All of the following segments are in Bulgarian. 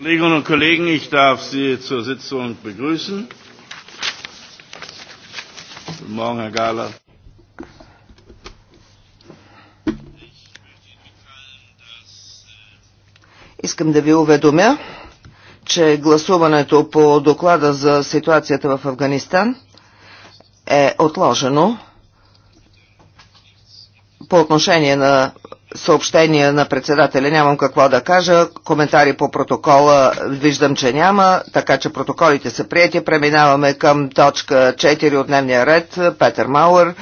Kolleginnen und Kollegen, ich darf Sie zur Sitzung begrüßen. Guten Morgen, Herr Gahler. Искам да ви уведомя, че гласуването по доклада за ситуацията в Афганистан е отложено по отношение на съобщения на председателя нямам какво да кажа. Коментари по протокола виждам, че няма, така че протоколите са прияти. Преминаваме към точка 4 от дневния ред. Петър Мауър,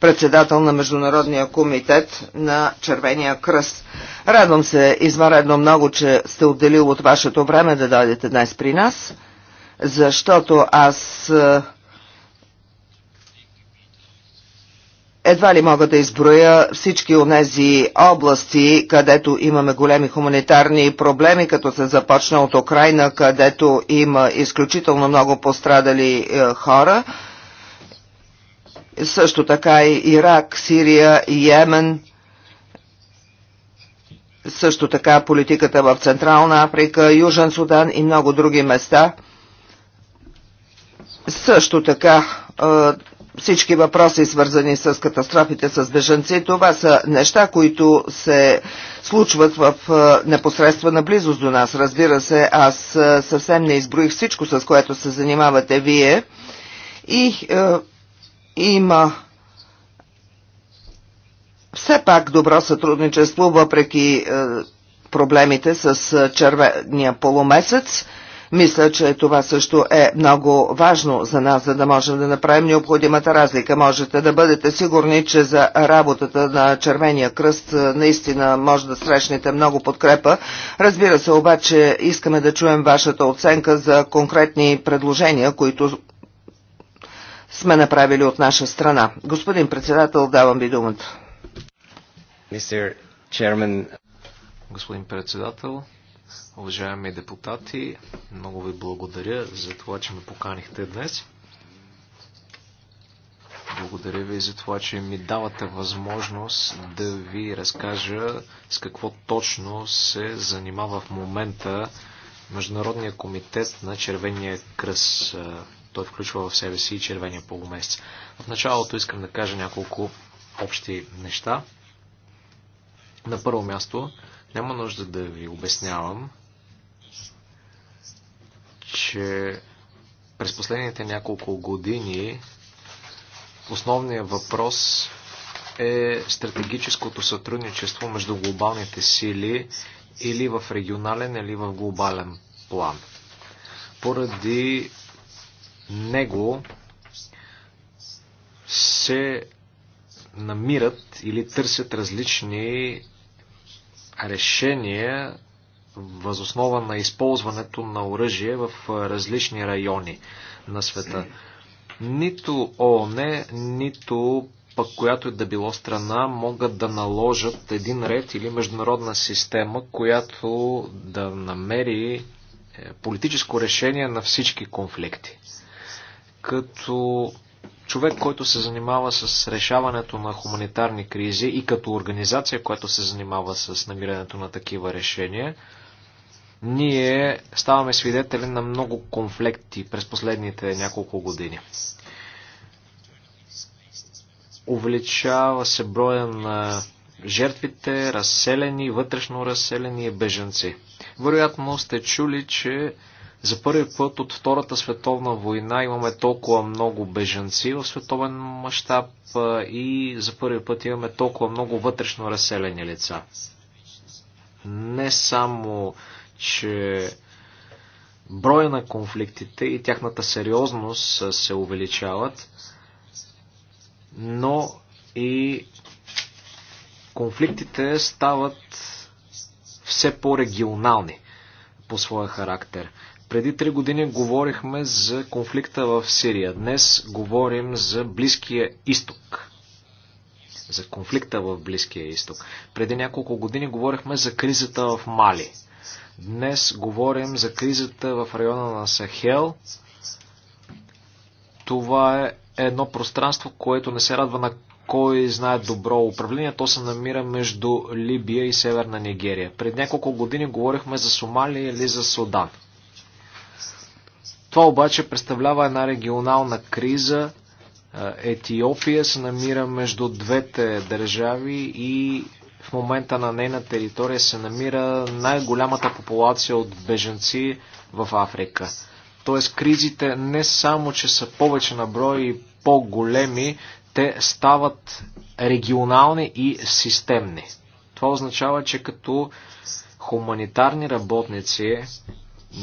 председател на Международния комитет на Червения кръст. Радвам се извънредно много, че сте отделил от вашето време да дойдете днес при нас, защото аз Едва ли мога да изброя всички онези области, където имаме големи хуманитарни проблеми, като се започна от Украина, където има изключително много пострадали е, хора. Също така и Ирак, Сирия, Йемен. Също така политиката в Централна Африка, Южен Судан и много други места. Също така е, всички въпроси, свързани с катастрофите с бежанци. Това са неща, които се случват в е, непосредствена близост до нас. Разбира се, аз е, съвсем не изброих всичко, с което се занимавате вие. И е, има все пак добро сътрудничество, въпреки е, проблемите с е, червения полумесец. Мисля, че това също е много важно за нас, за да можем да направим необходимата разлика. Можете да бъдете сигурни, че за работата на Червения кръст е, наистина може да срещнете много подкрепа. Разбира се, обаче искаме да чуем вашата оценка за конкретни предложения, които сме направили от наша страна. Господин председател, давам ви думата. Господин председател, Уважаеми депутати, много ви благодаря за това, че ме поканихте днес. Благодаря ви за това, че ми давате възможност да ви разкажа с какво точно се занимава в момента Международния комитет на Червения кръс. Той включва в себе си и Червения полумесец. В началото искам да кажа няколко общи неща. На първо място, няма нужда да ви обяснявам че през последните няколко години основният въпрос е стратегическото сътрудничество между глобалните сили или в регионален, или в глобален план. Поради него се намират или търсят различни решения възоснова на използването на оръжие в различни райони на света. Нито ООН, нито пък която и да било страна могат да наложат един ред или международна система, която да намери е, политическо решение на всички конфликти. Като човек, който се занимава с решаването на хуманитарни кризи и като организация, която се занимава с намирането на такива решения, ние ставаме свидетели на много конфликти през последните няколко години. Увеличава се броя на жертвите, разселени, вътрешно разселени беженци. Вероятно сте чули, че за първи път от Втората световна война имаме толкова много беженци в световен мащаб и за първи път имаме толкова много вътрешно разселени лица. Не само че броя на конфликтите и тяхната сериозност се увеличават, но и конфликтите стават все по-регионални по своя характер. Преди три години говорихме за конфликта в Сирия. Днес говорим за Близкия изток. За конфликта в Близкия изток. Преди няколко години говорихме за кризата в Мали – Днес говорим за кризата в района на Сахел. Това е едно пространство, което не се радва на кой знае добро управление. То се намира между Либия и Северна Нигерия. Пред няколко години говорихме за Сомалия или за Судан. Това обаче представлява една регионална криза. Е, Етиопия се намира между двете държави и в момента на нейна територия се намира най-голямата популация от беженци в Африка. Тоест кризите не само, че са повече на брой и по-големи, те стават регионални и системни. Това означава, че като хуманитарни работници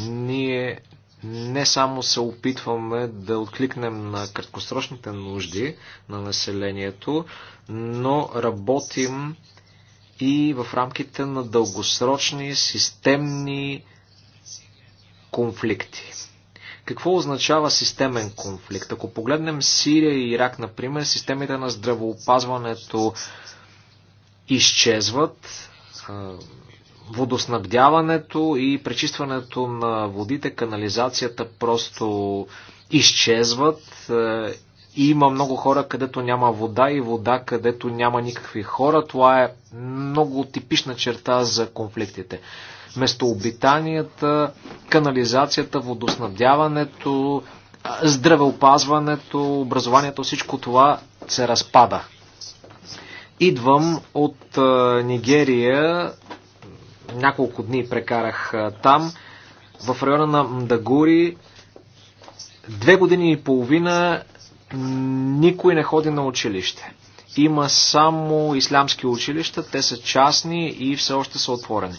ние не само се опитваме да откликнем на краткосрочните нужди на населението, но работим и в рамките на дългосрочни системни конфликти. Какво означава системен конфликт? Ако погледнем Сирия и Ирак, например, системите на здравоопазването изчезват, водоснабдяването и пречистването на водите, канализацията просто изчезват и има много хора, където няма вода и вода, където няма никакви хора. Това е много типична черта за конфликтите. Местообитанията, канализацията, водоснабдяването, здравеопазването, образованието, всичко това се разпада. Идвам от Нигерия. Няколко дни прекарах там. В района на Мдагури две години и половина никой не ходи на училище. Има само ислямски училища, те са частни и все още са отворени.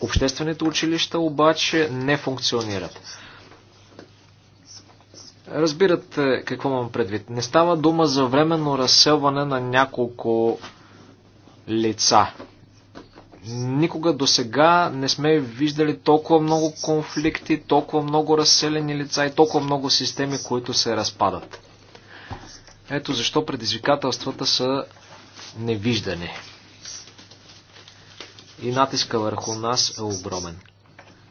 Обществените училища обаче не функционират. Разбирате какво имам предвид. Не става дума за временно разселване на няколко лица. Никога до сега не сме виждали толкова много конфликти, толкова много разселени лица и толкова много системи, които се разпадат. Ето защо предизвикателствата са невиждани. И натиска върху нас е огромен.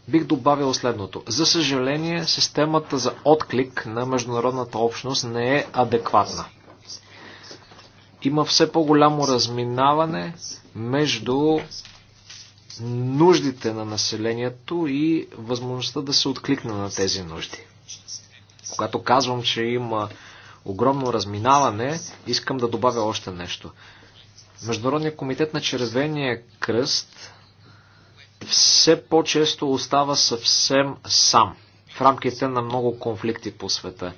Бих добавил следното. За съжаление, системата за отклик на международната общност не е адекватна. Има все по-голямо разминаване между нуждите на населението и възможността да се откликне на тези нужди. Когато казвам, че има огромно разминаване, искам да добавя още нещо. Международният комитет на Червения кръст все по-често остава съвсем сам в рамките на много конфликти по света,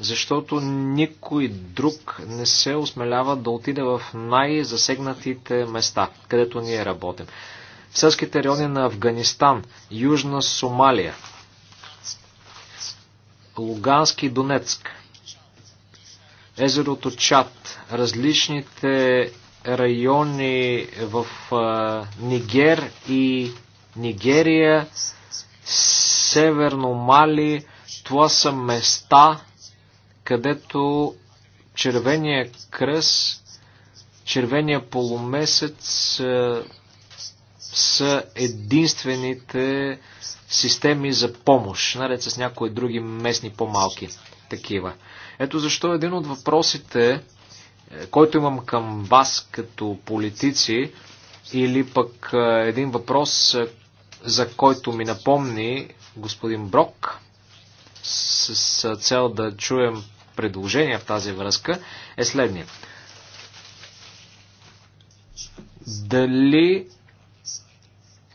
защото никой друг не се осмелява да отиде в най-засегнатите места, където ние работим. В селските райони на Афганистан, Южна Сомалия, Лугански и Донецк – езерото Чад, различните райони в Нигер и Нигерия, Северно Мали, това са места, където червения кръс, червения полумесец са единствените системи за помощ, наред с някои други местни по-малки такива. Ето защо един от въпросите, е, който имам към вас като политици, или пък е, един въпрос, е, за който ми напомни господин Брок, с цел да чуем предложения в тази връзка, е следния. Дали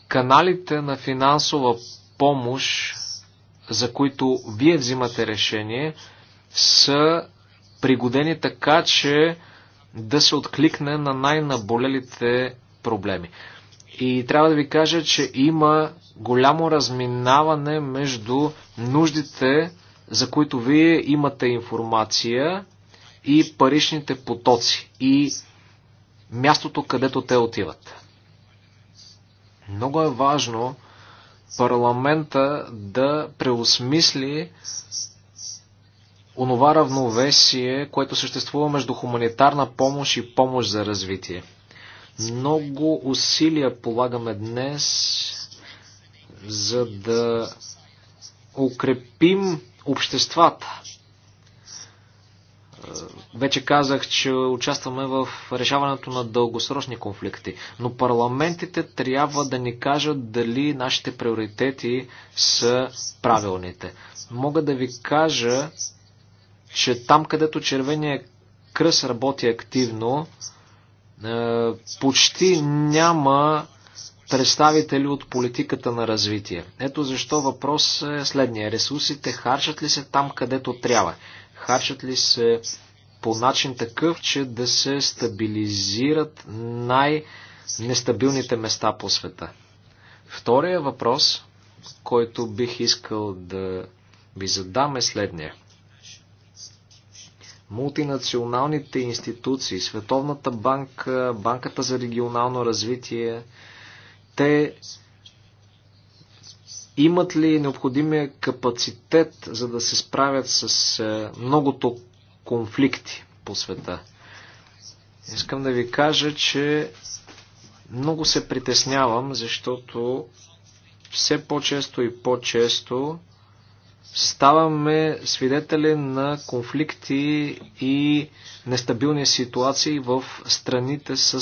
каналите на финансова помощ, за които вие взимате решение, са пригодени така, че да се откликне на най-наболелите проблеми. И трябва да ви кажа, че има голямо разминаване между нуждите, за които вие имате информация и паричните потоци и мястото, където те отиват. Много е важно парламента да преосмисли онова равновесие, което съществува между хуманитарна помощ и помощ за развитие. Много усилия полагаме днес, за да укрепим обществата. Вече казах, че участваме в решаването на дългосрочни конфликти, но парламентите трябва да ни кажат дали нашите приоритети са правилните. Мога да ви кажа, че там, където червения кръс работи активно, е, почти няма представители от политиката на развитие. Ето защо въпрос е следния. Ресурсите харчат ли се там, където трябва? Харчат ли се по начин такъв, че да се стабилизират най-нестабилните места по света? Втория въпрос, който бих искал да ви задам е следния мултинационалните институции, Световната банка, Банката за регионално развитие, те имат ли необходимия капацитет, за да се справят с е, многото конфликти по света? Искам да ви кажа, че много се притеснявам, защото все по-често и по-често ставаме свидетели на конфликти и нестабилни ситуации в страните с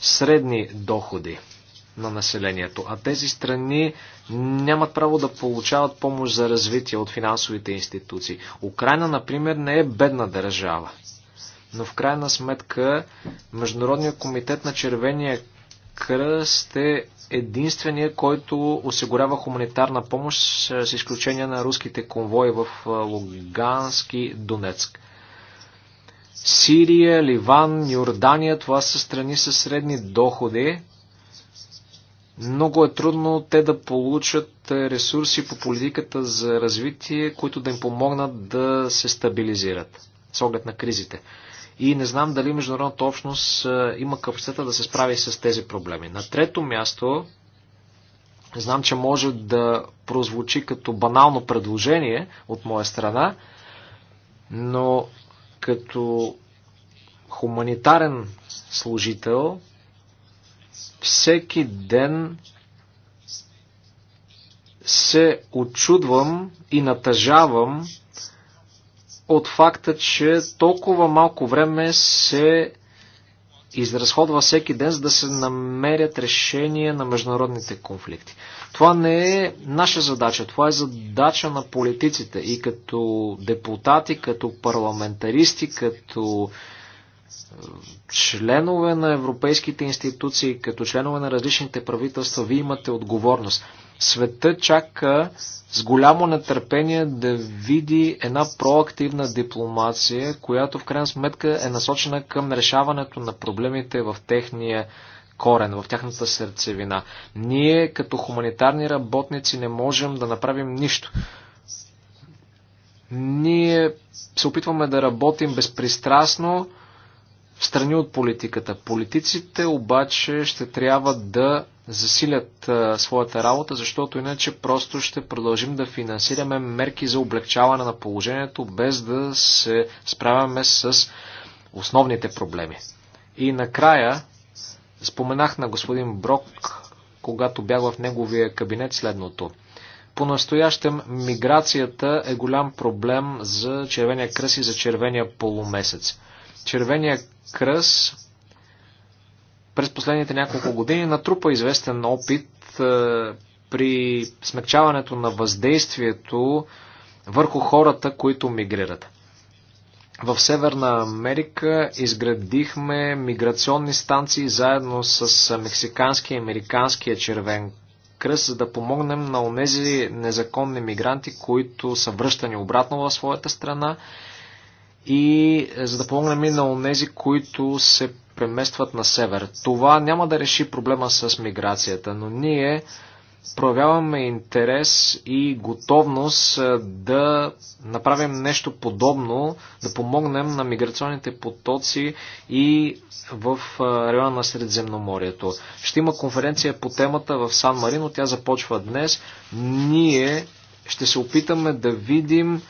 средни доходи на населението. А тези страни нямат право да получават помощ за развитие от финансовите институции. Украина, например, не е бедна държава. Но в крайна сметка Международният комитет на Червения кръст е единствения, който осигурява хуманитарна помощ с изключение на руските конвои в Лугански Донецк. Сирия, Ливан, Йордания, това са страни със средни доходи. Много е трудно те да получат ресурси по политиката за развитие, които да им помогнат да се стабилизират с оглед на кризите и не знам дали международната общност е, има капацитета да се справи с тези проблеми. На трето място, знам, че може да прозвучи като банално предложение от моя страна, но като хуманитарен служител всеки ден се очудвам и натъжавам от факта, че толкова малко време се изразходва всеки ден, за да се намерят решения на международните конфликти. Това не е наша задача, това е задача на политиците и като депутати, като парламентаристи, като е, членове на европейските институции, като членове на различните правителства, вие имате отговорност. Света чака с голямо нетърпение да види една проактивна дипломация, която в крайна сметка е насочена към решаването на проблемите в техния корен, в тяхната сърцевина. Ние като хуманитарни работници не можем да направим нищо. Ние се опитваме да работим безпристрастно в страни от политиката. Политиците обаче ще трябва да засилят а, своята работа, защото иначе просто ще продължим да финансираме мерки за облегчаване на положението, без да се справяме с основните проблеми. И накрая споменах на господин Брок, когато бях в неговия кабинет следното. По-настоящем миграцията е голям проблем за Червения кръс и за Червения полумесец. Червения кръс през последните няколко години натрупа известен опит е, при смягчаването на въздействието върху хората, които мигрират. В Северна Америка изградихме миграционни станции заедно с мексиканския и американския червен кръст, за да помогнем на онези незаконни мигранти, които са връщани обратно в своята страна и за да помогнем и на онези, които се преместват на север. Това няма да реши проблема с миграцията, но ние проявяваме интерес и готовност е, да направим нещо подобно, да помогнем на миграционните потоци и в е, района на Средземноморието. Ще има конференция по темата в Сан Марино, тя започва днес. Ние ще се опитаме да видим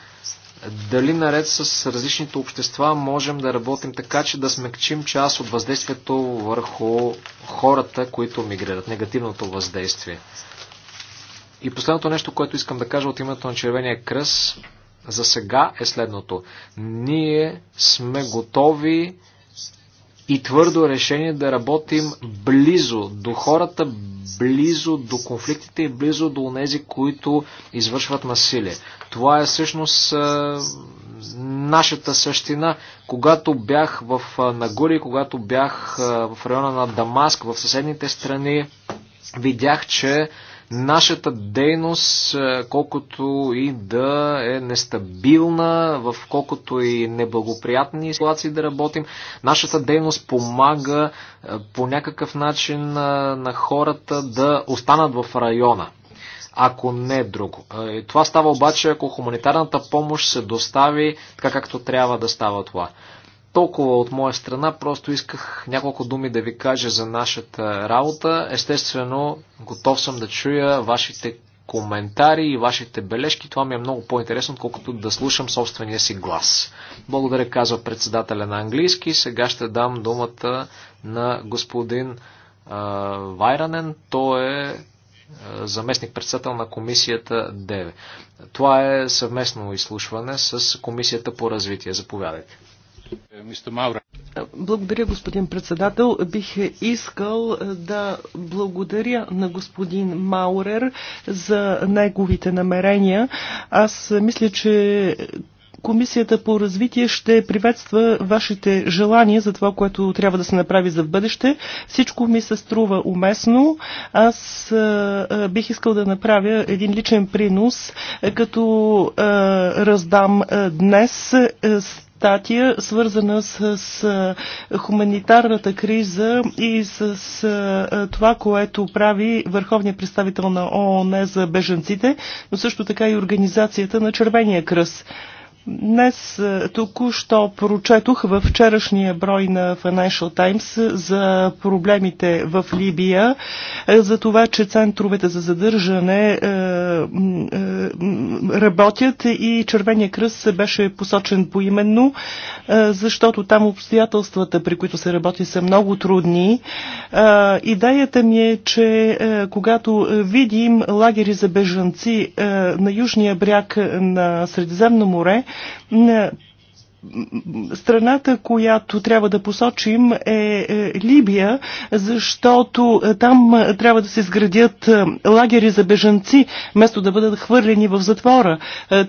дали наред с различните общества можем да работим така, че да смекчим част от въздействието върху хората, които мигрират, негативното въздействие. И последното нещо, което искам да кажа от името на Червения кръст за сега е следното. Ние сме готови и твърдо решение да работим близо до хората, близо до конфликтите и близо до тези, които извършват насилие. Това е всъщност нашата същина. Когато бях в Нагори, когато бях в района на Дамаск, в съседните страни, видях, че Нашата дейност, е, колкото и да е нестабилна, в колкото и неблагоприятни ситуации да работим, нашата дейност помага е, по някакъв начин е, на хората да останат в района ако не друго. Това става обаче, ако хуманитарната помощ се достави така, както трябва да става това. Толкова от моя страна, просто исках няколко думи да ви кажа за нашата работа. Естествено, готов съм да чуя вашите коментари и вашите бележки. Това ми е много по-интересно, отколкото да слушам собствения си глас. Благодаря, казва председателя на английски. Сега ще дам думата на господин а, Вайранен. Той е заместник-председател на комисията ДЕВЕ. Това е съвместно изслушване с комисията по развитие. Заповядайте. Благодаря, господин председател. Бих искал е, да благодаря на господин Маурер за неговите намерения. Аз е, мисля, че Комисията по развитие ще приветства вашите желания за това, което трябва да се направи за в бъдеще. Всичко ми се струва уместно. Аз а, е, бих искал да направя един личен принос, като а, раздам а, днес а, статия, свързана с, с хуманитарната криза и с, с това, което прави върховният представител на ООН за беженците, но също така и Организацията на Червения кръст. Днес е, току-що прочетох във вчерашния брой на Financial Times за проблемите в Либия, е, за това, че центровете за задържане е, работят и Червения кръст беше посочен поименно, защото там обстоятелствата, при които се работи, са много трудни. Идеята ми е, че когато видим лагери за бежанци на южния бряг на Средиземно море, на страната, която трябва да посочим е, е Либия, защото е, там е, трябва да се сградят лагери за бежанци, вместо да бъдат хвърлени в затвора.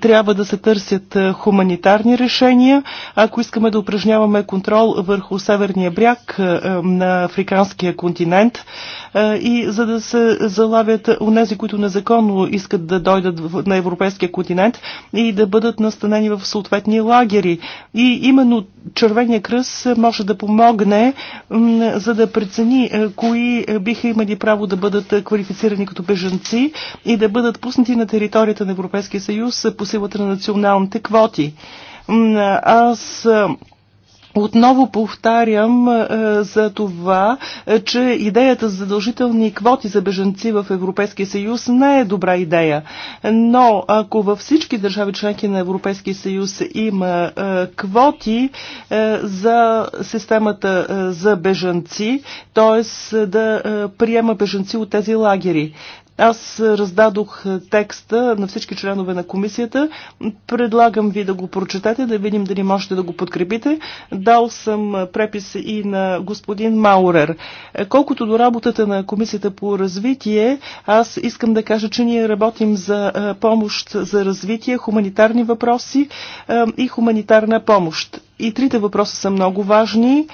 Трябва да се търсят хуманитарни решения, ако искаме да упражняваме контрол върху северния бряг на африканския континент и за да се залавят унези, които незаконно искат да дойдат на европейския континент и да бъдат настанени в съответни лагери. И именно Червения кръс може да помогне, за да прецени кои биха имали право да бъдат квалифицирани като бежанци и да бъдат пуснати на територията на Европейския съюз по силата на националните квоти. Аз отново повтарям е, за това, е, че идеята за задължителни квоти за беженци в Европейския съюз не е добра идея. Но ако във всички държави членки на Европейския съюз има е, квоти за системата за бежанци, т.е. да приема беженци от тези лагери, аз раздадох е, текста на всички членове на комисията. Предлагам ви да го прочетете, да видим дали можете да го подкрепите. Дал съм е, препис и на господин Маурер. Е, колкото до работата на комисията по развитие, аз искам да кажа, че ние работим за помощ за развитие, хуманитарни въпроси и хуманитарна помощ. И трите въпроса са много важни.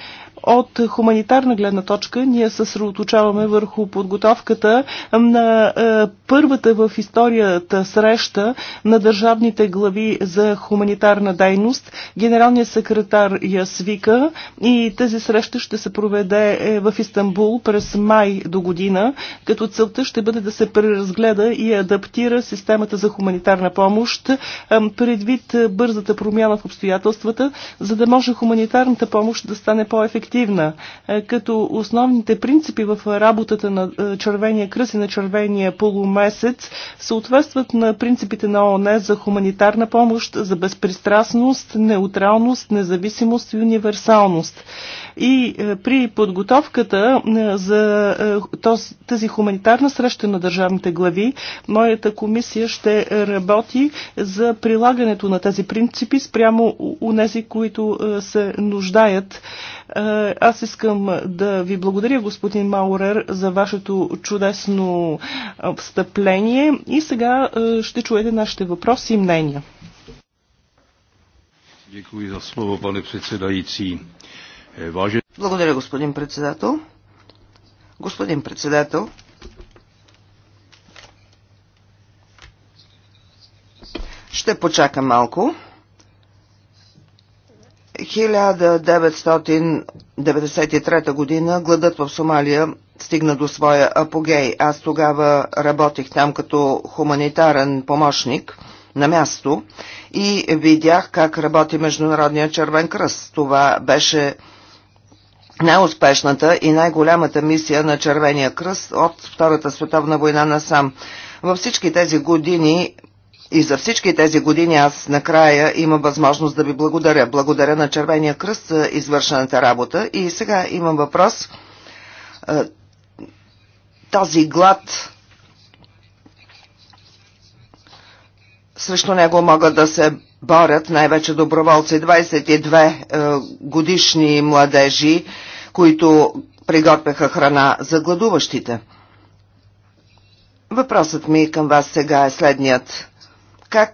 От хуманитарна гледна точка ние се съсредоточаваме върху подготовката на е, първата в историята среща на държавните глави за хуманитарна дейност. Генералният секретар я свика и тази среща ще се проведе е, в Истанбул през май до година, като целта ще бъде да се преразгледа и адаптира системата за хуманитарна помощ е, предвид бързата промяна в обстоятелствата, за да може хуманитарната помощ да стане по-ефективна ефективна, е, като основните принципи в работата на е, Червения кръст и на Червения полумесец съответстват на принципите на ООН за хуманитарна помощ, за безпристрастност, неутралност, независимост и универсалност. И е, при подготовката е, за е, тази хуманитарна среща на държавните глави, моята комисия ще работи за прилагането на тези принципи спрямо у нези, които се нуждаят. Аз искам да ви благодаря, господин Маурер, за вашето чудесно встъпление и сега ще чуете нашите въпроси и мнения. Děkuji za slovo, pane předsedající. Е Благодаря, господин председател. Господин председател, ще почака малко. 1993 година гладът в Сомалия стигна до своя апогей. Аз тогава работих там като хуманитарен помощник на място и видях как работи Международния червен кръст. Това беше най-успешната и най-голямата мисия на Червения кръст от Втората световна война насам. Във всички тези години и за всички тези години аз накрая имам възможност да ви благодаря. Благодаря на Червения кръст за извършената работа. И сега имам въпрос. Е, този глад срещу него могат да се борят най-вече доброволци, 22 е, годишни младежи, които приготвяха храна за гладуващите. Въпросът ми към вас сега е следният. Как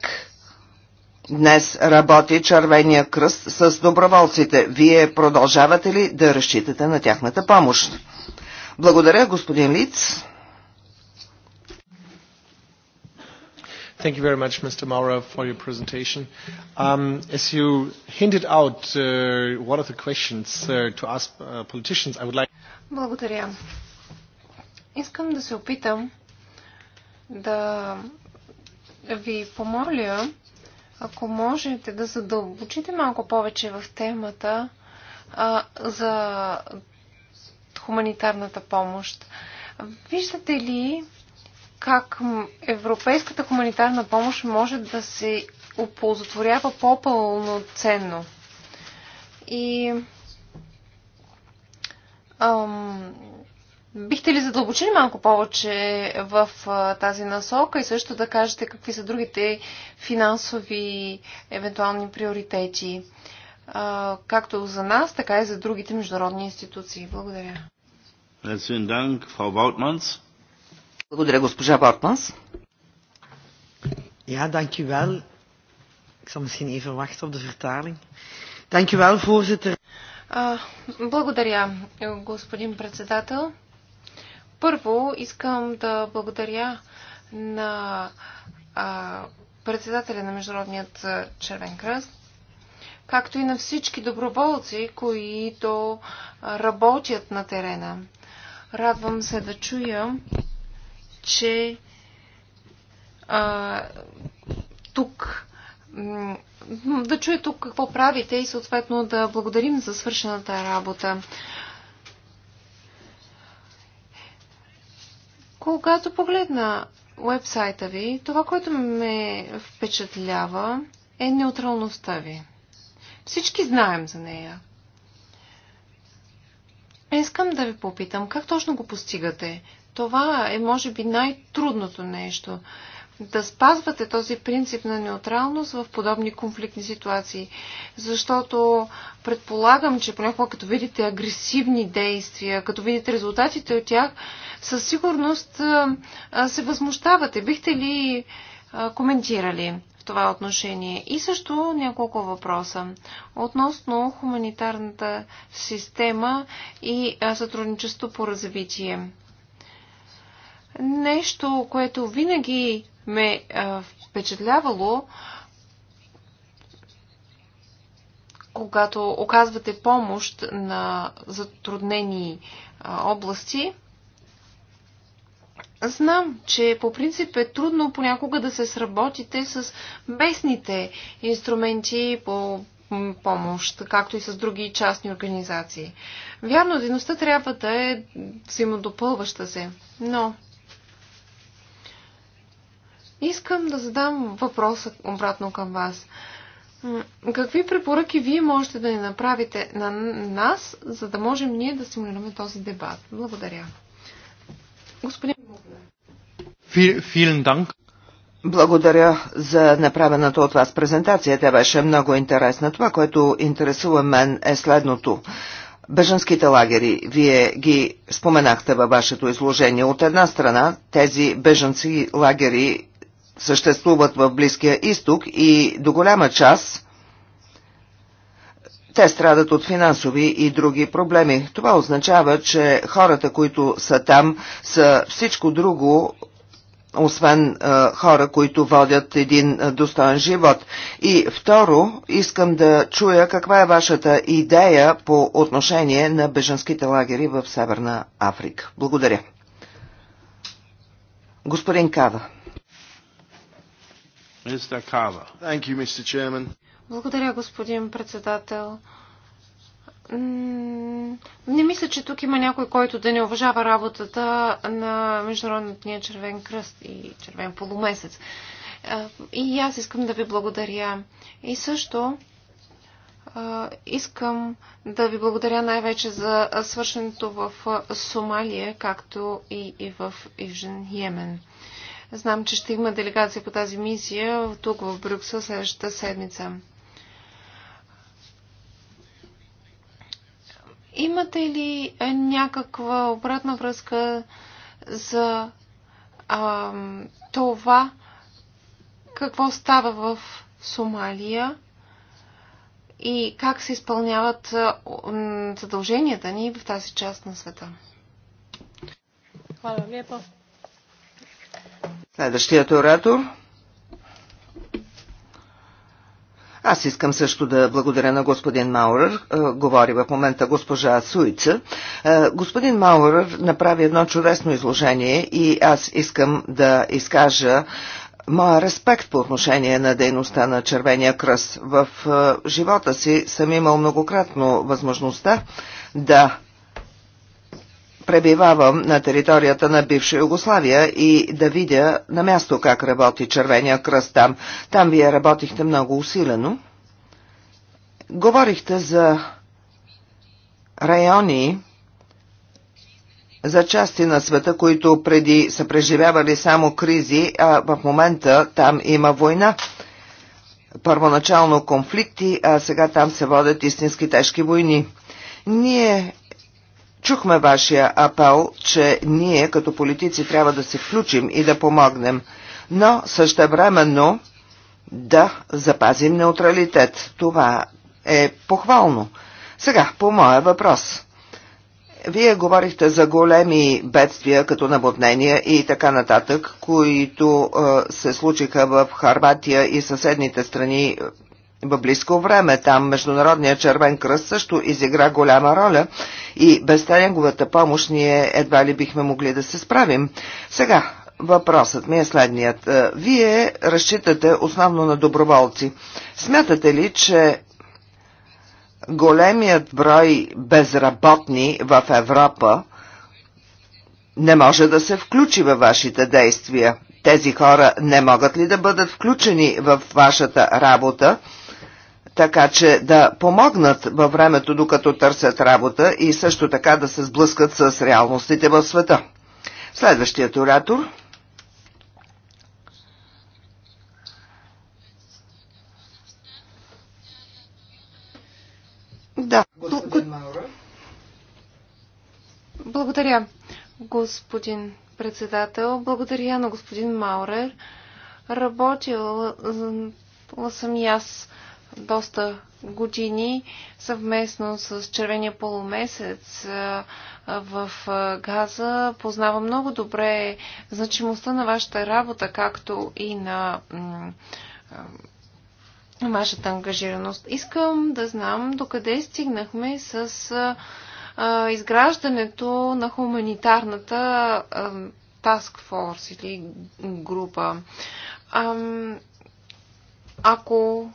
днес работи Червения кръст с доброволците? Вие продължавате ли да разчитате на тяхната помощ? Благодаря, господин Лиц. Thank you very much, Mr. Maurer, for your presentation. Um, as you hinted out, uh, one of the questions uh, to ask uh, politicians, I would like... Благодаря. Искам да се опитам да ви помоля, ако можете да задълбочите малко повече в темата а, за хуманитарната помощ. Виждате ли как европейската хуманитарна помощ може да се оползотворява по-пълноценно. И ам, бихте ли задълбочили малко повече в а, тази насока и също да кажете какви са другите финансови евентуални приоритети, а, както за нас, така и за другите международни институции. Благодаря. Herzlichen Dank, Frau благодаря, госпожа Бортманс. Ja, dank u wel. Ik zal misschien even wachten op de vertaling. Dank voorzitter. благодаря, господин председател. Първо искам да благодаря на председателя на Международният Червен кръст, както и на всички доброволци, които работят на терена. Радвам се да чуя, че а, тук да чуя тук какво правите и съответно да благодарим за свършената работа. Когато погледна вебсайта ви, това, което ме впечатлява е неутралността ви. Всички знаем за нея. Искам да ви попитам, как точно го постигате? Това е, може би, най-трудното нещо. Да спазвате този принцип на неутралност в подобни конфликтни ситуации. Защото предполагам, че понякога като видите агресивни действия, като видите резултатите от тях, със сигурност се възмущавате. Бихте ли коментирали в това отношение? И също няколко въпроса относно хуманитарната система и сътрудничество по развитие нещо, което винаги ме а, впечатлявало, когато оказвате помощ на затруднени а, области. Знам, че по принцип е трудно понякога да се сработите с местните инструменти по помощ, както и с други частни организации. Вярно, дейността трябва да е взаимодопълваща се, но Искам да задам въпроса обратно към вас. Какви препоръки вие можете да ни направите на нас, за да можем ние да стимулираме този дебат? Благодаря. Господин Филин Данк. Благодаря за направената от вас презентация. Тя беше много интересна. Това, което интересува мен е следното. Беженските лагери, вие ги споменахте във вашето изложение. От една страна, тези беженци лагери съществуват в Близкия изток и до голяма част те страдат от финансови и други проблеми. Това означава, че хората, които са там, са всичко друго, освен е, хора, които водят един е, достоен живот. И второ, искам да чуя каква е вашата идея по отношение на беженските лагери в Северна Африка. Благодаря. Господин Кава. You, Благодаря, господин председател. Не мисля, че тук има някой, който да не уважава работата на Международния червен кръст и червен полумесец. Е, и аз искам да ви благодаря. И също е, искам да ви благодаря най-вече за свършеното в е, Сомалия, както и в Южен Йемен. Знам, че ще има делегация по тази мисия тук в Брюксел следващата седмица. Имате ли е, някаква обратна връзка за а, това какво става в Сомалия и как се изпълняват е, задълженията ни в тази част на света? Хвала, vam Следващият оратор. Аз искам също да благодаря на господин Маурър. Е, говори в момента госпожа Суица. Е, господин Маурър направи едно чудесно изложение и аз искам да изкажа моя респект по отношение на дейността на Червения кръст. В е, живота си съм имал многократно възможността да пребивавам на територията на бивша Югославия и да видя на място как работи Червения кръст там. Там вие работихте много усилено. Говорихте за райони, за части на света, които преди са преживявали само кризи, а в момента там има война. Първоначално конфликти, а сега там се водят истински тежки войни. Ние Чухме вашия апел, че ние като политици трябва да се включим и да помогнем, но същевременно да запазим неутралитет. Това е похвално. Сега, по моя въпрос. Вие говорихте за големи бедствия, като наводнения и така нататък, които е, се случиха в Харватия и съседните страни в близко време. Там Международният червен кръст също изигра голяма роля и без неговата помощ ние едва ли бихме могли да се справим. Сега, въпросът ми е следният. Е, вие разчитате основно на доброволци. Смятате ли, че големият брой безработни в Европа не може да се включи във вашите действия? Тези хора не могат ли да бъдат включени в вашата работа? така че да помогнат във времето, докато търсят работа и също така да се сблъскат с реалностите в света. Следващият оратор. Да. Господин Благодаря, господин председател. Благодаря на господин Маурер. Работила съм и аз доста години съвместно с Червения полумесец в Газа. Познавам много добре значимостта на вашата работа, както и на вашата ангажираност. Искам да знам докъде стигнахме с изграждането на хуманитарната Task Force или група. Ако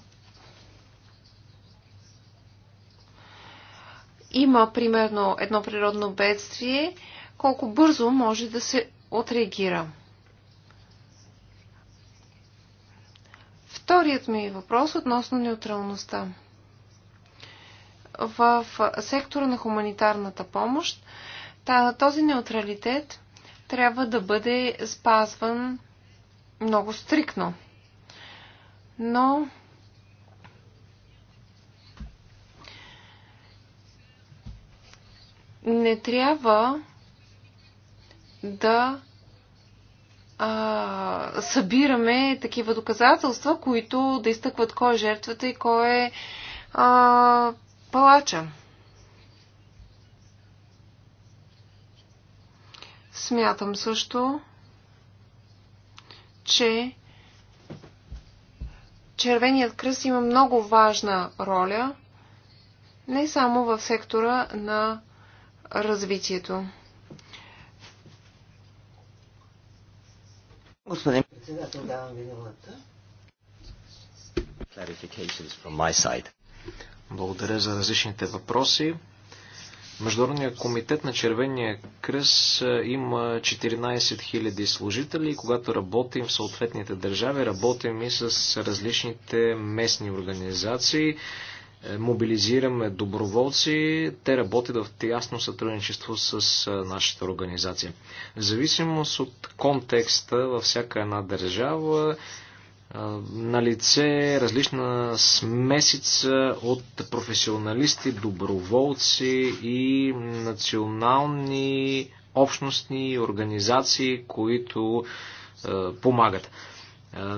има примерно едно природно бедствие, колко бързо може да се отреагира. Вторият ми въпрос относно неутралността. В сектора на хуманитарната помощ този неутралитет трябва да бъде спазван много стрикно. Но не трябва да а, събираме такива доказателства, които да изтъкват кой е жертвата и кой е а, палача. Смятам също, че Червеният кръст има много важна роля не само в сектора на развитието. Господин председател, давам ви думата. Благодаря за различните въпроси. Международният комитет на Червения кръст е, има 14 000 служители и когато работим в съответните държави, работим и с различните местни организации. Е, мобилизираме доброволци, те работят в тясно сътрудничество с е, нашата организация. В зависимост от контекста във всяка една държава, е, на лице различна смесица от професионалисти, доброволци и национални общностни организации, които помагат.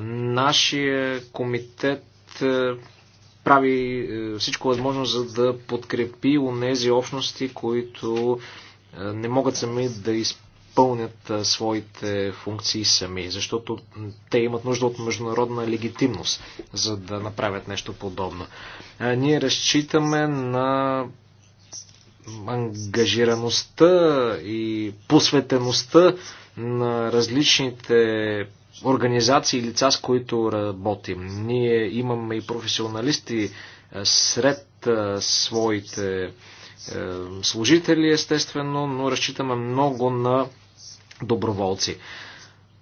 Нашия комитет прави е, всичко възможно, за да подкрепи онези общности, които е, не могат сами да изпълнят е, своите функции сами, защото те имат нужда от международна легитимност, за да направят нещо подобно. Ние разчитаме на ангажираността и посветеността на различните организации и лица, с които работим. Ние имаме и професионалисти е, сред е, своите е, служители, естествено, но разчитаме много на доброволци.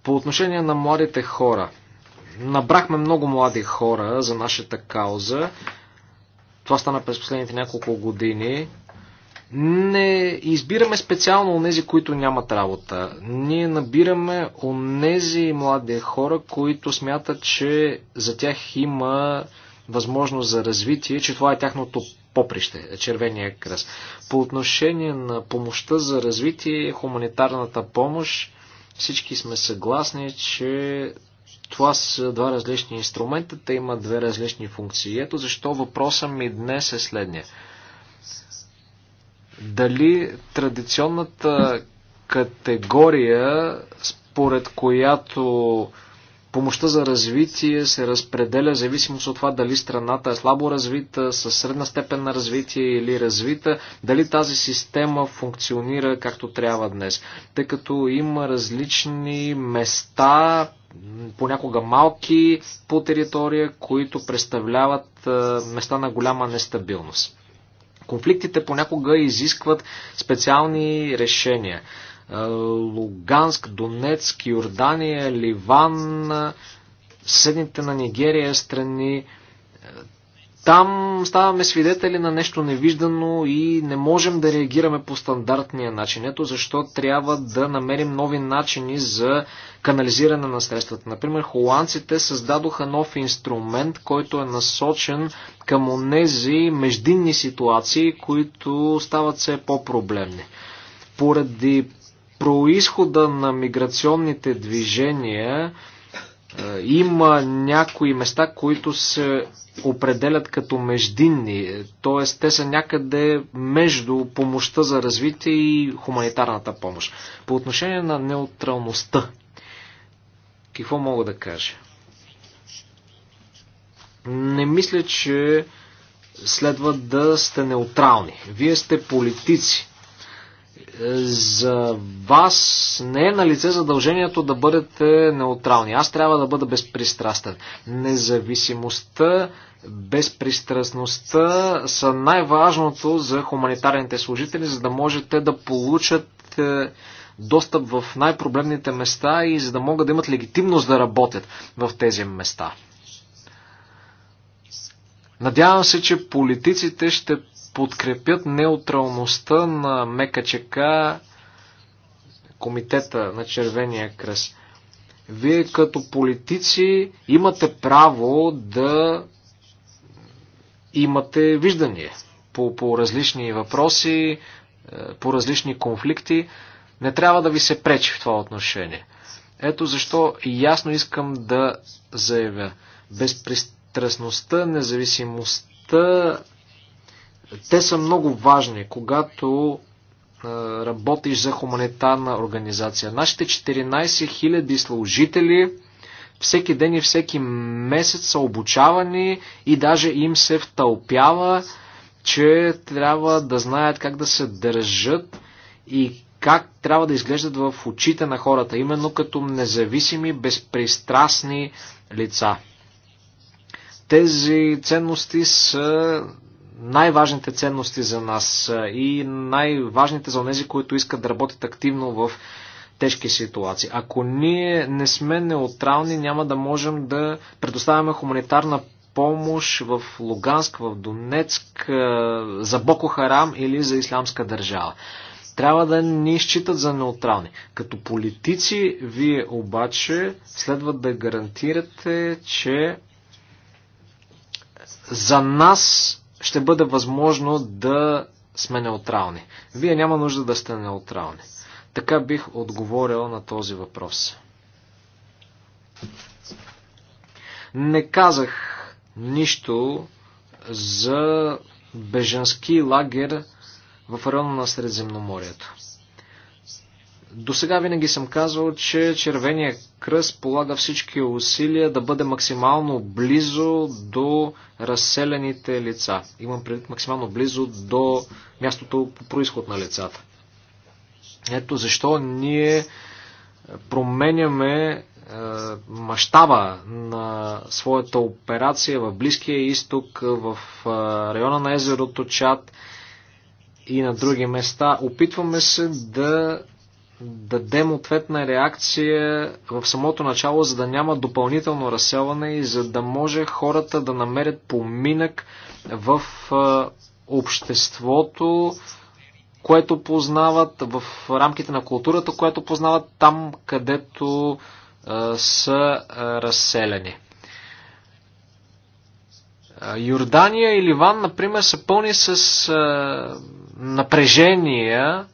По отношение на младите хора, набрахме много млади хора за нашата кауза. Това стана през последните няколко години не избираме специално онези, които нямат работа. Ние набираме онези млади хора, които смятат, че за тях има възможност за развитие, че това е тяхното поприще, червения кръст. По отношение на помощта за развитие, хуманитарната помощ, всички сме съгласни, че това са два различни инструмента, те имат две различни функции. Ето защо въпросът ми днес е следния. Дали традиционната категория, според която помощта за развитие се разпределя в зависимост от това дали страната е слабо развита, със средна степен на развитие или развита, дали тази система функционира както трябва днес. Тъй като има различни места, понякога малки по територия, които представляват места на голяма нестабилност. Конфликтите понякога изискват специални решения. Е, Луганск, Донецк, Йордания, Ливан, е, съдните на Нигерия страни, е, там ставаме свидетели на нещо невиждано и не можем да реагираме по стандартния начин. Ето защо трябва да намерим нови начини за канализиране на средствата. Например, холандците създадоха нов инструмент, който е насочен към онези междинни ситуации, които стават все по-проблемни. Поради происхода на миграционните движения, е, има някои места, които се определят като междинни, е, т.е. те са някъде между помощта за развитие и хуманитарната помощ. По отношение на неутралността, какво мога да кажа? Не мисля, че следва да сте неутрални. Вие сте политици за вас не е на лице задължението да бъдете неутрални. Аз трябва да бъда безпристрастен. Независимостта, безпристрастността са най-важното за хуманитарните служители, за да можете да получат е, достъп в най-проблемните места и за да могат да имат легитимност да работят в тези места. Надявам се, че политиците ще подкрепят неутралността на МКЧК, комитета на Червения кръст. Вие като политици имате право да имате виждание по, по различни въпроси, е, по различни конфликти. Не трябва да ви се пречи в това отношение. Ето защо ясно искам да заявя. Безпристрастността, независимостта те са много важни, когато работиш за хуманитарна организация. Нашите 14 000 служители всеки ден и всеки месец са обучавани и даже им се втълпява, че трябва да знаят как да се държат и как трябва да изглеждат в очите на хората, именно като независими, безпристрастни лица. Тези ценности са най-важните ценности за нас и най-важните за тези, които искат да работят активно в тежки ситуации. Ако ние не сме неутрални, няма да можем да предоставяме хуманитарна помощ в Луганск, в Донецк, за Боко Харам или за Ислямска държава. Трябва да ни считат за неутрални. Като политици, вие обаче следва да гарантирате, че за нас ще бъде възможно да сме неутрални. Вие няма нужда да сте неутрални. Така бих отговорил на този въпрос. Не казах нищо за беженски лагер в района на Средземноморието. До сега винаги съм казвал, че Червения кръст полага всички усилия да бъде максимално близо до разселените лица. Имам предвид максимално близо до мястото по происход на лицата. Ето защо ние променяме е, мащаба на своята операция в Близкия изток, в е, района на езерото Чад и на други места. Опитваме се да дадем ответна реакция в самото начало, за да няма допълнително разселване и за да може хората да намерят поминък в обществото, което познават, в рамките на културата, което познават там, където са разселени. Йордания и Ливан, например, са пълни с напрежения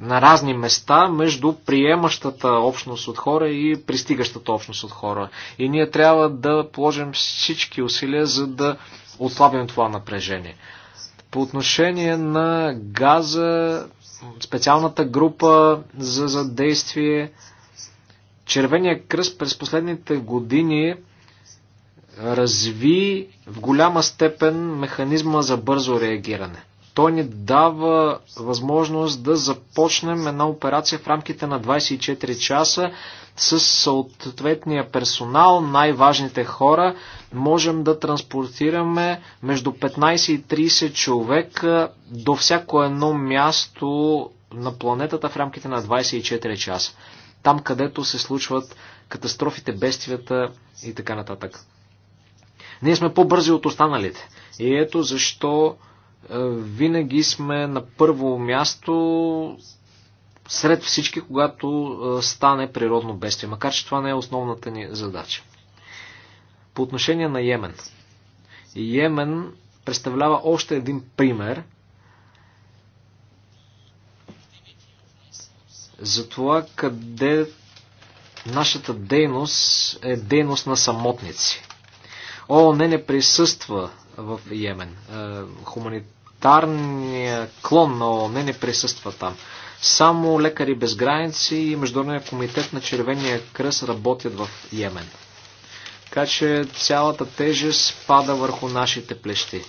на разни места между приемащата общност от хора и пристигащата общност от хора. И ние трябва да положим всички усилия, за да отслабим това напрежение. По отношение на газа, специалната група за задействие, Червения кръст през последните години разви в голяма степен механизма за бързо реагиране. Той ни дава възможност да започнем една операция в рамките на 24 часа с съответния персонал, най-важните хора. Можем да транспортираме между 15 и 30 човека до всяко едно място на планетата в рамките на 24 часа. Там, където се случват катастрофите, бедствията и така нататък. Ние сме по-бързи от останалите. И ето защо е, винаги сме на първо място сред всички, когато е, стане природно бедствие, макар че това не е основната ни задача. По отношение на Йемен. Йемен представлява още един пример за това къде нашата дейност е дейност на самотници. О, не, не присъства в Йемен. Е, Хуманитарният клон на ООН не присъства там. Само лекари без граници и Международния комитет на Червения кръст работят в Йемен. Така че цялата тежест пада върху нашите плещи.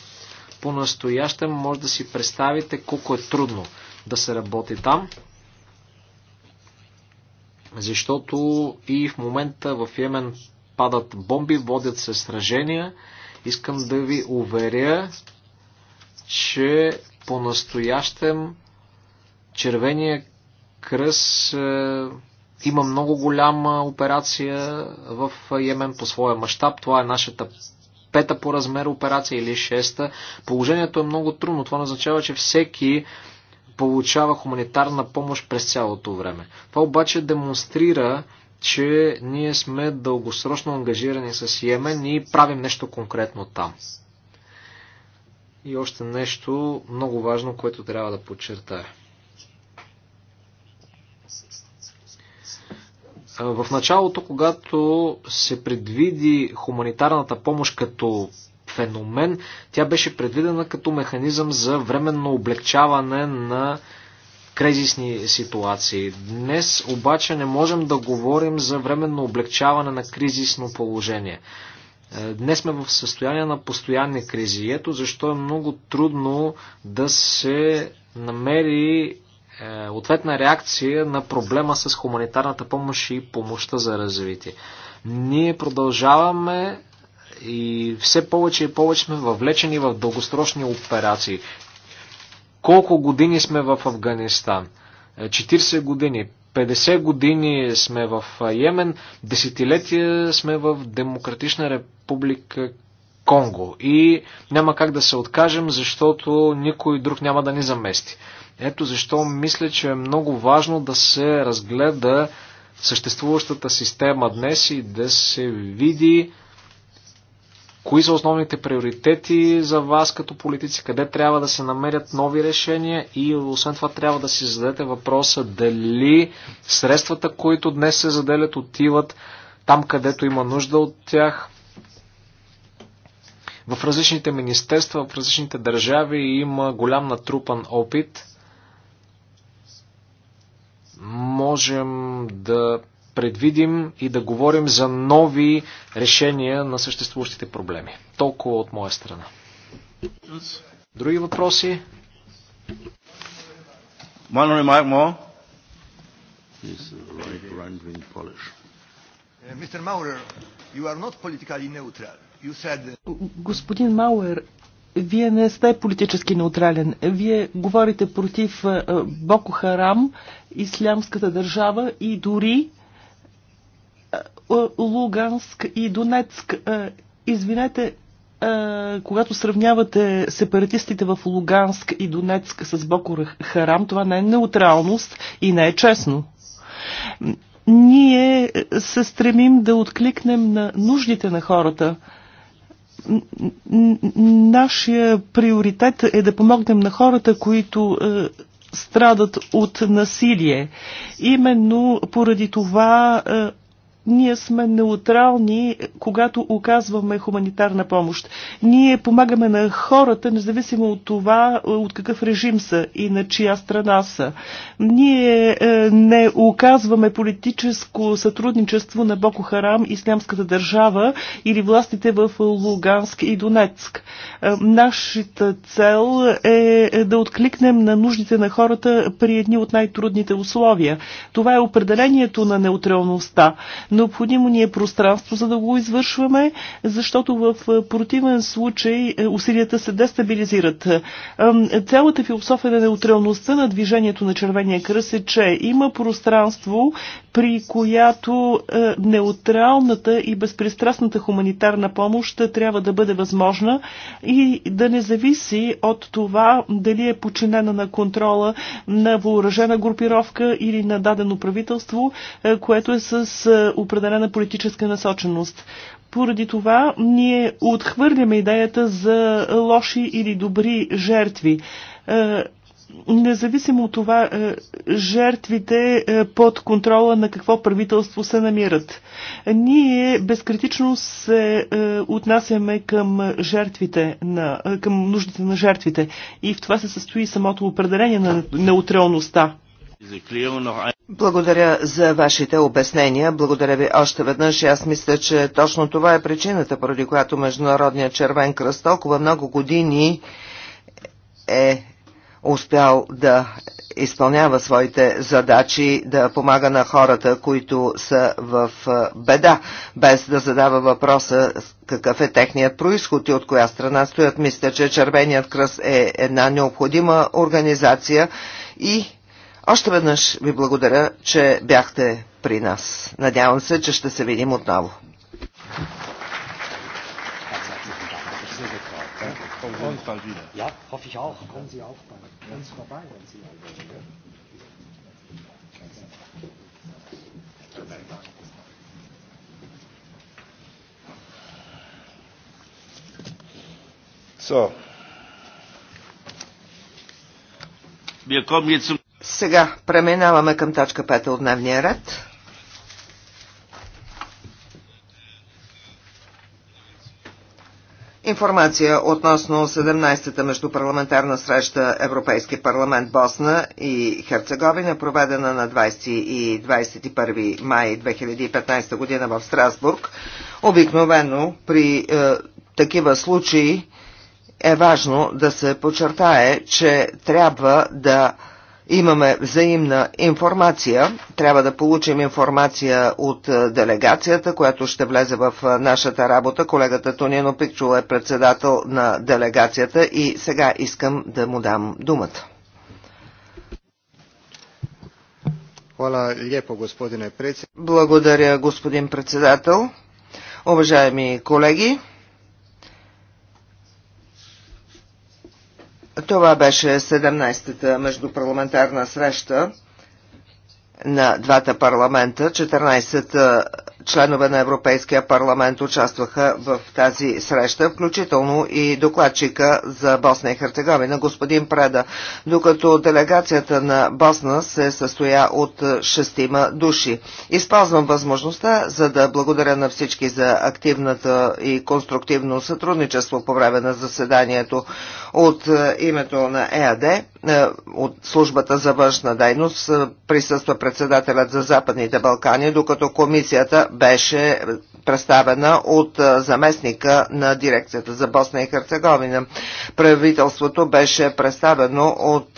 По-настоящем може да си представите колко е трудно да се работи там, защото и в момента в Йемен падат бомби, водят се сражения Искам да ви уверя, че по-настоящем Червения кръс е, има много голяма операция в Йемен по своя мащаб. Това е нашата пета по размер операция или шеста. Положението е много трудно. Това означава, че всеки получава хуманитарна помощ през цялото време. Това обаче демонстрира, че ние сме дългосрочно ангажирани с Йемен и правим нещо конкретно там. И още нещо много важно, което трябва да подчертая. В началото, когато се предвиди хуманитарната помощ като феномен, тя беше предвидена като механизъм за временно облегчаване на кризисни ситуации. Днес обаче не можем да говорим за временно облегчаване на кризисно положение. Е, днес сме в състояние на постоянни кризи. Ето защо е много трудно да се намери е, ответна реакция на проблема с хуманитарната помощ и помощта за развитие. Ние продължаваме и все повече и повече сме въвлечени в дългосрочни операции. Колко години сме в Афганистан? 40 е, години, 50 години сме в Йемен, десетилетия сме в Демократична република Конго. И няма как да се откажем, защото никой друг няма да ни замести. Ето защо мисля, че е много важно да се разгледа съществуващата система днес и да се види Кои са основните приоритети за вас като политици? Къде трябва да се намерят нови решения? И освен това трябва да си зададете въпроса дали средствата, които днес се заделят, отиват там, където има нужда от тях. В различните министерства, в различните държави има голям натрупан опит. Можем да предвидим и да говорим за нови решения на съществуващите проблеми. Толкова от моя страна. Други въпроси? Uh, you are not politically neutral. You said... Господин Мауер, вие не сте политически неутрален. Вие говорите против Боко Харам, ислямската държава и дори е, Луганск и Донецк. Е, извинете, е, когато сравнявате сепаратистите в Луганск и Донецк с Боко Харам, това не е неутралност и не е честно. Ние се стремим да откликнем на нуждите на хората. Нашия приоритет е да помогнем на хората, които страдат от насилие. Именно поради това ние сме неутрални, когато оказваме хуманитарна помощ. Ние помагаме на хората, независимо от това, от какъв режим са и на чия страна са. Ние е, не оказваме политическо сътрудничество на Боко Харам, Ислямската държава или властите в Луганск и Донецк. Е, нашата цел е да откликнем на нуждите на хората при едни от най-трудните условия. Това е определението на неутралността. Необходимо ни е пространство, за да го извършваме, защото в противен случай е, усилията се дестабилизират. Цялата философия на неутралността на движението на Червения кръст е, че има пространство, при която е, неутралната и безпристрастната хуманитарна помощ е, трябва да бъде възможна и да не зависи от това дали е починена на контрола на въоръжена групировка или на дадено правителство, което е с определена политическа насоченост. Поради това ние отхвърляме идеята за лоши или добри жертви е, независимо от това, е, жертвите е, под контрола на какво правителство се намират. Ние безкритично се отнасяме към жертвите, на, към нуждите на жертвите и в това се състои самото определение на неутралността. Благодаря за вашите обяснения. Благодаря ви още веднъж. Аз мисля, че точно това е причината, поради която Международният червен кръст толкова много години е успял да изпълнява своите задачи, да помага на хората, които са в беда, без да задава въпроса какъв е техният происход и от коя страна стоят. Мисля, че Червеният кръст е една необходима организация и още веднъж ви благодаря, че бяхте при нас. Надявам се, че ще се видим отново. Und bald wieder. Ja, hoffe ich auch. Kommen Sie auch bei uns vorbei, wenn Sie mal wollen. So. Wir kommen jetzt zum сега преминаваме към точка 5 от дневния ред. Информация относно 17-та междупарламентарна среща Европейски парламент Босна и Херцеговина, проведена на 20 и 21 май 2015 година в Страсбург. Обикновено при е, такива случаи е важно да се подчертае, че трябва да е, имаме взаимна информация. Трябва да получим информация от делегацията, която ще влезе в нашата работа. Колегата Тонино Пикчула е председател на делегацията и сега искам да му дам думата. Благодаря, господин председател. Уважаеми колеги, Това беше 17-та междупарламентарна среща на двата парламента, 14-та членове на Европейския парламент участваха в тази среща, включително и докладчика за Босна и Херцеговина, господин Преда, докато делегацията на Босна се състоя от шестима души. Използвам възможността, за да благодаря на всички за активната и конструктивно сътрудничество по време на заседанието от е, името на ЕАД, е, от службата за външна дейност, е, присъства председателят за Западните Балкани, докато комисията беше представена от заместника на дирекцията за Босна и Херцеговина. Правителството беше представено от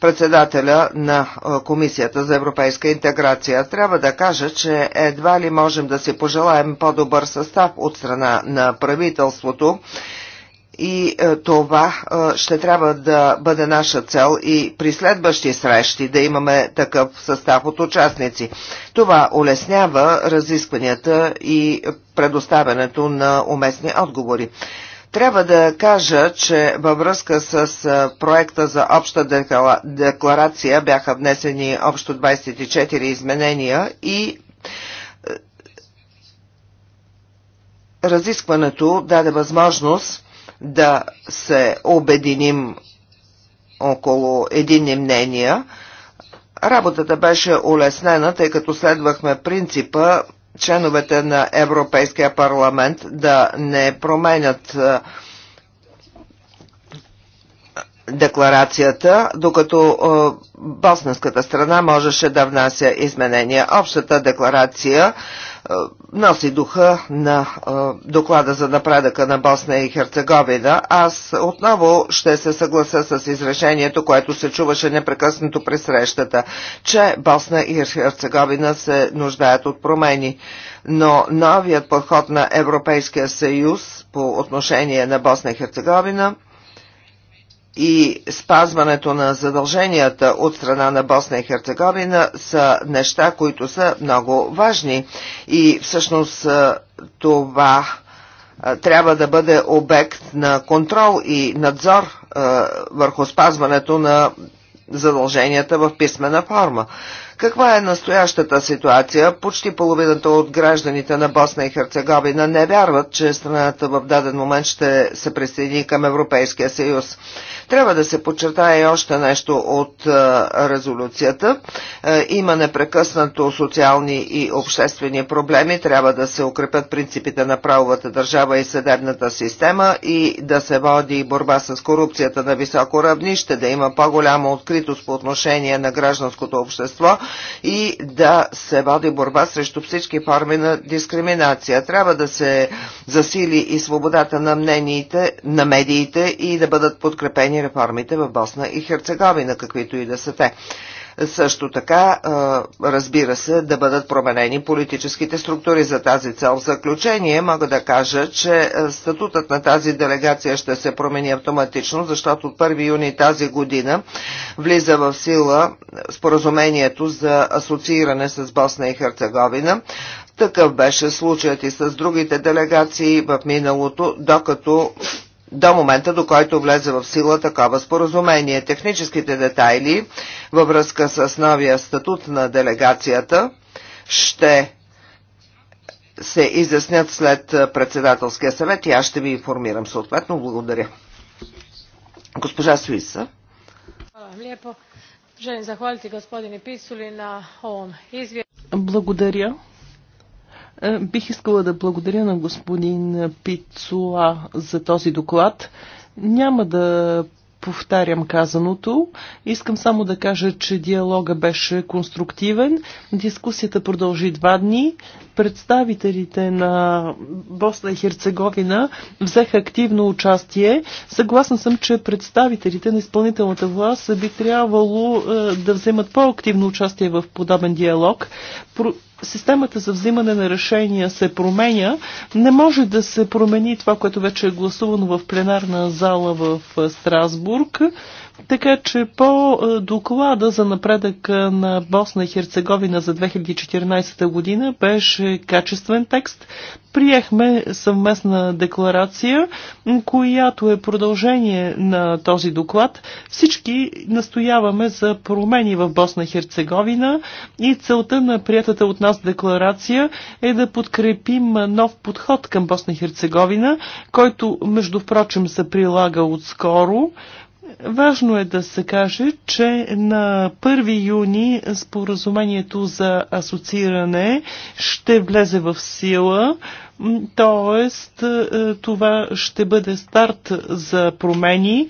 председателя на Комисията за европейска интеграция. Трябва да кажа, че едва ли можем да си пожелаем по-добър състав от страна на правителството и е, това е, ще трябва да бъде наша цел и при следващи срещи да имаме такъв състав от участници. Това улеснява разискванията и предоставянето на уместни отговори. Трябва да кажа, че във връзка с е, проекта за обща декларация бяха внесени общо 24 изменения и е, разискването даде възможност да се обединим около едини мнения. Работата беше улеснена, тъй като следвахме принципа членовете на Европейския парламент да не променят е, декларацията, докато е, босненската страна можеше да внася изменения. Общата декларация е, носи духа на е, доклада за напредъка на Босна и Херцеговина. Аз отново ще се съглася с изрешението, което се чуваше непрекъснато при срещата, че Босна и Херцеговина се нуждаят от промени. Но новият подход на Европейския съюз по отношение на Босна и Херцеговина – и спазването на задълженията от страна на Босна и Херцеговина са неща, които са много важни и всъщност това трябва да бъде обект на контрол и надзор върху спазването на задълженията в писмена форма. Каква е настоящата ситуация? Почти половината от гражданите на Босна и Херцеговина не вярват, че страната в даден момент ще се присъедини към Европейския съюз. Трябва да се подчертае още нещо от резолюцията. Има непрекъснато социални и обществени проблеми. Трябва да се укрепят принципите на правовата държава и съдебната система и да се води борба с корупцията на високо равнище, да има по-голяма откритост по отношение на гражданското общество, и да се води борба срещу всички форми на дискриминация. Трябва да се засили и свободата на мнениите, на медиите и да бъдат подкрепени реформите в Босна и Херцеговина, каквито и да са те. Също така, разбира се, да бъдат променени политическите структури за тази цел. В заключение мога да кажа, че статутът на тази делегация ще се промени автоматично, защото от 1 юни тази година влиза в сила споразумението за асоцииране с Босна и Херцеговина. Такъв беше случаят и с другите делегации в миналото, докато до момента, до който влезе в сила такова споразумение. Техническите детайли във връзка с новия статут на делегацията ще се изяснят след председателския съвет и аз ще ви информирам съответно. Благодаря. Госпожа Суиса. Желим захвалити Писули на овом Благодаря. Е, бих искала да благодаря на господин Пицуа за този доклад. Няма да повтарям казаното. Искам само да кажа, че диалога беше конструктивен. Дискусията продължи два дни. Представителите на Босна и Херцеговина взеха активно участие. Съгласна съм, че представителите на изпълнителната власт би трябвало е, да вземат по-активно участие в подобен диалог системата за взимане на решения се променя, не може да се промени това, което вече е гласувано в пленарна зала в Страсбург. Така че по е, доклада за напредък на Босна и Херцеговина за 2014 година беше качествен текст. Приехме съвместна декларация, която е продължение на този доклад. Всички настояваме за промени в Босна и Херцеговина и целта на приятата от нас декларация е да подкрепим нов подход към Босна и Херцеговина, който между впрочем се прилага отскоро. Важно е да се каже, че на 1 юни споразумението за асоцииране ще влезе в сила, т.е. Е, това ще бъде старт за промени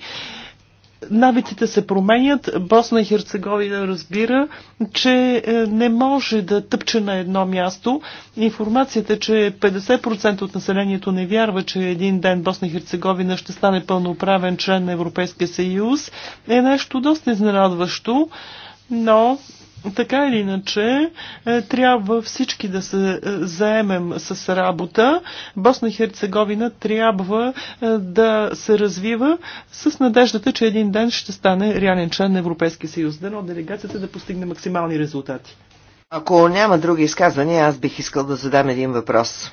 навиците се променят. Босна и Херцеговина разбира, че е, не може да тъпче на едно място. Информацията, че 50% от населението не вярва, че един ден Босна и Херцеговина ще стане пълноправен член на Европейския съюз, е нещо доста изненадващо. Но така или иначе, е, трябва всички да се е, заемем с работа. Босна и Херцеговина трябва е, да се развива с надеждата, че един ден ще стане реален член на Европейския съюз. Дано делегацията да постигне максимални резултати. Ако няма други изказвания, аз бих искал да задам един въпрос.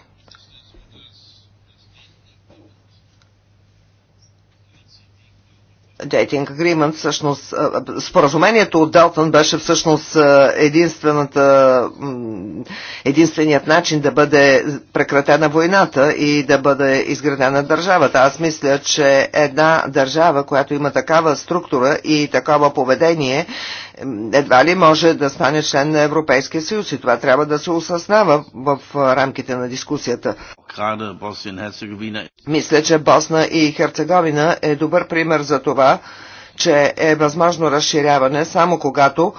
Dating Agreement, всъщност, споразумението от Далтън беше всъщност единствената, единственият начин да бъде прекратена войната и да бъде изградена държавата. Аз мисля, че една държава, която има такава структура и такова поведение, едва ли може да стане член на Европейския съюз и това трябва да се осъзнава в рамките на дискусията. Мисля, че Босна и Херцеговина е добър пример за това, че е възможно разширяване само когато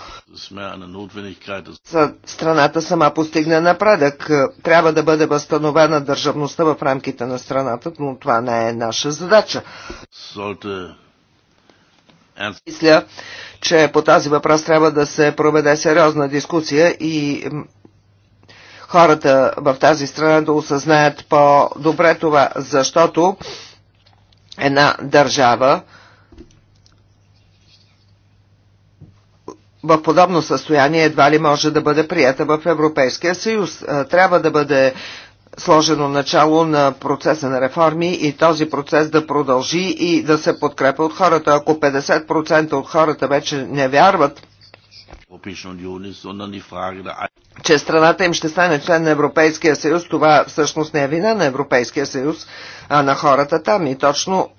страната сама постигне напредък. Е, трябва да бъде възстановена държавността в рамките на страната, но това не е наша задача. Мисля, че по тази въпрос трябва да се проведе сериозна дискусия и хората в тази страна да осъзнаят по-добре това, защото една държава в подобно състояние едва ли може да бъде прията в Европейския съюз. Трябва да бъде сложено начало на процеса на реформи и този процес да продължи и да се подкрепя от хората. Ако 50% от хората вече не вярват, че страната им ще стане член на Европейския съюз, това всъщност не е вина на Европейския съюз, а на хората там. И точно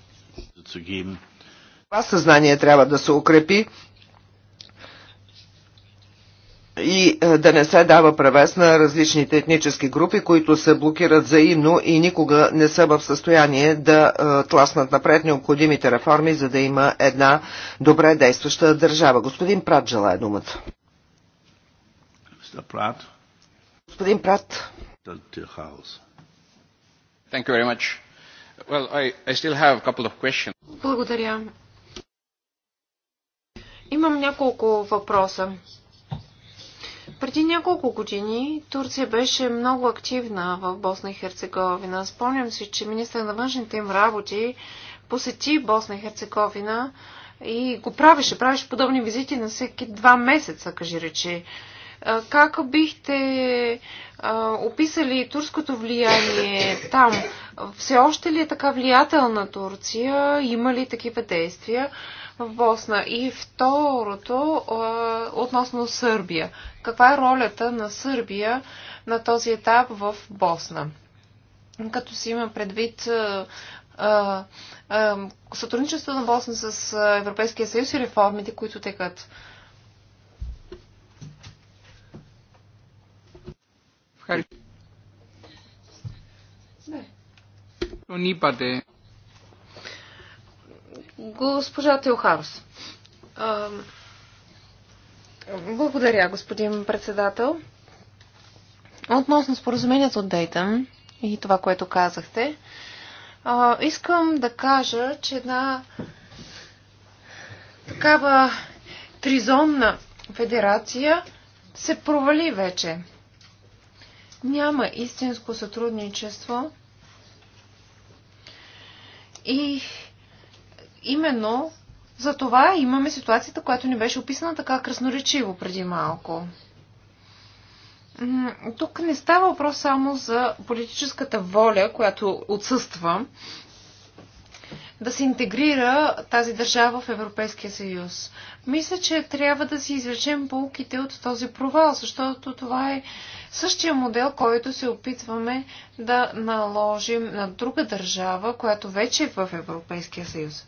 това съзнание трябва да се укрепи и е, да не се дава превес на различните етнически групи, които се блокират взаимно и никога не са в състояние да е, тласнат напред необходимите реформи, за да има една добре действаща държава. Господин Прат желая думата. Господин Прат. Thank you very much. Well, I, I still have a couple of questions. Благодаря. Имам няколко въпроса. Преди няколко години Турция беше много активна в Босна и Херцеговина. Спомням си, че министър на външните им работи посети Босна и Херцеговина и го правеше. Правеше подобни визити на всеки два месеца, кажи речи. Как бихте а, описали турското влияние там? Все още ли е така влиятелна Турция? Има ли такива действия? в Босна? И второто, относно Сърбия. Каква е ролята на Сърбия на този етап в Босна? Като си има предвид сътрудничеството на Босна с Европейския съюз и реформите, които текат. ни паде. Госпожа Теохарус. Благодаря, господин председател. Относно споразумението от Дейтън и това, което казахте, а, искам да кажа, че една такава тризонна федерация се провали вече. Няма истинско сътрудничество и именно за това имаме ситуацията, която ни беше описана така красноречиво преди малко. Тук не става въпрос само за политическата воля, която отсъства да се интегрира тази държава в Европейския съюз. Мисля, че трябва да си извлечем полуките от този провал, защото това е същия модел, който се опитваме да наложим на друга държава, която вече е в Европейския съюз.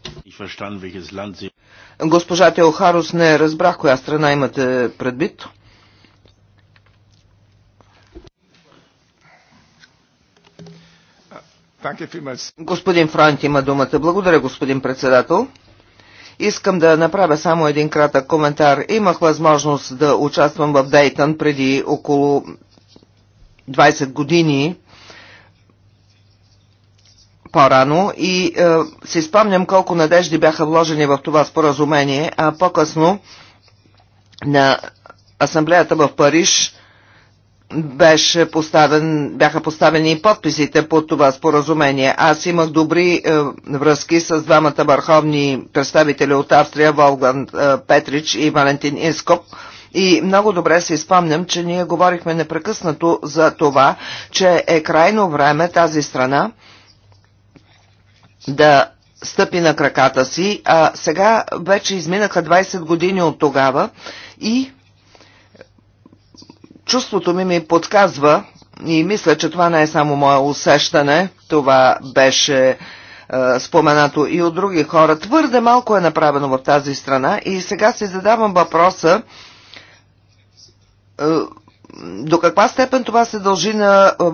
Госпожа Теохарус, не разбрах коя страна имате предвид. Господин Франк има думата. Благодаря, господин председател. Искам да направя само един кратък коментар. Имах възможност да участвам в Дейтън преди около 20 години по-рано и е, си спомням колко надежди бяха вложени в това споразумение, а по-късно на асамблеята в Париж беше поставен, бяха поставени и подписите по това споразумение. Аз имах добри е, връзки с двамата върховни представители от Австрия, Волган е, Петрич и Валентин Ископ, И много добре се изпомням, че ние говорихме непрекъснато за това, че е крайно време тази страна да стъпи на краката си, а сега вече изминаха 20 години от тогава и чувството ми ми подсказва, и мисля, че това не е само мое усещане, това беше е, споменато и от други хора. Твърде малко е направено в тази страна и сега си задавам въпроса е, до каква степен това се дължи на е,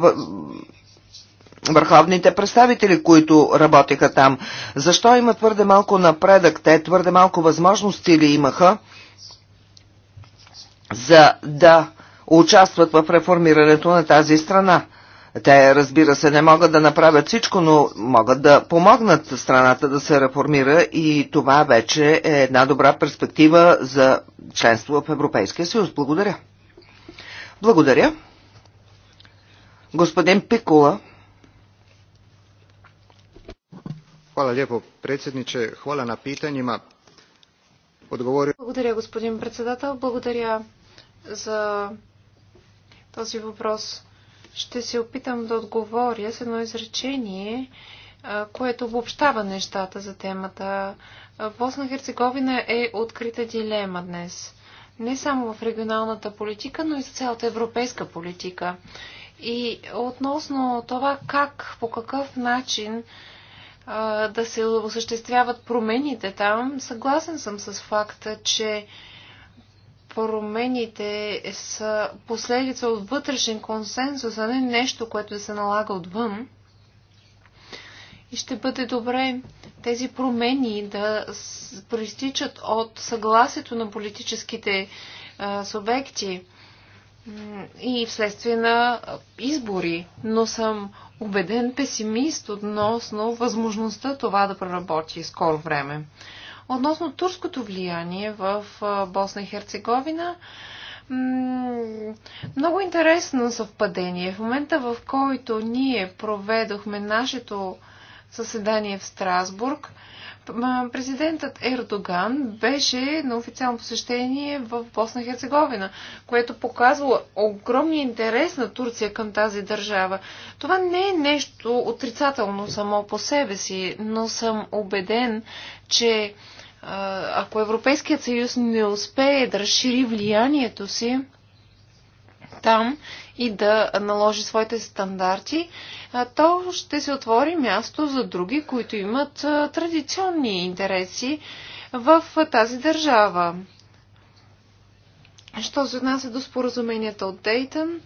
върховните представители, които работиха там. Защо има твърде малко напредък? Те твърде малко възможности ли имаха за да участват в реформирането на тази страна. Те, разбира се, не могат да направят всичко, но могат да помогнат страната да се реформира и това вече е една добра перспектива за членство в Европейския съюз. Благодаря. Благодаря. Господин Пикула. Хвала лепо, председниче. Хвала на pitanjima. Благодаря, господин председател. Благодаря за този въпрос. Ще се опитам да отговоря с едно изречение, което обобщава нещата за темата. Босна Херцеговина е открита дилема днес. Не само в регионалната политика, но и за цялата европейска политика. И относно това как, по какъв начин да се осъществяват промените там, съгласен съм с факта, че промените са последица от вътрешен консенсус, а не нещо, което да се налага отвън. И ще бъде добре тези промени да проистичат от съгласието на политическите а, субекти и вследствие на избори, но съм убеден песимист относно възможността това да проработи скоро време. Относно турското влияние в Босна и Херцеговина, много интересно съвпадение. В момента, в който ние проведохме нашето съседание в Страсбург, президентът Ердоган беше на официално посещение в Босна и Херцеговина, което показва огромния интерес на Турция към тази държава. Това не е нещо отрицателно само по себе си, но съм убеден, че ако Европейският съюз не успее да разшири влиянието си там и да наложи своите стандарти, то ще се отвори място за други, които имат традиционни интереси в тази държава. Що се отнася до споразуменията от Дейтън,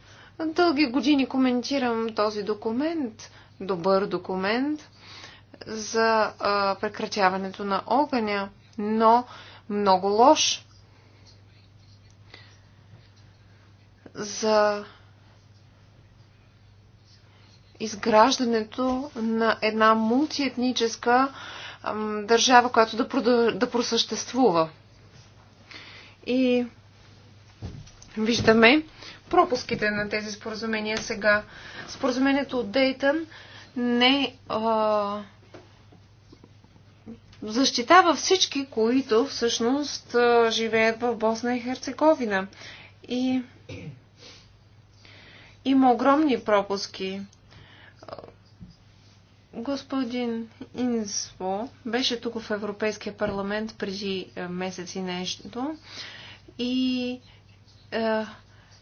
дълги години коментирам този документ, добър документ за прекратяването на огъня – но много лош за изграждането на една мултиетническа държава, която да, продъл... да просъществува. И виждаме пропуските на тези споразумения сега. Споразумението от Дейтън не а, защитава всички, които всъщност живеят в Босна и Херцеговина. И има огромни пропуски. Господин Инсво беше тук в Европейския парламент преди месец и нещо и е,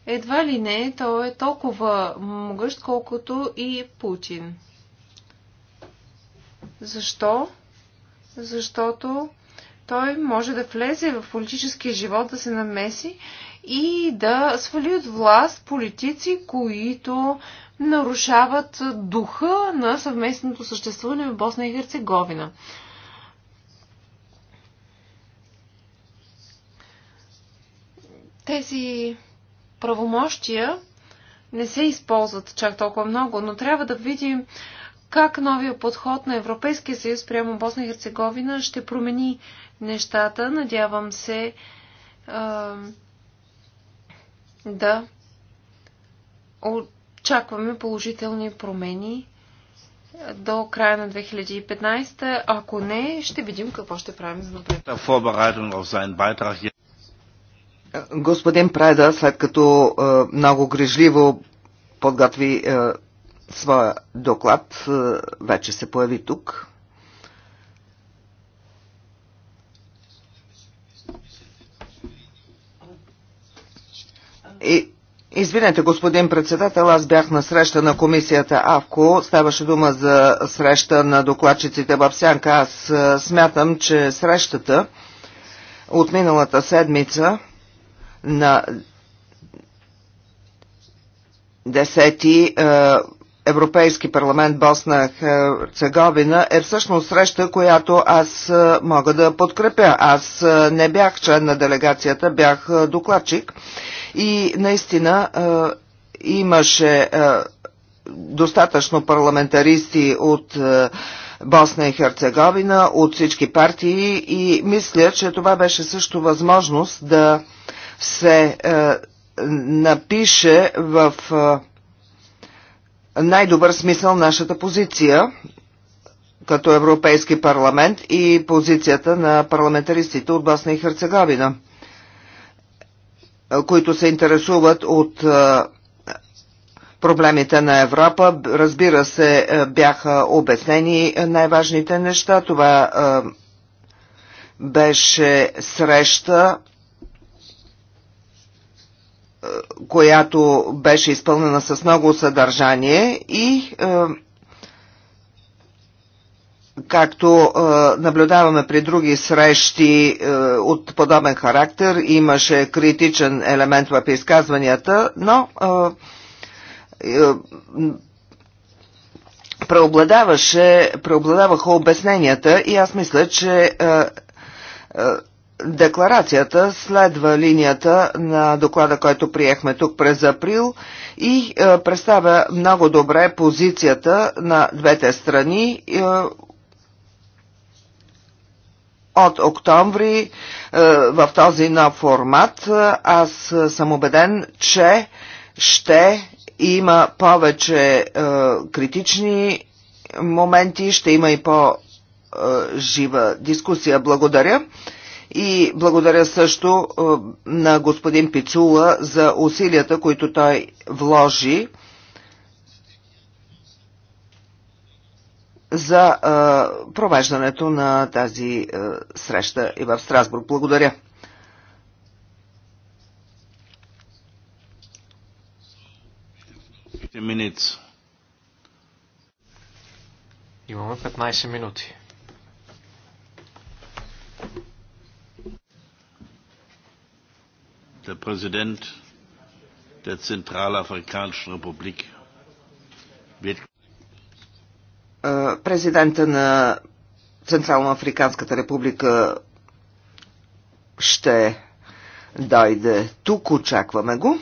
едва ли не той е толкова могъщ, колкото и Путин. Защо? защото той може да влезе в политическия живот, да се намеси и да свали от власт политици, които нарушават духа на съвместното съществуване в Босна и Херцеговина. Тези правомощия не се използват чак толкова много, но трябва да видим как новия подход на Европейския съюз прямо Босна и Херцеговина ще промени нещата. Надявам се а, да очакваме положителни промени до края на 2015. Ако не, ще видим какво ще правим за напред. Е- е, господин Прайда, след като е, много грижливо подготви своя доклад, е, вече се появи тук. И Извинете, господин председател, аз бях на среща на комисията АВКО. Ставаше дума за среща на докладчиците в Сянка. Аз е, смятам, че срещата от миналата седмица на 10 Европейски парламент Босна Херцеговина е всъщност среща, която аз мога да подкрепя. Аз не бях член на делегацията, бях докладчик и наистина имаше достатъчно парламентаристи от Босна и Херцеговина, от всички партии и мисля, че това беше също възможност да се напише в най-добър смисъл нашата позиция като Европейски парламент и позицията на парламентаристите от Босна и Херцеговина, които се интересуват от проблемите на Европа. Разбира се, бяха обяснени най-важните неща. Това беше среща която беше изпълнена с много съдържание и е, както е, наблюдаваме при други срещи е, от подобен характер, имаше критичен елемент в изказванията, но преобладаваше, преобладаваха обясненията и аз мисля, че е, е, Декларацията следва линията на доклада, който приехме тук през април и е, представя много добре позицията на двете страни е, от октомври е, в този нов формат. Аз съм убеден, че ще има повече критични моменти, ще има и по-жива дискусия. Благодаря. И благодаря също е, на господин Пицула за усилията, които той вложи за е, провеждането на тази е, среща и в Страсбург. Благодаря. Имаме 15 минути. der Präsident der Zentralafrikanischen Republik wird. Е, президента на Централно-Африканската република ще дойде тук, очакваме го.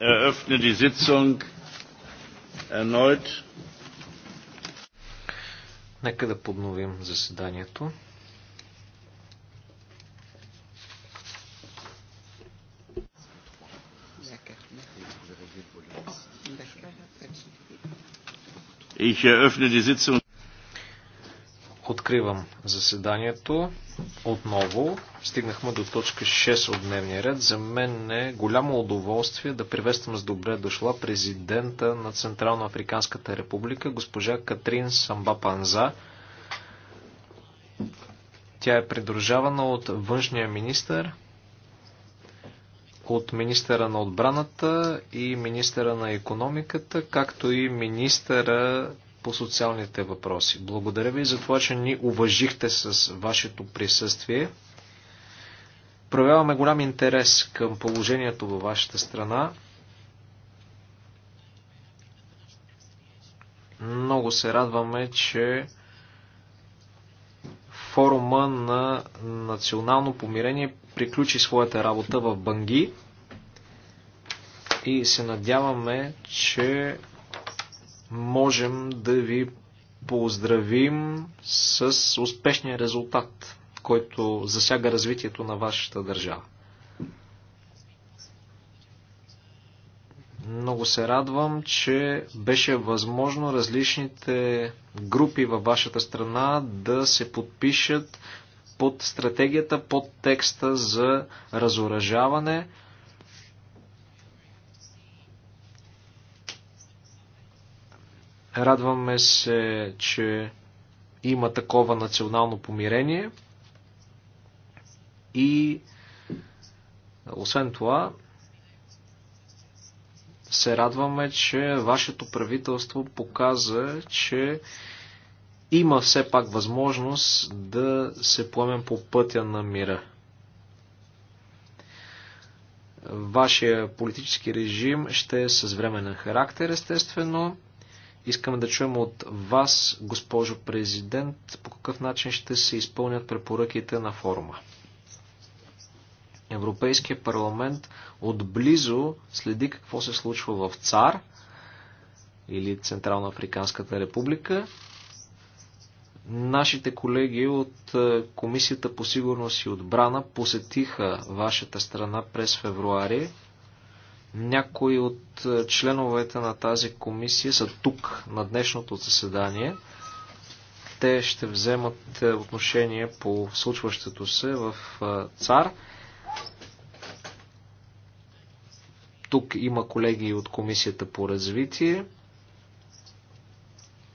eröffne die Sitzung erneut. Нека да подновим заседанието. Ich eröffne die Sitzung. Откривам заседанието. Отново стигнахме до точка 6 от дневния ред. За мен е голямо удоволствие да приветствам с добре дошла президента на Централно Африканската република, госпожа Катрин Самба Панза. Тя е придружавана от външния министр, от министъра на отбраната и министъра на економиката, както и министъра по социалните въпроси. Благодаря ви за това, че ни уважихте с вашето присъствие. Проявяваме голям интерес към положението във вашата страна. Много се радваме, че форума на национално помирение приключи своята работа в Банги и се надяваме, че можем да ви поздравим с успешния резултат, който засяга развитието на вашата държава. Много се радвам, че беше възможно различните групи във вашата страна да се подпишат под стратегията, под текста за разоръжаване. Радваме се, че има такова национално помирение и освен това се радваме, че вашето правителство показа, че има все пак възможност да се поемем по пътя на мира. Вашия политически режим ще е с временен характер, естествено. Искаме да чуем от вас, госпожо президент, по какъв начин ще се изпълнят препоръките на форума. Европейския парламент отблизо следи какво се случва в ЦАР или Централна Африканската република. Нашите колеги от е, Комисията по сигурност и отбрана посетиха вашата страна през февруари някои от е, членовете на тази комисия са тук на днешното заседание. Те ще вземат е, отношение по случващото се в е, ЦАР. Тук има колеги от Комисията по развитие.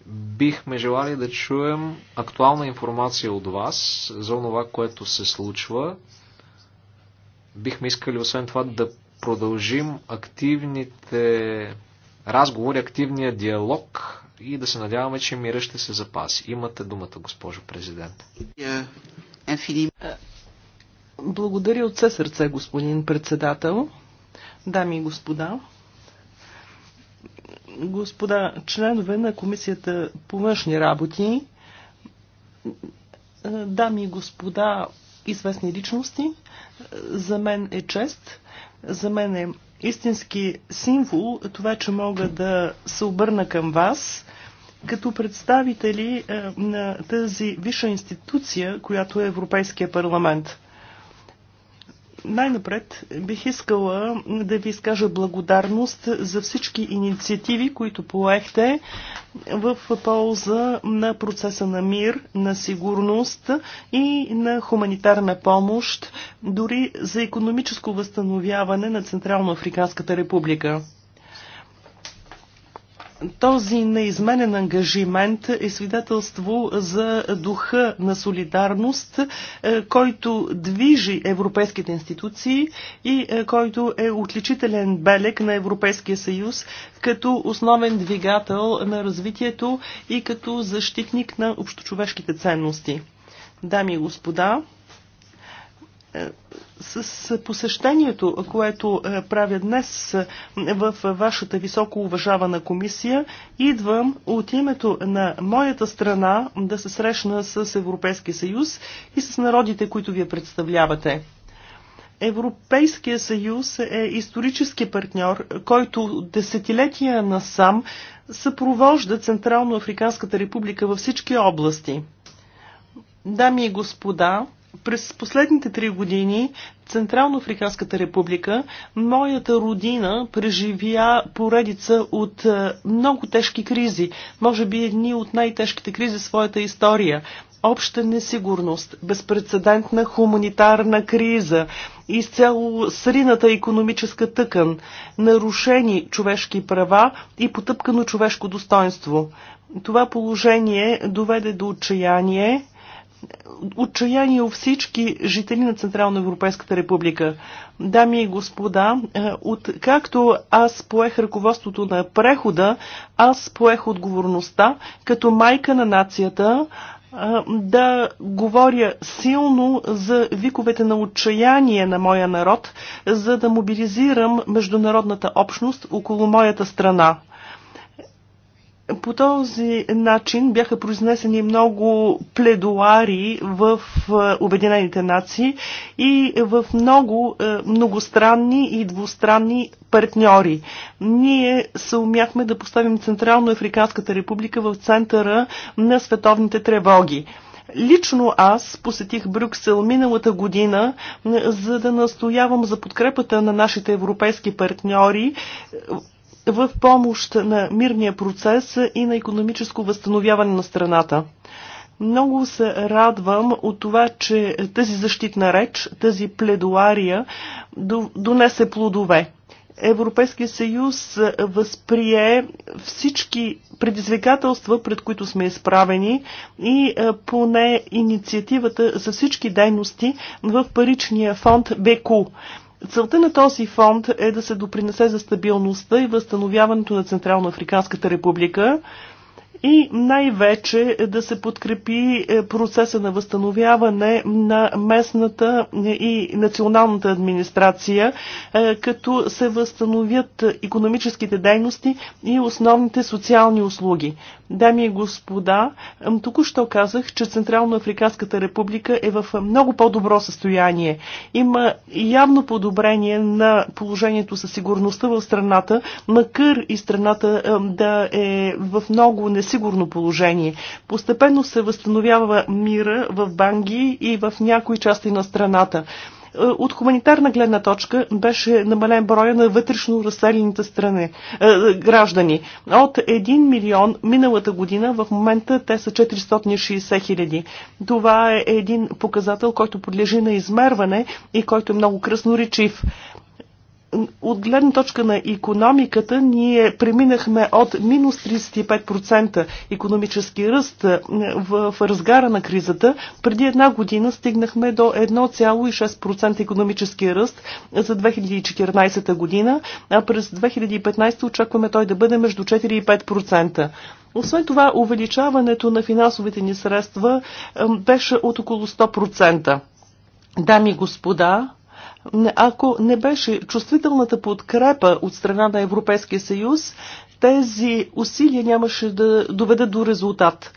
Бихме желали да чуем актуална информация от вас за това, което се случва. Бихме искали освен това да продължим активните разговори, активния диалог и да се надяваме, че мира ще се запаси. Имате думата, госпожо президент. Благодаря от все сърце, господин председател. Дами и господа, господа членове на Комисията по външни работи, дами и господа известни личности, за мен е чест за мен е истински символ това, че мога да се обърна към вас като представители е, на тази висша институция, която е Европейския парламент. Най-напред бих искала да ви изкажа благодарност за всички инициативи, които поехте в полза на процеса на мир, на сигурност и на хуманитарна помощ, дори за економическо възстановяване на Централно Африканската република. Този неизменен ангажимент е свидетелство за духа на солидарност, е, който движи европейските институции и е, който е отличителен белег на Европейския съюз като основен двигател на развитието и като защитник на общочовешките ценности. Дами и господа, с посещението, което е, правя днес е, в вашата високо уважавана комисия, идвам от името на моята страна да се срещна с Европейския съюз и с народите, които вие представлявате. Европейския съюз е исторически партньор, който десетилетия насам съпровожда Централно Африканската република във всички области. Дами и господа, през последните три години Централно-Африканската република, моята родина, преживя поредица от е, много тежки кризи. Може би едни от най-тежките кризи в своята история. Обща несигурност, безпредседентна хуманитарна криза, изцяло срината економическа тъкан, нарушени човешки права и потъпкано човешко достоинство. Това положение доведе до отчаяние, отчаяние у всички жители на Централно Европейската република. Дами и господа, е, откакто аз поех ръководството на прехода, аз поех отговорността като майка на нацията е, да говоря силно за виковете на отчаяние на моя народ, за да мобилизирам международната общност около моята страна. По този начин бяха произнесени много пледуари в е, Обединените нации и в много е, многостранни и двустранни партньори. Ние се умяхме да поставим Централно Африканската република в центъра на световните тревоги. Лично аз посетих Брюксел миналата година, е, за да настоявам за подкрепата на нашите европейски партньори в помощ на мирния процес и на економическо възстановяване на страната. Много се радвам от това, че тази защитна реч, тази пледуария донесе плодове. Европейския съюз възприе всички предизвикателства, пред които сме изправени и поне инициативата за всички дейности в паричния фонд БЕКУ. Целта на този фонд е да се допринесе за стабилността и възстановяването на Централно Африканската република, и най-вече да се подкрепи е, процеса на възстановяване на местната е, и националната администрация, е, като се възстановят економическите дейности и основните социални услуги. Дами и господа, току-що казах, че Централно-Африканската република е в много по-добро състояние. Има явно подобрение на положението със сигурността в страната, макар и страната да е в много несигурност несигурно положение. Постепенно се възстановява мира в Банги и в някои части на страната. Е, от хуманитарна гледна точка беше намален броя на вътрешно разселените страни, е, е граждани. От 1 милион миналата година в момента те са 460 хиляди. Това е един показател, който подлежи на измерване и който е много красноречив от гледна точка на економиката ние преминахме от минус 35% економически ръст е, в разгара на кризата. Преди една година стигнахме до 1,6% економически ръст за 2014 година, а през 2015 очакваме той да бъде между 4 и 5%. Освен това, увеличаването на финансовите ни средства е, беше от около 100%. Дами и господа, ако не беше чувствителната подкрепа от страна на Европейския съюз, тези усилия нямаше да доведат до резултат.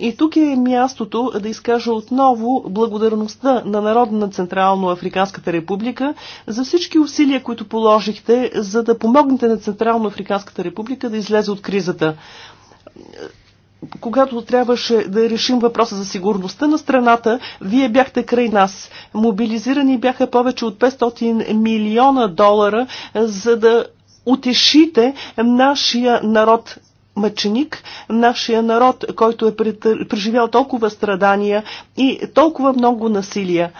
И тук е мястото да изкажа отново благодарността на Народна Централно Африканската република за всички усилия, които положихте, за да помогнете на Централно Африканската република да излезе от кризата когато трябваше да решим въпроса за сигурността на страната, вие бяхте край нас. Мобилизирани бяха повече от 500 милиона долара, за да утешите нашия народ мъченик, нашия народ, който е преживял толкова страдания и толкова много насилия.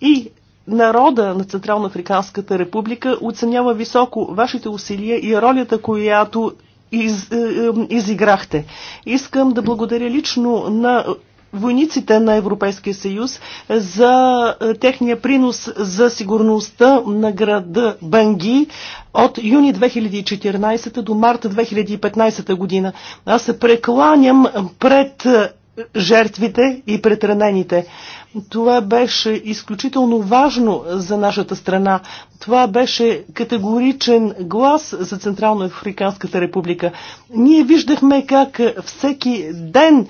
И народа на Централно Африканската република оценява високо вашите усилия и ролята, която из, е, е, изиграхте. Искам да благодаря лично на войниците на Европейския съюз за е, техния принос за сигурността на града Банги от юни 2014 до март 2015 година. Аз се прекланям пред жертвите и претранените. Това беше изключително важно за нашата страна. Това беше категоричен глас за Централно Африканската република. Ние виждахме как всеки ден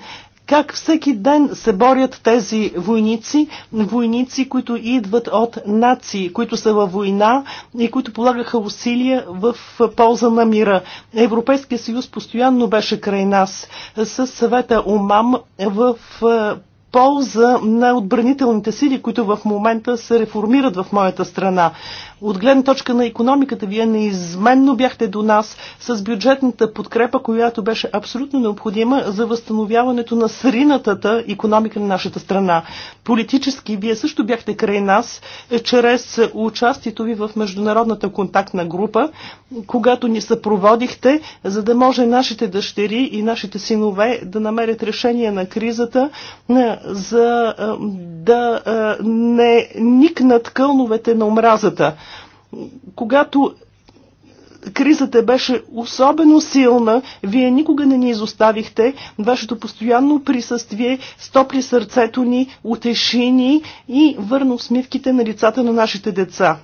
как всеки ден се борят тези войници, войници, които идват от нации, които са във война и които полагаха усилия в полза на мира. Европейския съюз постоянно беше край нас с съвета ОМАМ в е, полза на отбранителните сили, които в момента се реформират в моята страна. От гледна точка на економиката, вие неизменно бяхте до нас с бюджетната подкрепа, която беше абсолютно необходима за възстановяването на сринатата економика на нашата страна. Политически, вие също бяхте край нас, е, чрез участието ви в международната контактна група, когато ни съпроводихте, за да може нашите дъщери и нашите синове да намерят решение на кризата, е, за е, да не никнат кълновете на омразата когато кризата беше особено силна, вие никога не ни изоставихте. Вашето постоянно присъствие стопли сърцето ни, утеши ни и върна усмивките на лицата на нашите деца.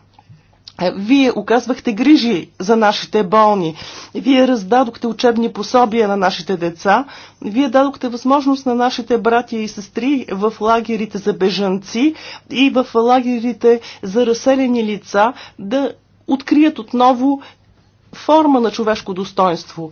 Е, вие оказвахте грижи за нашите болни. Вие раздадохте учебни пособия на нашите деца. Вие дадохте възможност на нашите братя и сестри в лагерите за бежанци и в лагерите за разселени лица да открият отново форма на човешко достоинство.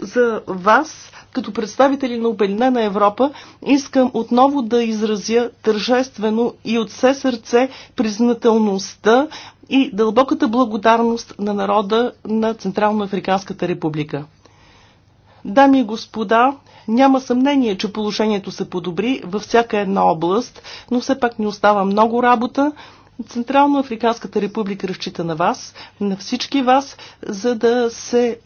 За вас, като представители на обединена Европа, искам отново да изразя тържествено и от все сърце признателността и дълбоката благодарност на народа на Централноафриканската република. Дами и господа, няма съмнение, че положението се подобри във всяка една област, но все пак ни остава много работа. Централно Африканската република разчита на вас, на всички вас, за да се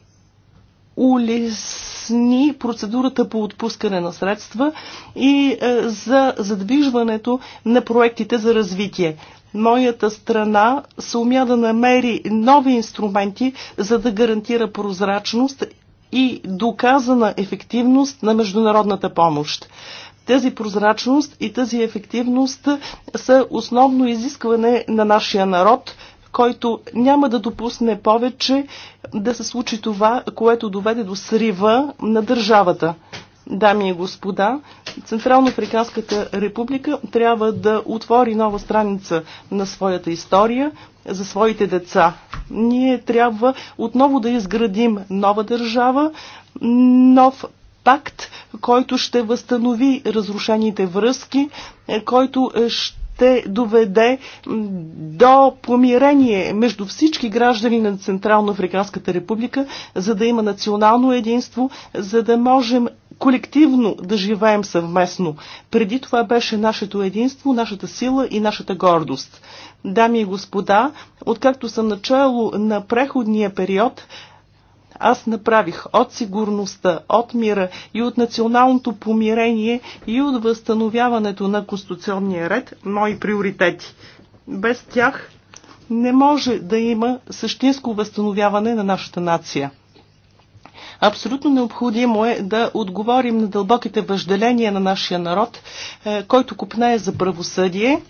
улесни процедурата по отпускане на средства и е, за задвижването на проектите за развитие моята страна се умя да намери нови инструменти, за да гарантира прозрачност и доказана ефективност на международната помощ. Тази прозрачност и тази ефективност са основно изискване на нашия народ, който няма да допусне повече да се случи това, което доведе до срива на държавата. Дами и господа, Централно-Африканската република трябва да отвори нова страница на своята история за своите деца. Ние трябва отново да изградим нова държава, нов пакт, който ще възстанови разрушените връзки, който ще те доведе до помирение между всички граждани на Централно Африканската република, за да има национално единство, за да можем колективно да живеем съвместно. Преди това беше нашето единство, нашата сила и нашата гордост. Дами и господа, откакто съм начало на преходния период, аз направих от сигурността, от мира и от националното помирение и от възстановяването на конституционния ред мои приоритети. Без тях не може да има същинско възстановяване на нашата нация. Абсолютно необходимо е да отговорим на дълбоките въжделения на нашия народ, е, който купнее за правосъдие,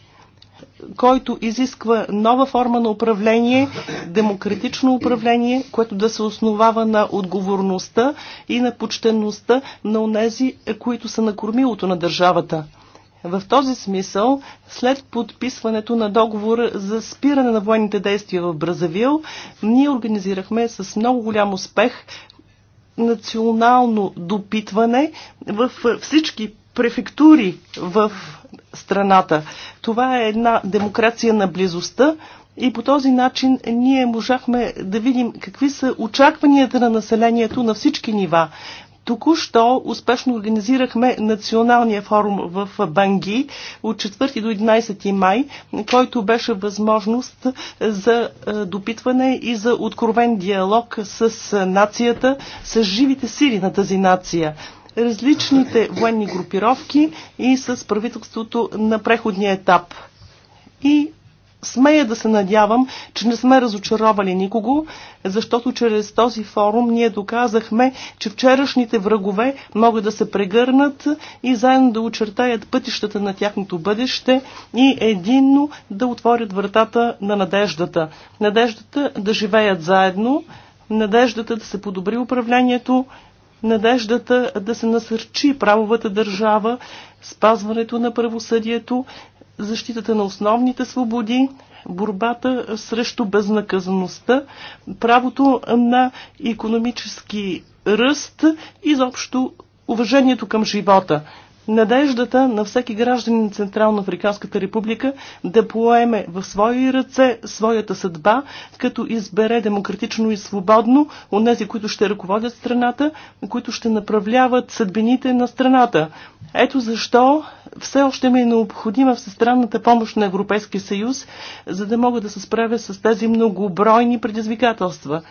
който изисква нова форма на управление, демократично управление, което да се основава на отговорността и на почтенността на онези, които са на кормилото на държавата. В този смисъл, след подписването на договор за спиране на военните действия в Бразавил, ние организирахме с много голям успех национално допитване в всички префектури в страната. Това е една демокрация на близостта и по този начин ние можахме да видим какви са очакванията на населението на всички нива. Току-що успешно организирахме националния форум в Банги от 4 до 11 май, който беше възможност за е, допитване и за откровен диалог с нацията, с живите сили на тази нация различните военни групировки и с правителството на преходния етап. И смея да се надявам, че не сме разочаровали никого, защото чрез този форум ние доказахме, че вчерашните врагове могат да се прегърнат и заедно да очертаят пътищата на тяхното бъдеще и единно да отворят вратата на надеждата. Надеждата да живеят заедно, надеждата да се подобри управлението, надеждата да се насърчи правовата държава, спазването на правосъдието защитата на основните свободи, борбата срещу безнаказаността, правото на економически ръст и заобщо уважението към живота. Надеждата на всеки гражданин на Централно Африканската република да поеме в свои ръце своята съдба, като избере демократично и свободно тези, които ще ръководят страната, които ще направляват съдбините на страната. Ето защо все още ми е необходима всестранната помощ на Европейския съюз, за да мога да се справя с тези многобройни предизвикателства.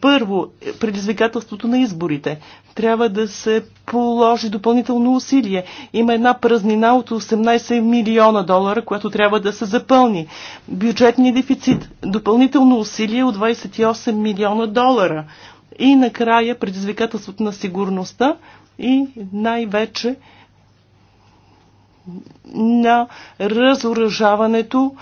Първо, предизвикателството на изборите. Трябва да се положи допълнително усилие. Има една празнина от 18 милиона долара, която трябва да се запълни. Бюджетния дефицит. Допълнително усилие от 28 милиона долара. И накрая предизвикателството на сигурността и най-вече на разоръжаването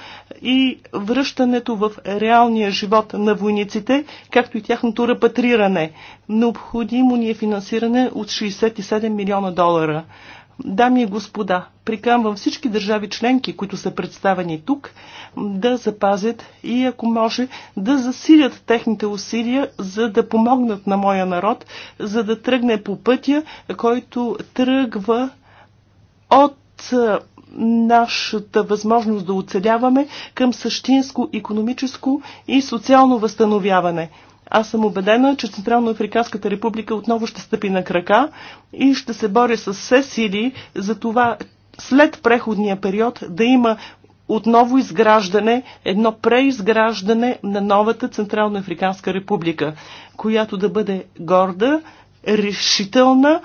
и връщането в реалния живот на войниците, както и тяхното репатриране. Необходимо ни е финансиране от 67 милиона долара. Дами и господа, приканвам всички държави членки, които са представени тук, да запазят и ако може да засилят техните усилия, за да помогнат на моя народ, за да тръгне по пътя, който тръгва от нашата възможност да оцеляваме към същинско економическо и социално възстановяване. Аз съм убедена, че Централно-Африканската република отново ще стъпи на крака и ще се бори с все сили за това след преходния период да има отново изграждане, едно преизграждане на новата Централно-Африканска република, която да бъде горда, решителна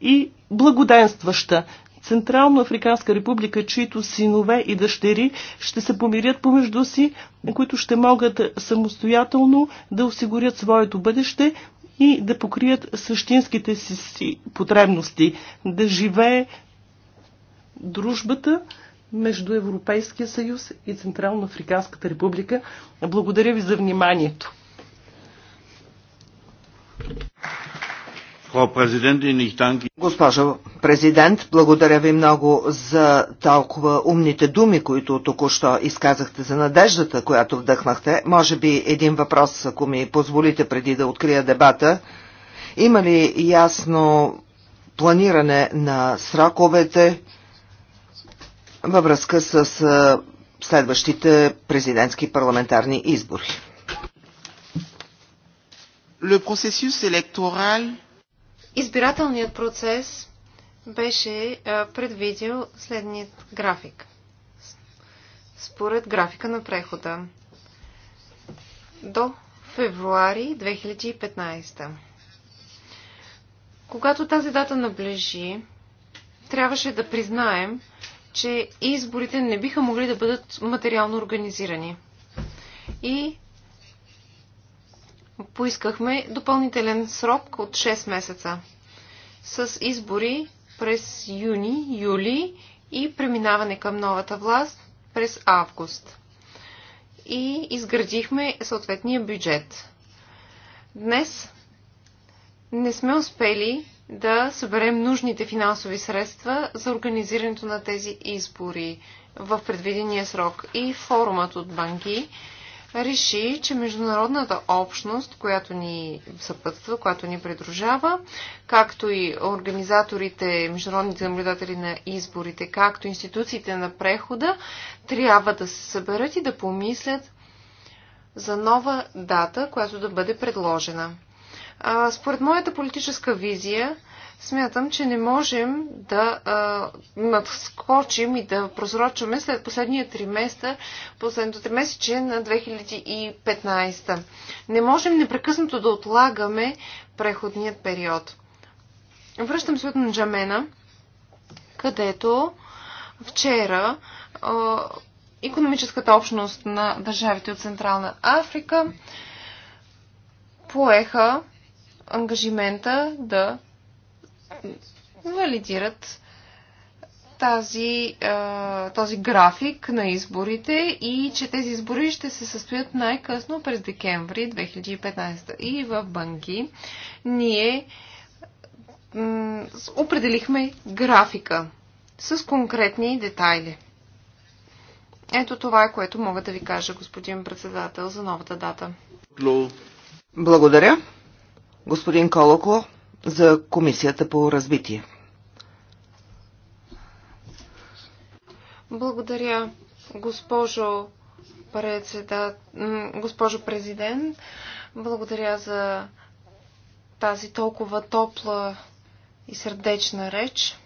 и благоденстваща. Централно Африканска република, чието синове и дъщери ще се помирят помежду си, които ще могат самостоятелно да осигурят своето бъдеще и да покрият същинските си, си потребности, да живее дружбата между Европейския съюз и Централно Африканската република. Благодаря ви за вниманието. Госпожо президент, благодаря ви много за толкова умните думи, които току-що изказахте за надеждата, която вдъхнахте. Може би един въпрос, ако ми позволите преди да открия дебата. Има ли ясно планиране на сроковете във връзка с следващите президентски парламентарни избори? Le processus électoral избирателният процес беше предвидил следният график. Според графика на прехода до февруари 2015. Когато тази дата наближи, трябваше да признаем, че изборите не биха могли да бъдат материално организирани. И поискахме допълнителен срок от 6 месеца с избори през юни, юли и преминаване към новата власт през август. И изградихме съответния бюджет. Днес не сме успели да съберем нужните финансови средства за организирането на тези избори в предвидения срок. И форумът от банки реши, че международната общност, която ни съпътства, която ни придружава, както и организаторите, международните наблюдатели на изборите, както институциите на прехода, трябва да се съберат и да помислят за нова дата, която да бъде предложена. според моята политическа визия, смятам, че не можем да а, надскочим и да прозрочваме след последния триместър, последното тримесечие на 2015. Не можем непрекъснато да отлагаме преходният период. Връщам се от Нджамена, където вчера а, економическата общност на държавите от Централна Африка поеха ангажимента да валидират тази, този график на изборите и че тези избори ще се състоят най-късно през декември 2015. И в Банги ние определихме графика с конкретни детайли. Ето това е което мога да ви кажа, господин председател, за новата дата. Благодаря. Господин Колокло за Комисията по развитие. Благодаря, госпожо, председат... госпожо президент. Благодаря за тази толкова топла и сърдечна реч.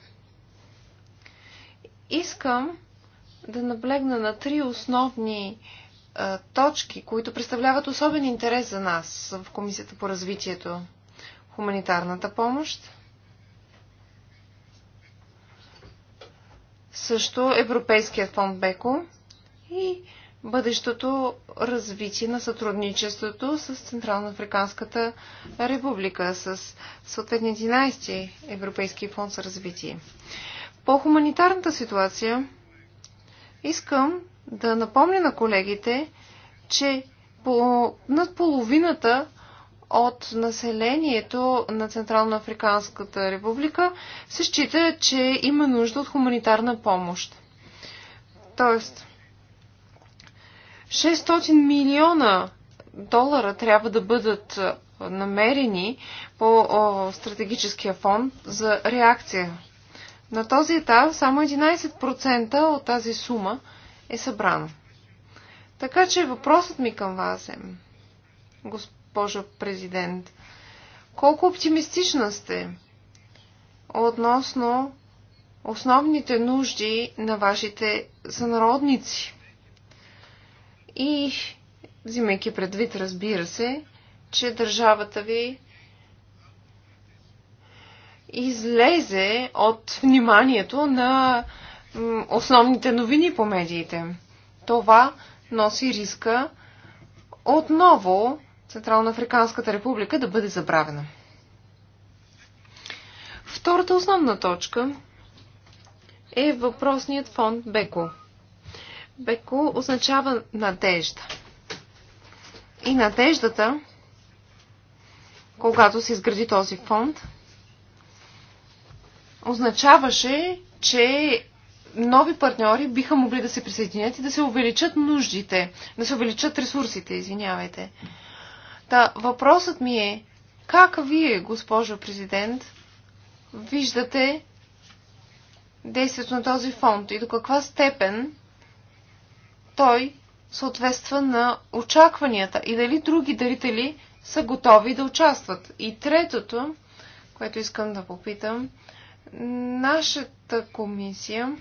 Искам да наблегна на три основни а, точки, които представляват особен интерес за нас в Комисията по развитието хуманитарната помощ. Също Европейският фонд БЕКО и бъдещото развитие на сътрудничеството с Централно-Африканската република, с съответния 11 Европейски фонд за развитие. По хуманитарната ситуация искам да напомня на колегите, че по над половината от населението на Централно Африканската република се счита, че има нужда от хуманитарна помощ. Тоест, 600 милиона долара трябва да бъдат намерени по стратегическия фонд за реакция. На този етап само 11% от тази сума е събрана. Така че въпросът ми към вас е, господин, госпожо президент. Колко оптимистична сте относно основните нужди на вашите сънародници? И взимайки предвид, разбира се, че държавата ви излезе от вниманието на основните новини по медиите. Това носи риска отново Централноафриканската република да бъде забравена. Втората основна точка е въпросният фонд Беко. Беко означава надежда. И надеждата, когато се изгради този фонд, означаваше, че нови партньори биха могли да се присъединят и да се увеличат нуждите, да се увеличат ресурсите, извинявайте. Та, въпросът ми е, как вие, госпожо президент, виждате действието на този фонд и до каква степен той съответства на очакванията и дали други дарители са готови да участват. И третото, което искам да попитам, нашата комисия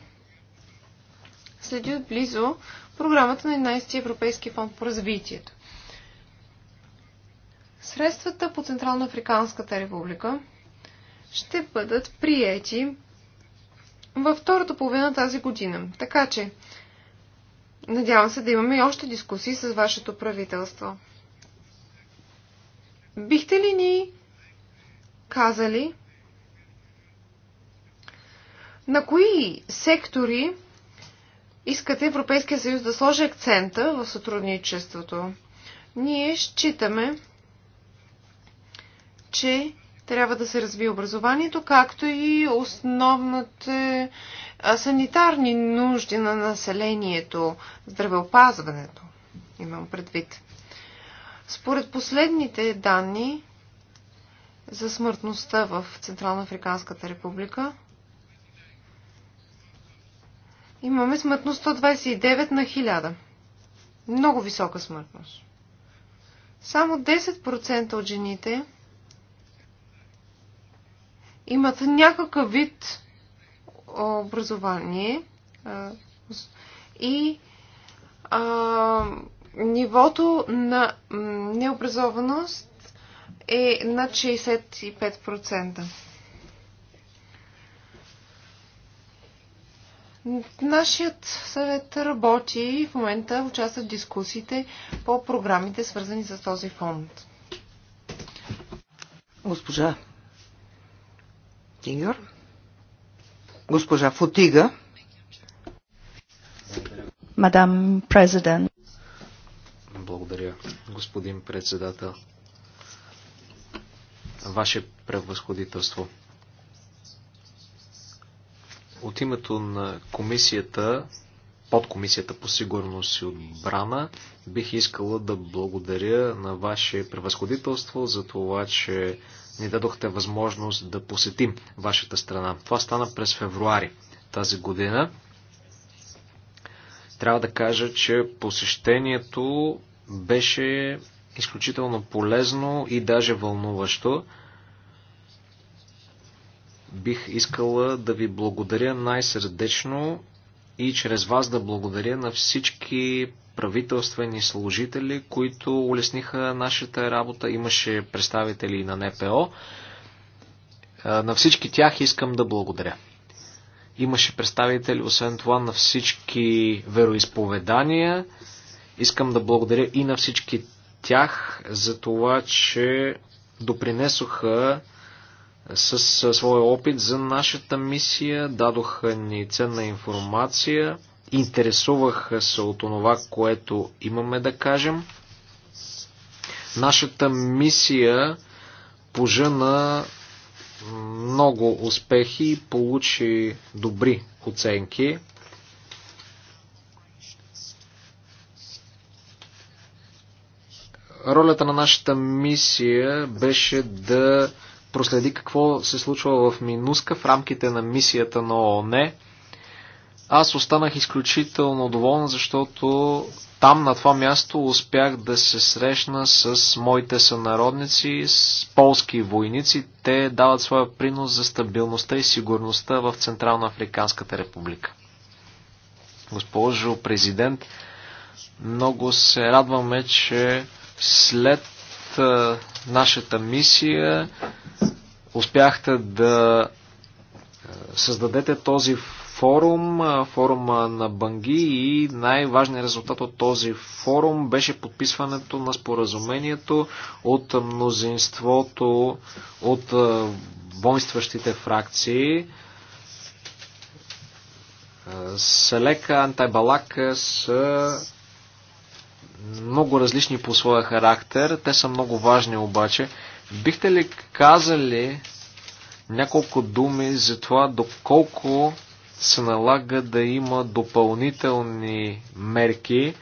следи отблизо програмата на 11 ти Европейски фонд по развитието. Средствата по Централно Африканската република ще бъдат приети във втората половина тази година. Така че, надявам се да имаме и още дискусии с вашето правителство. Бихте ли ни казали на кои сектори искате Европейския съюз да сложи акцента в сътрудничеството? Ние считаме, че трябва да се развие образованието, както и основните санитарни нужди на населението, здравеопазването, имам предвид. Според последните данни за смъртността в Централна Африканската република, имаме смъртност 129 на 1000. Много висока смъртност. Само 10% от жените имат някакъв вид образование и а, нивото на необразованост е над 65%. Нашият съвет работи и в момента участват в дискусиите по програмите, свързани с този фонд. Госпожа Футигър. Госпожа Футига. Мадам президент. Благодаря, господин председател. Ваше превъзходителство. От името на комисията, под комисията по сигурност и отбрана, бих искала да благодаря на Ваше превъзходителство за това, че ни дадохте възможност да посетим вашата страна. Това стана през февруари тази година. Трябва да кажа, че посещението беше изключително полезно и даже вълнуващо. Бих искала да ви благодаря най-сърдечно и чрез вас да благодаря на всички правителствени служители, които улесниха нашата работа. Имаше представители на НПО. На всички тях искам да благодаря. Имаше представители, освен това, на всички вероисповедания. Искам да благодаря и на всички тях за това, че допринесоха с своя опит за нашата мисия, дадоха ни ценна информация интересуваха се от това, което имаме да кажем. Нашата мисия пожена много успехи и получи добри оценки. Ролята на нашата мисия беше да проследи какво се случва в Минуска в рамките на мисията на ООН. Аз останах изключително доволна, защото там на това място успях да се срещна с моите сънародници, с полски войници. Те дават своя принос за стабилността и сигурността в Централна Африканската република. Госпожо президент, много се радваме, че след нашата мисия успяхте да създадете този форум, форума на Банги и най-важният резултат от този форум беше подписването на споразумението от мнозинството от воинстващите фракции. Селека, Антайбалак са много различни по своя характер. Те са много важни обаче. Бихте ли казали няколко думи за това доколко се налага да има допълнителни мерки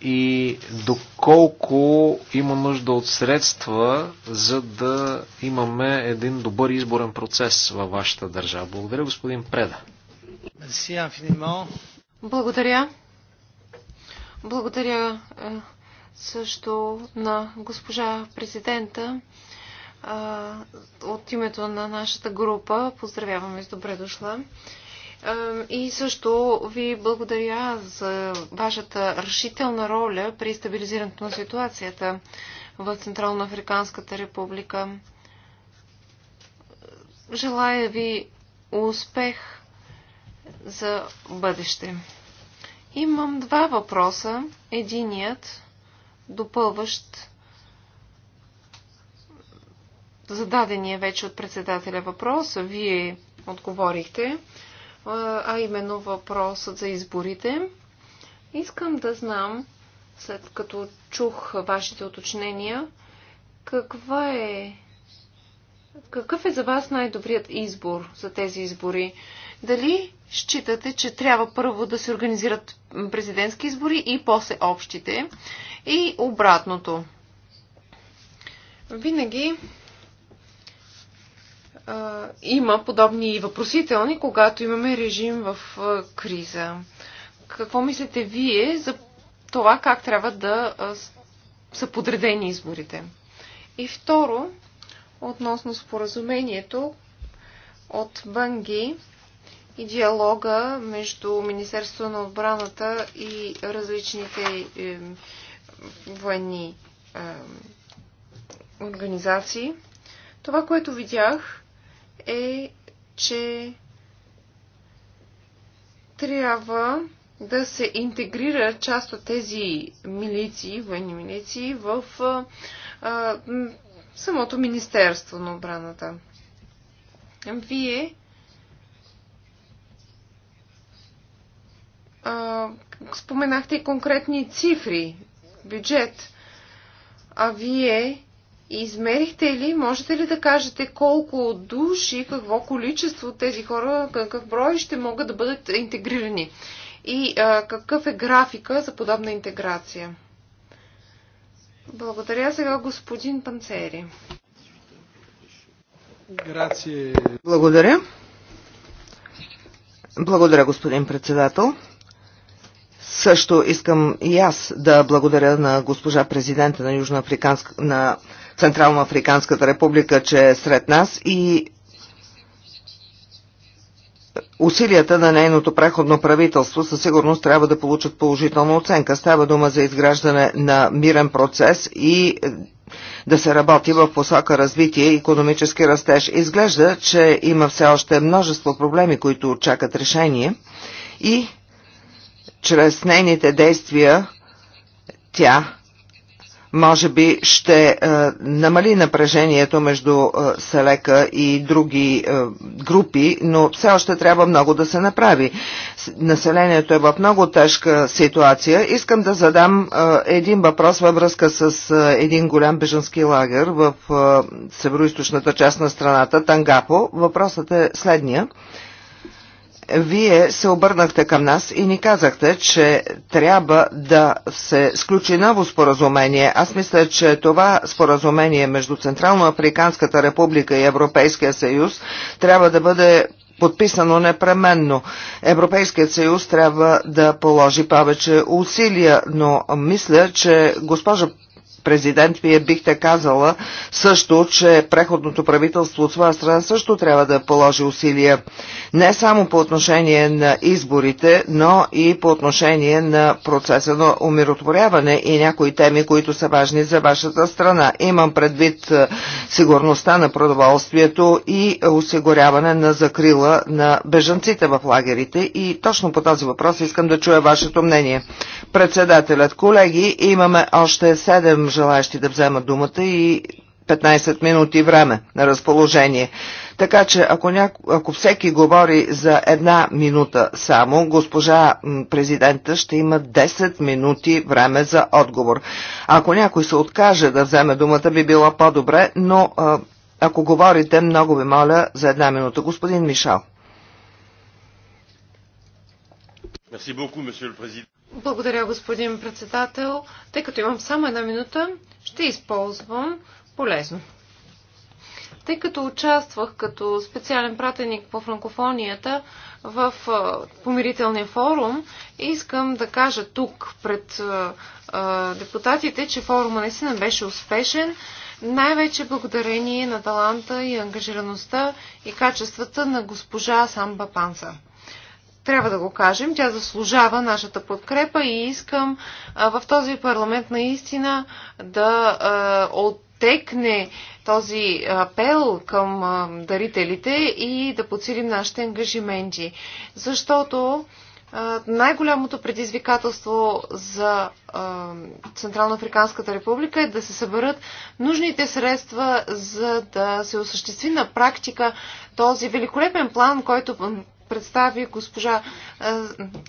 и доколко има нужда от средства, за да имаме един добър изборен процес във вашата държава. Благодаря, господин Преда. Благодаря. Благодаря е, също на госпожа президента а, от името на нашата група. Поздравяваме с добре дошла. И също ви благодаря за вашата решителна роля при стабилизирането на ситуацията в Централно Африканската република. Желая ви успех за бъдеще. Имам два въпроса. Единият допълващ зададения вече от председателя въпрос, вие отговорихте, а именно въпросът за изборите. Искам да знам, след като чух вашите уточнения, каква е какъв е за вас най-добрият избор за тези избори? Дали считате, че трябва първо да се организират президентски избори и после общите? И обратното. Винаги има подобни въпросителни, когато имаме режим в криза. Какво мислите вие за това как трябва да са подредени изборите? И второ, относно споразумението от Банги и диалога между Министерството на отбраната и различните е, военни е, организации. Това, което видях, е, че трябва да се интегрира част от тези милиции, военни милиции, в а, самото Министерство на обраната. Вие а, споменахте и конкретни цифри, бюджет, а вие Измерихте ли, можете ли да кажете колко души, какво количество от тези хора, какъв брой ще могат да бъдат интегрирани? И а, какъв е графика за подобна интеграция? Благодаря сега господин Панцери. Благодаря. Благодаря, господин председател. Също искам и аз да благодаря на госпожа президента на Южноафриканска на Централно Африканската република, че е сред нас и Усилията на нейното преходно правителство със сигурност трябва да получат положителна оценка. Става дума за изграждане на мирен процес и да се работи в посока развитие и економически растеж. Изглежда, че има все още множество проблеми, които чакат решение и чрез нейните действия тя може би ще е, намали напрежението между е, Селека и други е, групи, но все още трябва много да се направи. Населението е в много тежка ситуация. Искам да задам един въпрос във връзка с един голям бежански лагер в северо част на страната, Тангапо. Въпросът е следния вие се обърнахте към нас и ни казахте, че трябва да се сключи ново споразумение. Аз мисля, че това споразумение между Централно-Африканската република и Европейския съюз трябва да бъде подписано непременно. Европейският съюз трябва да положи повече усилия, но мисля, че госпожа президент, вие бихте казала също, че преходното правителство от своя страна също трябва да положи усилия не само по отношение на изборите, но и по отношение на процеса на умиротворяване и някои теми, които са важни за вашата страна. Имам предвид е, сигурността на продоволствието и осигуряване на закрила на бежанците в лагерите и точно по този въпрос искам да чуя вашето мнение. Председателят, колеги, имаме още 7 желаящи да взема думата и 15 минути време на разположение. Така че ако, няко, ако всеки говори за една минута само, госпожа президента ще има 10 минути време за отговор. Ако някой се откаже да вземе думата, би било по-добре, но ако говорите, много ви моля за една минута. Господин Мишал. Merci beaucoup, monsieur le président. Благодаря, господин председател. Тъй като имам само една минута, ще използвам полезно. Тъй като участвах като специален пратеник по франкофонията в помирителния форум, искам да кажа тук пред депутатите, че форума наистина беше успешен, най-вече благодарение на таланта и ангажираността и качествата на госпожа Самба Панса трябва да го кажем. Тя заслужава нашата подкрепа и искам в този парламент наистина да оттекне този апел към дарителите и да подсилим нашите ангажименти. Защото най-голямото предизвикателство за Централно Африканската република е да се съберат нужните средства, за да се осъществи на практика този великолепен план, който представи госпожа е,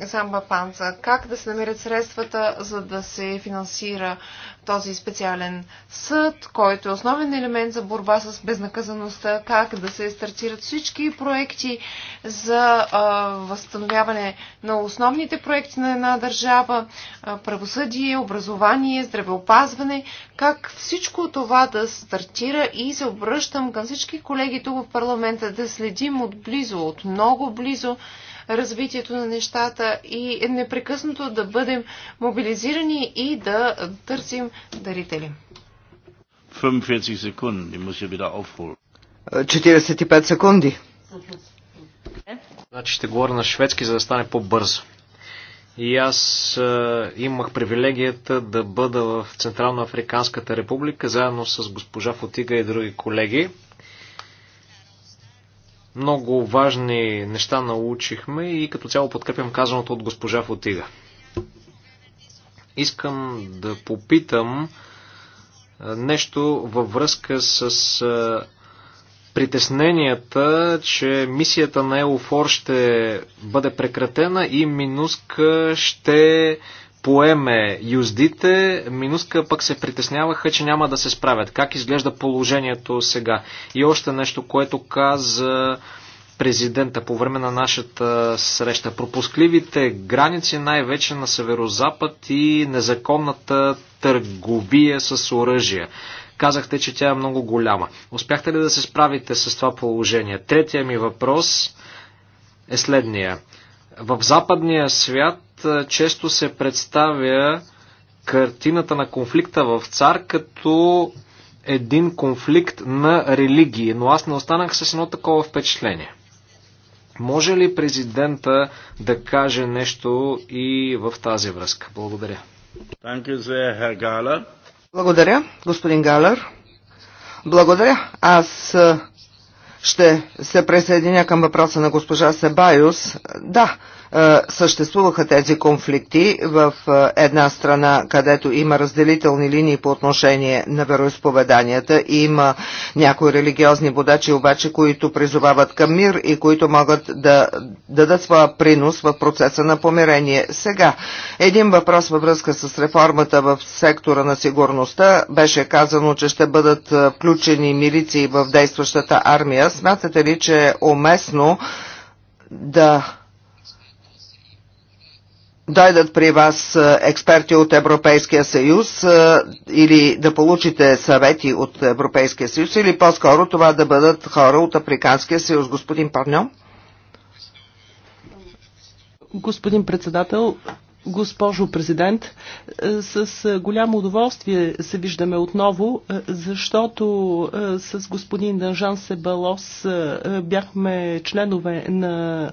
Замба Панца. Как да се намерят средствата, за да се финансира този специален съд, който е основен елемент за борба с безнаказаността, как да се стартират всички проекти за а, възстановяване на основните проекти на една държава, а, правосъдие, образование, здравеопазване, как всичко това да стартира и се обръщам към всички колеги тук в парламента да следим отблизо, от много близо развитието на нещата и е непрекъснато да бъдем мобилизирани и да търсим дарители. 45 секунди, 45 секунди. Значи ще говоря на шведски, за да стане по-бързо. И аз е, имах привилегията да бъда в Централно Африканската република, заедно с госпожа Фотига и други колеги. Много важни неща научихме и като цяло подкрепям казаното от госпожа Фотига. Искам да попитам нещо във връзка с притесненията, че мисията на Еуфор ще бъде прекратена и Минуск ще поеме юздите, Минуска пък се притесняваха, че няма да се справят. Как изглежда положението сега? И още нещо, което каза президента по време на нашата среща. Пропускливите граници най-вече на Северо-Запад и незаконната търговия с оръжия. Казахте, че тя е много голяма. Успяхте ли да се справите с това положение? Третия ми въпрос е следния. В западния свят често се представя картината на конфликта в ЦАР като един конфликт на религии, но аз не останах с едно такова впечатление. Може ли президента да каже нещо и в тази връзка? Благодаря. Благодаря, господин Галер. Благодаря. Аз ще се присъединя към въпроса на госпожа Себайус. Да, е, съществуваха тези конфликти в е, една страна, където има разделителни линии по отношение на вероисповеданията. И има някои религиозни водачи обаче, които призовават към мир и които могат да дадат своя принос в процеса на помирение. Сега, един въпрос във връзка с реформата в сектора на сигурността. Беше казано, че ще бъдат е, включени милиции в действащата армия. Смятате ли, че е уместно да дойдат при вас е, експерти от Европейския съюз е, или да получите съвети от Европейския съюз или по-скоро това да бъдат хора от Африканския съюз. Господин Парньо? Господин председател, Госпожо президент, е, с голямо удоволствие се виждаме отново, защото с господин Данжан Себалос бяхме членове на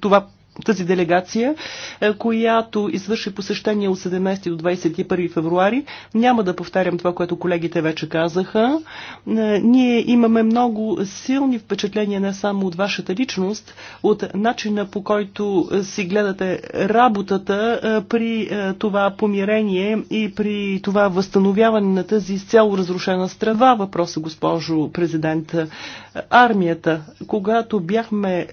това тази делегация, е, която извърши посещение от 17 до 21 февруари. Няма да повтарям това, което колегите вече казаха. Е, ние имаме много силни впечатления не само от вашата личност, от начина по който е, си гледате работата при това помирение и при това възстановяване на тази изцяло разрушена страва. Въпроса, госпожо президент, армията. Когато бяхме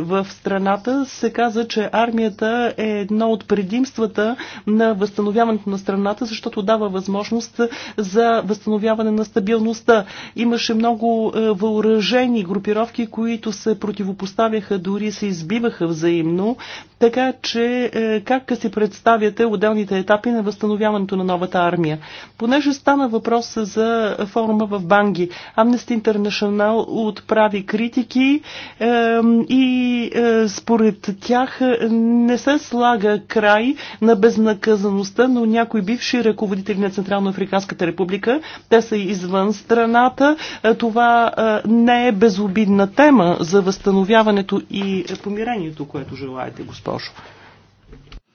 в страната, се каза, че армията е едно от предимствата на възстановяването на страната, защото дава възможност за възстановяване на стабилността. Имаше много е, въоръжени групировки, които се противопоставяха, дори се избиваха взаимно. Така че е, как си представяте отделните етапи на възстановяването на новата армия? Понеже стана въпрос за форума в Банги, Amnesty International отправи критики е, и според тях тях е, не се слага край на безнаказаността, но някои бивши ръководители на Централно-Африканската република, те са извън страната. Е, това е, не е безобидна тема за възстановяването и помирението, което желаете, госпожо.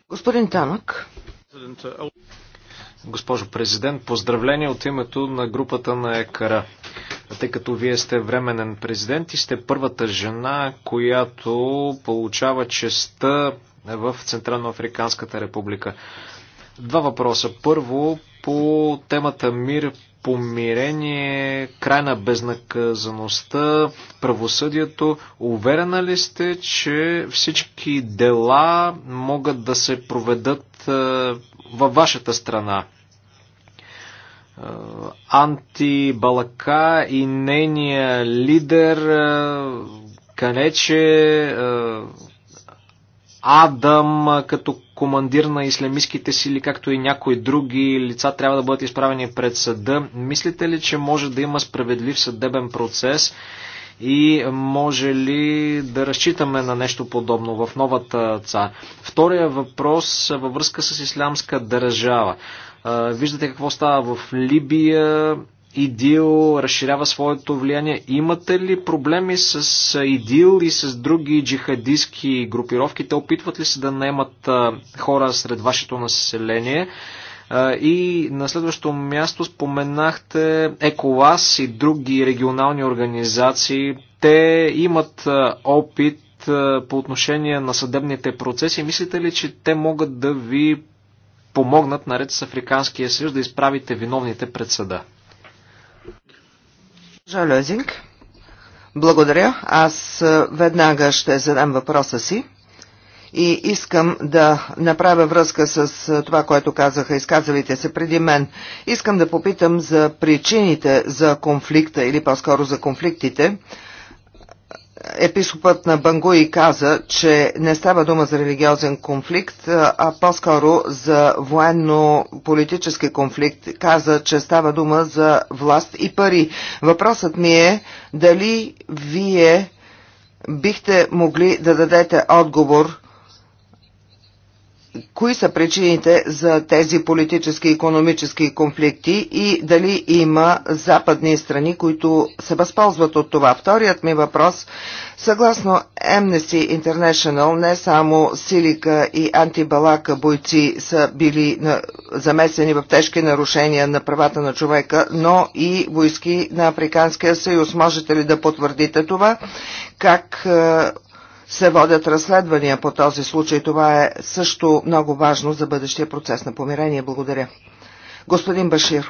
Господин Танък. Госпожо президент, поздравление от името на групата на ЕКР. Тъй като вие сте временен президент и сте първата жена, която получава честа в Централно-Африканската република. Два въпроса. Първо, по темата мир, помирение, край на безнаказаността, правосъдието. Уверена ли сте, че всички дела могат да се проведат във вашата страна? Е, антибалака и нейния лидер Канече е, е, Адам като командир на ислямистските сили, както и някои други лица трябва да бъдат изправени пред съда. Мислите ли, че може да има справедлив съдебен процес и може ли да разчитаме на нещо подобно в новата ЦА? Втория въпрос във връзка с ислямска държава. Виждате какво става в Либия. ИДИЛ разширява своето влияние. Имате ли проблеми с ИДИЛ и с други джихадистски групировки? Те опитват ли се да наемат хора сред вашето население? И на следващото място споменахте ЕКОЛАС и други регионални организации. Те имат опит по отношение на съдебните процеси. Мислите ли, че те могат да ви помогнат наред с Африканския съюз да изправите виновните пред съда? Жалезинг. Благодаря. Аз е, веднага ще задам въпроса си и искам да направя връзка с е, това, което казаха изказалите се преди мен. Искам да попитам за причините за конфликта или по-скоро за конфликтите епископът на Бангуи каза, че не става дума за религиозен конфликт, а по-скоро за военно-политически конфликт. Каза, че става дума за власт и пари. Въпросът ми е дали вие бихте могли да дадете отговор кои са причините за тези политически и економически конфликти и дали има западни страни, които се възползват от това. Вторият ми въпрос, съгласно Amnesty International, не само Силика и Антибалака бойци са били замесени в тежки нарушения на правата на човека, но и войски на Африканския съюз. Можете ли да потвърдите това? Как е, се водят разследвания по този случай. Това е също много важно за бъдещия процес на помирение. Благодаря. Господин Башир.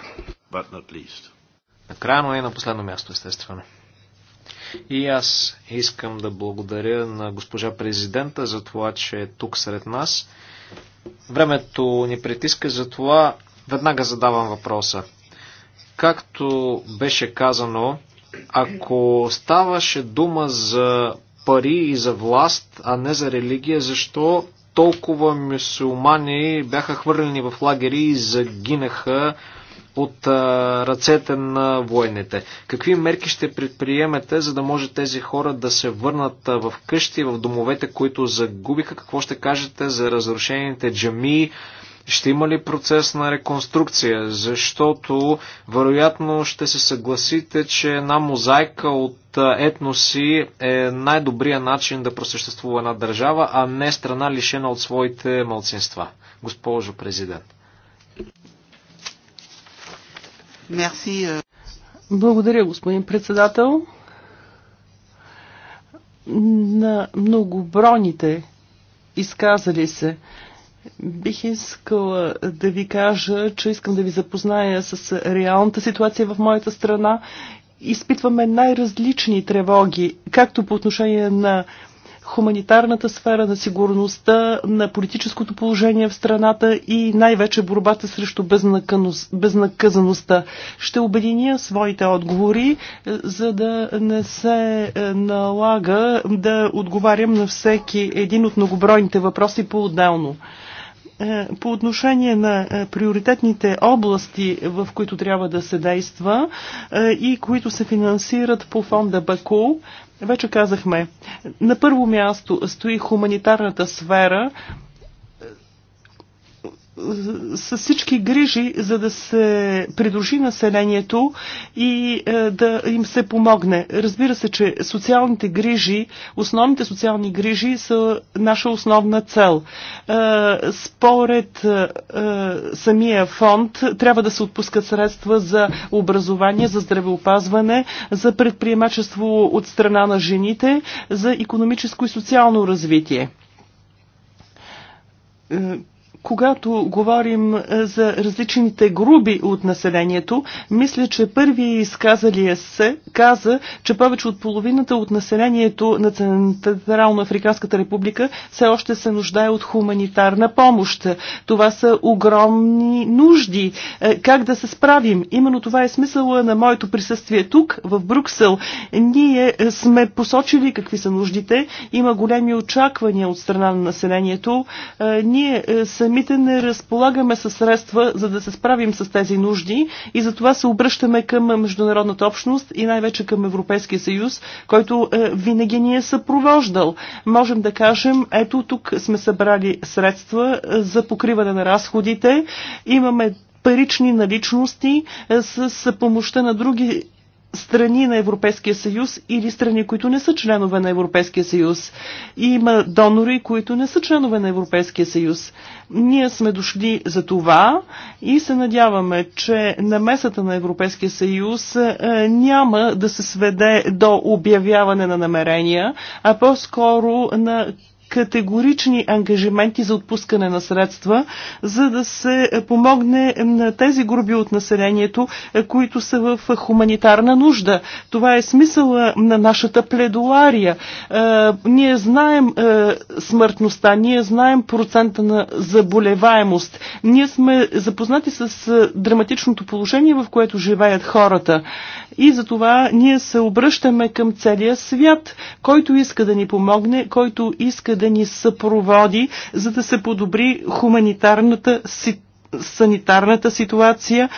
Накрая, но и на последно място, естествено. И аз искам да благодаря на госпожа президента за това, че е тук сред нас. Времето ни притиска, за това. веднага задавам въпроса. Както беше казано, ако ставаше дума за пари и за власт, а не за религия, защо толкова мюсюлмани бяха хвърлени в лагери и загинаха от а, ръцете на военните. Какви мерки ще предприемете, за да може тези хора да се върнат в къщи, в домовете, които загубиха? Какво ще кажете за разрушените джами? Ще има ли процес на реконструкция? Защото, вероятно, ще се съгласите, че една мозайка от етноси е най-добрият начин да просъществува една държава, а не страна лишена от своите малцинства. Госпожо президент. Мерси. Е. Благодаря, господин председател. На многобройните изказали се. Бих искала да ви кажа, че искам да ви запозная с реалната ситуация в моята страна изпитваме най-различни тревоги, както по отношение на хуманитарната сфера, на сигурността, на политическото положение в страната и най-вече борбата срещу безнаказаността. Ще обединя своите отговори, за да не се е, налага да отговарям на всеки един от многобройните въпроси по-отделно. Е, по отношение на е, приоритетните области, в които трябва да се действа е, и които се финансират по фонда Баку, вече казахме, на първо място стои хуманитарната сфера, с всички грижи, за да се придружи населението и е, да им се помогне. Разбира се, че социалните грижи, основните социални грижи са наша основна цел. Е, според е, самия фонд трябва да се отпускат средства за образование, за здравеопазване, за предприемачество от страна на жените, за економическо и социално развитие когато говорим е, за различните груби от населението, мисля, че първи изказалия се каза, че повече от половината от населението на Централно-Африканската република все още се нуждае от хуманитарна помощ. Това са огромни нужди. Е, как да се справим? Именно това е смисъла на моето присъствие тук, в Брюксел. Ние е, сме посочили какви са нуждите. Има големи очаквания от страна на населението. Ние сами самите не разполагаме със средства, за да се справим с тези нужди и затова се обръщаме към международната общност и най-вече към Европейския съюз, който е, винаги ни е съпровождал. Можем да кажем, ето тук сме събрали средства е, за покриване на разходите, имаме парични наличности е, с помощта на други страни на Европейския съюз или страни, които не са членове на Европейския съюз. Има донори, които не са членове на Европейския съюз. Ние сме дошли за това и се надяваме, че намесата на Европейския съюз е, няма да се сведе до обявяване на намерения, а по-скоро на категорични ангажименти за отпускане на средства, за да се помогне на тези групи от населението, които са в хуманитарна нужда. Това е смисъла на нашата пледуария. Е, ние знаем е, смъртността, ние знаем процента на заболеваемост. Ние сме запознати с е, драматичното положение, в което живеят хората. И за това ние се обръщаме към целия свят, който иска да ни помогне, който иска да ни съпроводи, за да се подобри хуманитарната ситуация санитарната ситуация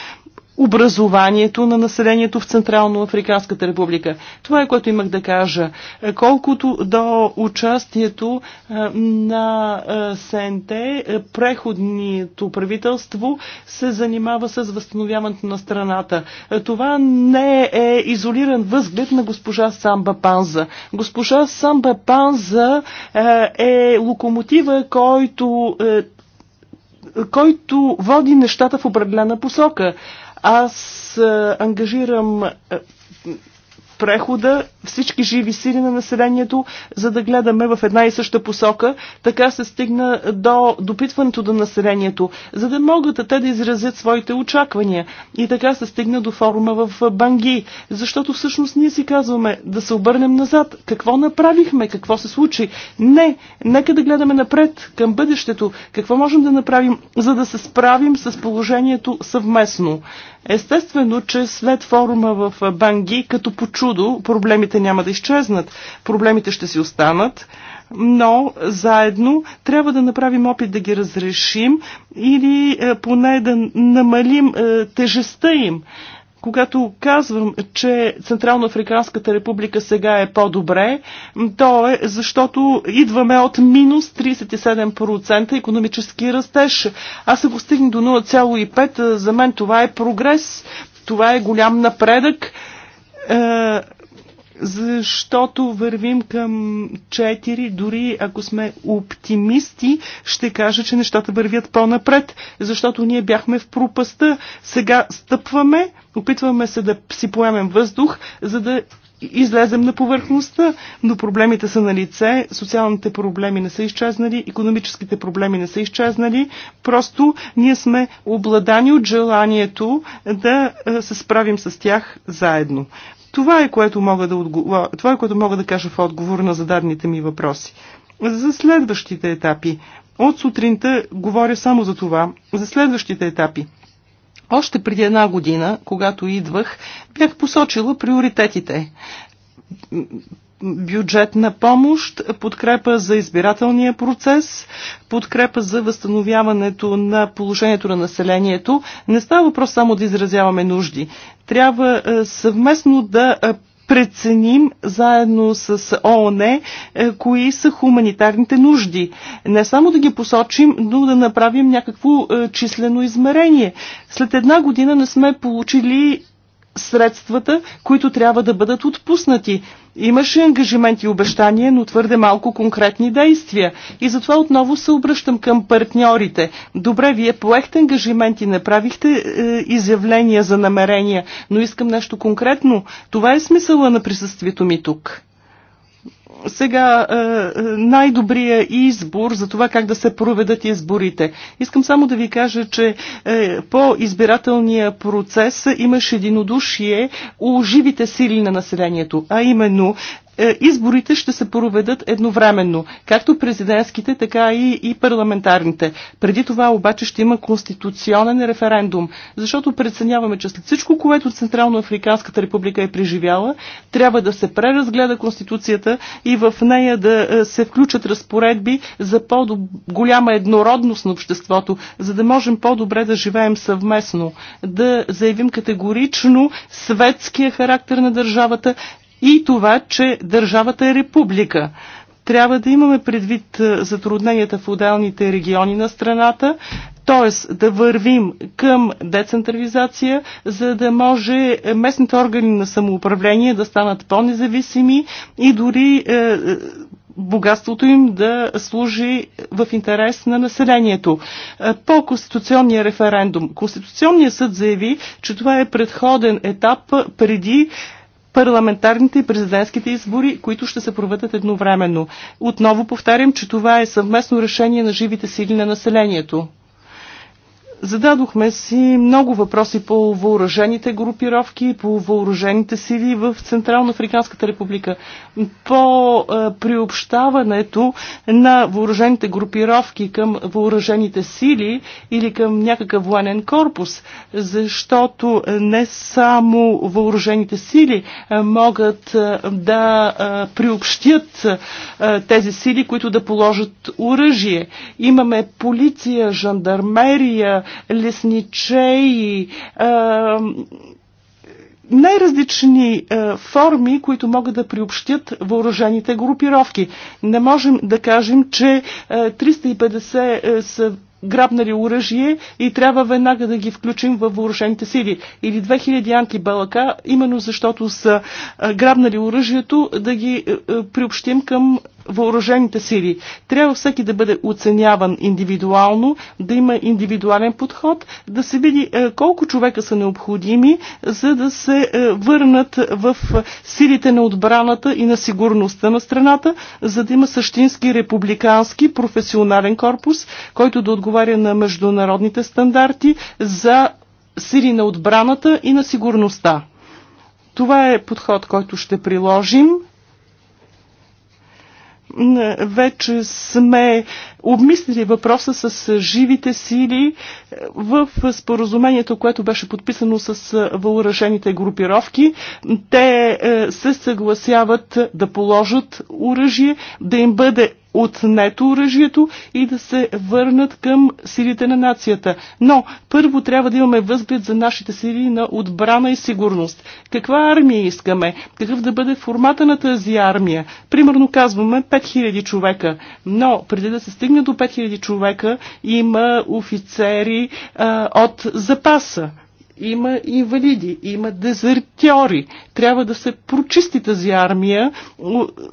образованието на населението в Централно Африканската република. Това е което имах да кажа. Колкото до участието на СНТ, преходното правителство се занимава с възстановяването на страната. Това не е изолиран възглед на госпожа Самба Панза. Госпожа Самба Панза е локомотива, който е, който води нещата в определена посока. Аз ангажирам прехода всички живи сили на населението, за да гледаме в една и съща посока. Така се стигна до допитването до населението, за да могат те да изразят своите очаквания. И така се стигна до форума в Банги, защото всъщност ние си казваме да се обърнем назад. Какво направихме? Какво се случи? Не, нека да гледаме напред, към бъдещето. Какво можем да направим, за да се справим с положението съвместно? Естествено, че след форума в Банги, като по чудо, проблемите няма да изчезнат. Проблемите ще си останат, но заедно трябва да направим опит да ги разрешим или е, поне да намалим е, тежестта им. Когато казвам, че Централно-Африканската република сега е по-добре, то е защото идваме от минус 37% економически растеж. Аз го стигна до 0,5, за мен това е прогрес, това е голям напредък е, защото вървим към 4, дори ако сме оптимисти, ще кажа, че нещата вървят по-напред, защото ние бяхме в пропаста, сега стъпваме Опитваме се да си поемем въздух, за да излезем на повърхността, но проблемите са на лице, социалните проблеми не са изчезнали, економическите проблеми не са изчезнали, просто ние сме обладани от желанието да е, се справим с тях заедно. Това е, което мога да, отговор... Това е, което мога да кажа в отговор на зададените ми въпроси. За следващите етапи. От сутринта говоря само за това. За следващите етапи. Още преди една година, когато идвах, бях посочила приоритетите. Бюджетна помощ, подкрепа за избирателния процес, подкрепа за възстановяването на положението на населението. Не става въпрос само да изразяваме нужди. Трябва е, съвместно да е, преценим заедно с ООН е, кои са хуманитарните нужди. Не само да ги посочим, но да направим някакво е, числено измерение. След една година не сме получили средствата, които трябва да бъдат отпуснати. Имаше ангажимент и обещания, но твърде малко конкретни действия. И затова отново се обръщам към партньорите. Добре, вие поехте ангажименти, направихте е, изявления за намерения, но искам нещо конкретно. Това е смисъла на присъствието ми тук сега е, е, най-добрия избор за това как да се проведат изборите. Искам само да ви кажа, че е, по избирателния процес имаше единодушие у живите сили на населението, а именно е, изборите ще се проведат едновременно, както президентските, така и, и парламентарните. Преди това обаче ще има конституционен референдум, защото преценяваме, че след всичко, което Централно-Африканската република е преживяла, трябва да се преразгледа Конституцията и в нея да е, се включат разпоредби за по-голяма еднородност на обществото, за да можем по-добре да живеем съвместно, да заявим категорично светския характер на държавата, и това, че държавата е република. Трябва да имаме предвид е, затрудненията в отделните региони на страната, т.е. да вървим към децентрализация, за да може местните органи на самоуправление да станат по-независими и дори е, е, богатството им да служи в интерес на населението. По конституционния референдум. Конституционният съд заяви, че това е предходен етап преди парламентарните и президентските избори, които ще се проведат едновременно. Отново повтарям, че това е съвместно решение на живите сили на населението. Зададохме си много въпроси по въоръжените групировки, по въоръжените сили в Централно-Африканската република, по е, приобщаването на въоръжените групировки към въоръжените сили или към някакъв военен корпус, защото не само въоръжените сили е, могат е, да приобщят тези сили, които да положат оръжие. Имаме полиция, жандармерия, лесничеи, най-различни форми, които могат да приобщят въоръжените групировки. Не можем да кажем, че 350 са грабнали оръжие и трябва веднага да ги включим във въоръжените сили. Или 2000 антибалака, именно защото са грабнали оръжието, да ги приобщим към въоръжените сили. Трябва всеки да бъде оценяван индивидуално, да има индивидуален подход, да се види е, колко човека са необходими, за да се е, върнат в силите на отбраната и на сигурността на страната, за да има същински републикански професионален корпус, който да отговаря на международните стандарти за сили на отбраната и на сигурността. Това е подход, който ще приложим вече сме обмислили въпроса с живите сили е, в споразумението, което беше подписано с е, въоръжените групировки. Те е, се съгласяват да положат оръжие, да им бъде отнето оръжието и да се върнат към силите на нацията. Но първо трябва да имаме възглед за нашите сили на отбрана и сигурност. Каква армия искаме? Какъв да бъде формата на тази армия? Примерно казваме 5000 човека, но преди да се стигне до 5000 човека има офицери а, от запаса има инвалиди, има дезертьори. Трябва да се прочисти тази армия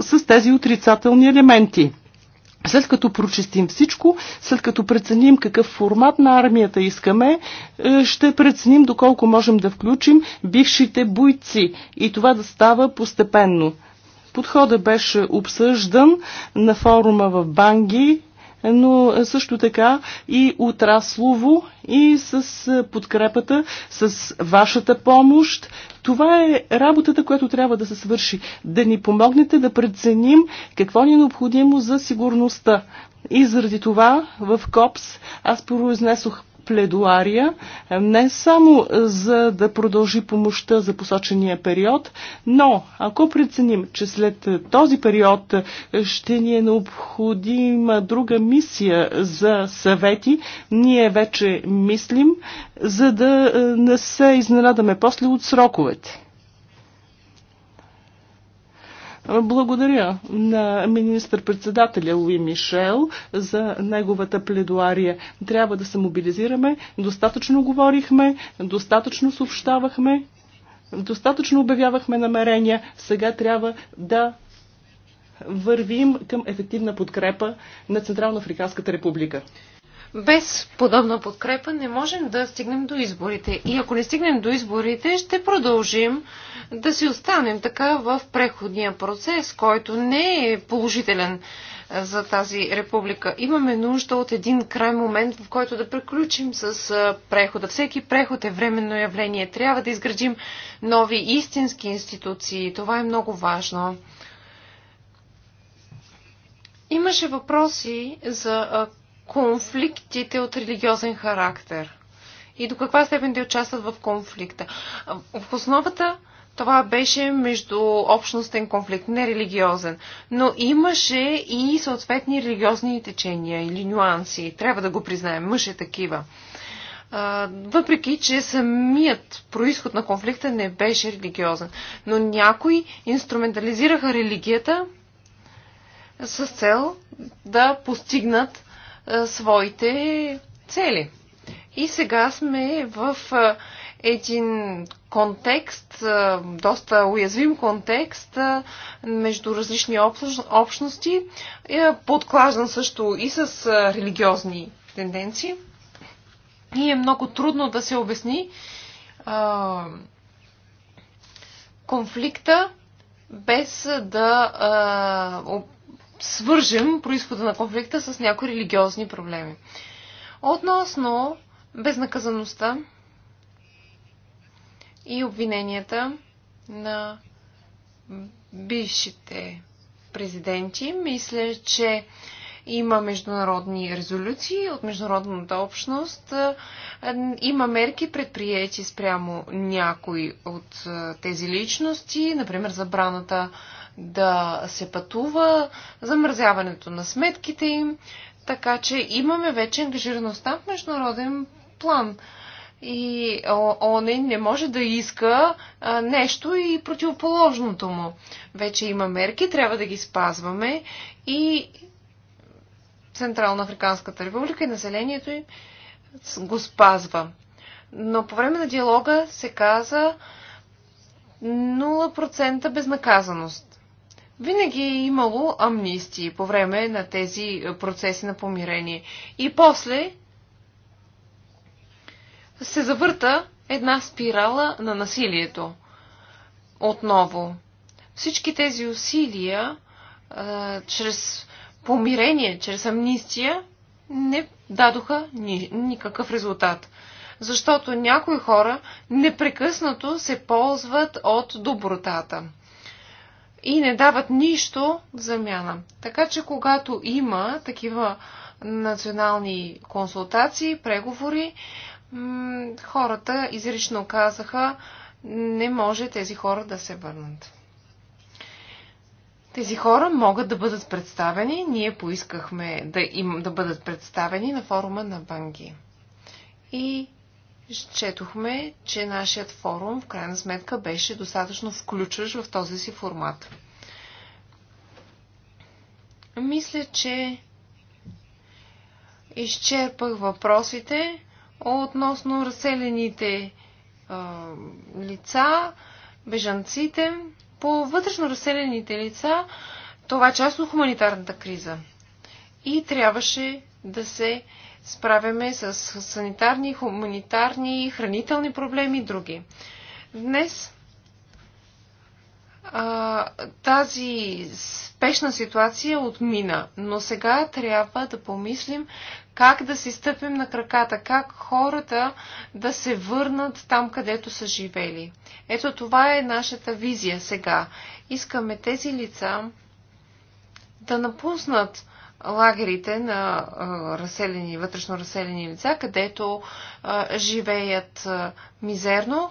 с тези отрицателни елементи. След като прочистим всичко, след като преценим какъв формат на армията искаме, е, ще преценим доколко можем да включим бившите бойци и това да става постепенно. Подходът беше обсъждан на форума в Банги, но също така и отраслово и с подкрепата, с вашата помощ това е работата, която трябва да се свърши. Да ни помогнете да преценим какво ни е необходимо за сигурността. И заради това в КОПС аз произнесох пледуария е, не само за да продължи помощта за посочения период, но ако преценим, че след този период е, ще ни е необходима друга мисия за съвети, ние вече мислим, за да е, не се изненадаме после от сроковете. Благодаря на министър-председателя Луи Мишел за неговата пледуария. Трябва да се мобилизираме. Достатъчно говорихме, достатъчно съобщавахме, достатъчно обявявахме намерения. Сега трябва да вървим към ефективна подкрепа на Централно Африканската република без подобна подкрепа не можем да стигнем до изборите. И ако не стигнем до изборите, ще продължим да си останем така в преходния процес, който не е положителен е, за тази република. Имаме нужда от един край момент, в който да приключим с е, прехода. Всеки преход е временно явление. Трябва да изградим нови истински институции. Това е много важно. Имаше въпроси за е, конфликтите от религиозен характер и до каква степен те участват в конфликта. В основата това беше между общностен конфликт, не религиозен. Но имаше и съответни религиозни течения или нюанси. Трябва да го признаем. Мъж е такива. Въпреки, че самият происход на конфликта не беше религиозен. Но някои инструментализираха религията с цел да постигнат своите цели. И сега сме в един контекст, доста уязвим контекст между различни общности, подклаждан също и с религиозни тенденции. И е много трудно да се обясни конфликта без да свържем происхода на конфликта с някои религиозни проблеми. Относно безнаказаността и обвиненията на бившите президенти, мисля, че има международни резолюции от международната общност, има мерки предприяти спрямо някои от тези личности, например забраната да се пътува, замързяването на сметките им, така че имаме вече ангажираността в международен план. И ОНЕ не може да иска а, нещо и противоположното му. Вече има мерки, трябва да ги спазваме и Централна Африканската република и населението им го спазва. Но по време на диалога се каза 0% безнаказаност. Винаги е имало амнистии по време на тези е, процеси на помирение. И после се завърта една спирала на насилието. Отново. Всички тези усилия а, е, чрез помирение, чрез амнистия не дадоха ни, никакъв резултат. Защото някои хора непрекъснато се ползват от добротата и не дават нищо в замяна. Така че когато има такива национални консултации, преговори, хората изрично казаха, не може тези хора да се върнат. Тези хора могат да бъдат представени. Ние поискахме да, им, да бъдат представени на форума на Банги. И Счетохме, че нашият форум в крайна сметка беше достатъчно включващ в този си формат. Мисля, че изчерпах въпросите относно разселените е, лица, бежанците. По вътрешно разселените лица това е част от хуманитарната криза. И трябваше да се справяме с санитарни, хуманитарни, хранителни проблеми и други. Днес а, тази спешна ситуация отмина, но сега трябва да помислим как да си стъпим на краката, как хората да се върнат там, където са живели. Ето това е нашата визия сега. Искаме тези лица да напуснат лагерите на разселени, вътрешно разселени лица, където живеят мизерно,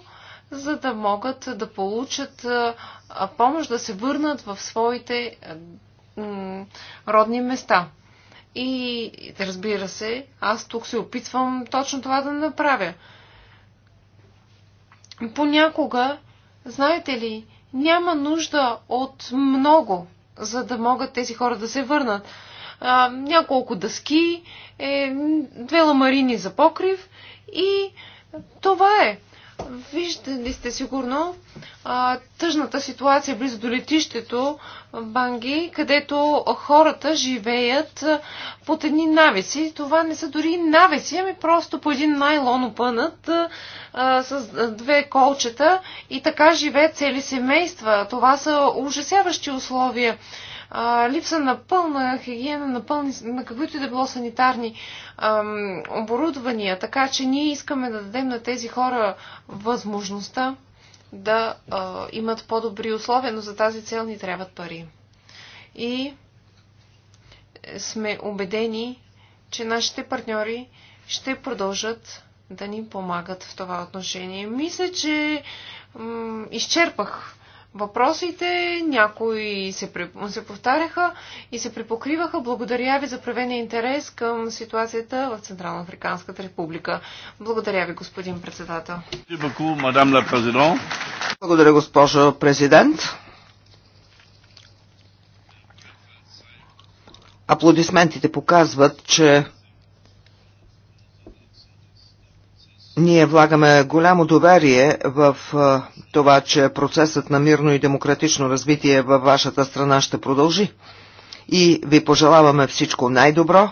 за да могат да получат помощ да се върнат в своите родни места. И разбира се, аз тук се опитвам точно това да направя. Понякога, знаете ли, няма нужда от много, за да могат тези хора да се върнат а, няколко дъски, е, две ламарини за покрив и това е. Виждали сте сигурно а, тъжната ситуация е близо до летището Банги, където хората живеят под едни навеси. Това не са дори навеси, ами просто по един найлон опънат а, с две колчета и така живеят цели семейства. Това са ужасяващи условия а, липса на пълна хигиена, на, пълни, на каквито и да било санитарни ам, оборудвания, така че ние искаме да дадем на тези хора възможността да а, имат по-добри условия, но за тази цел ни трябват пари. И сме убедени, че нашите партньори ще продължат да ни помагат в това отношение. Мисля, че изчерпах въпросите, някои се, се повтаряха и се припокриваха. Благодаря ви за правения интерес към ситуацията в Централно Африканската република. Благодаря ви, господин председател. Благодаря, госпожо президент. Аплодисментите показват, че Ние влагаме голямо доверие в това, че процесът на мирно и демократично развитие във вашата страна ще продължи. И ви пожелаваме всичко най-добро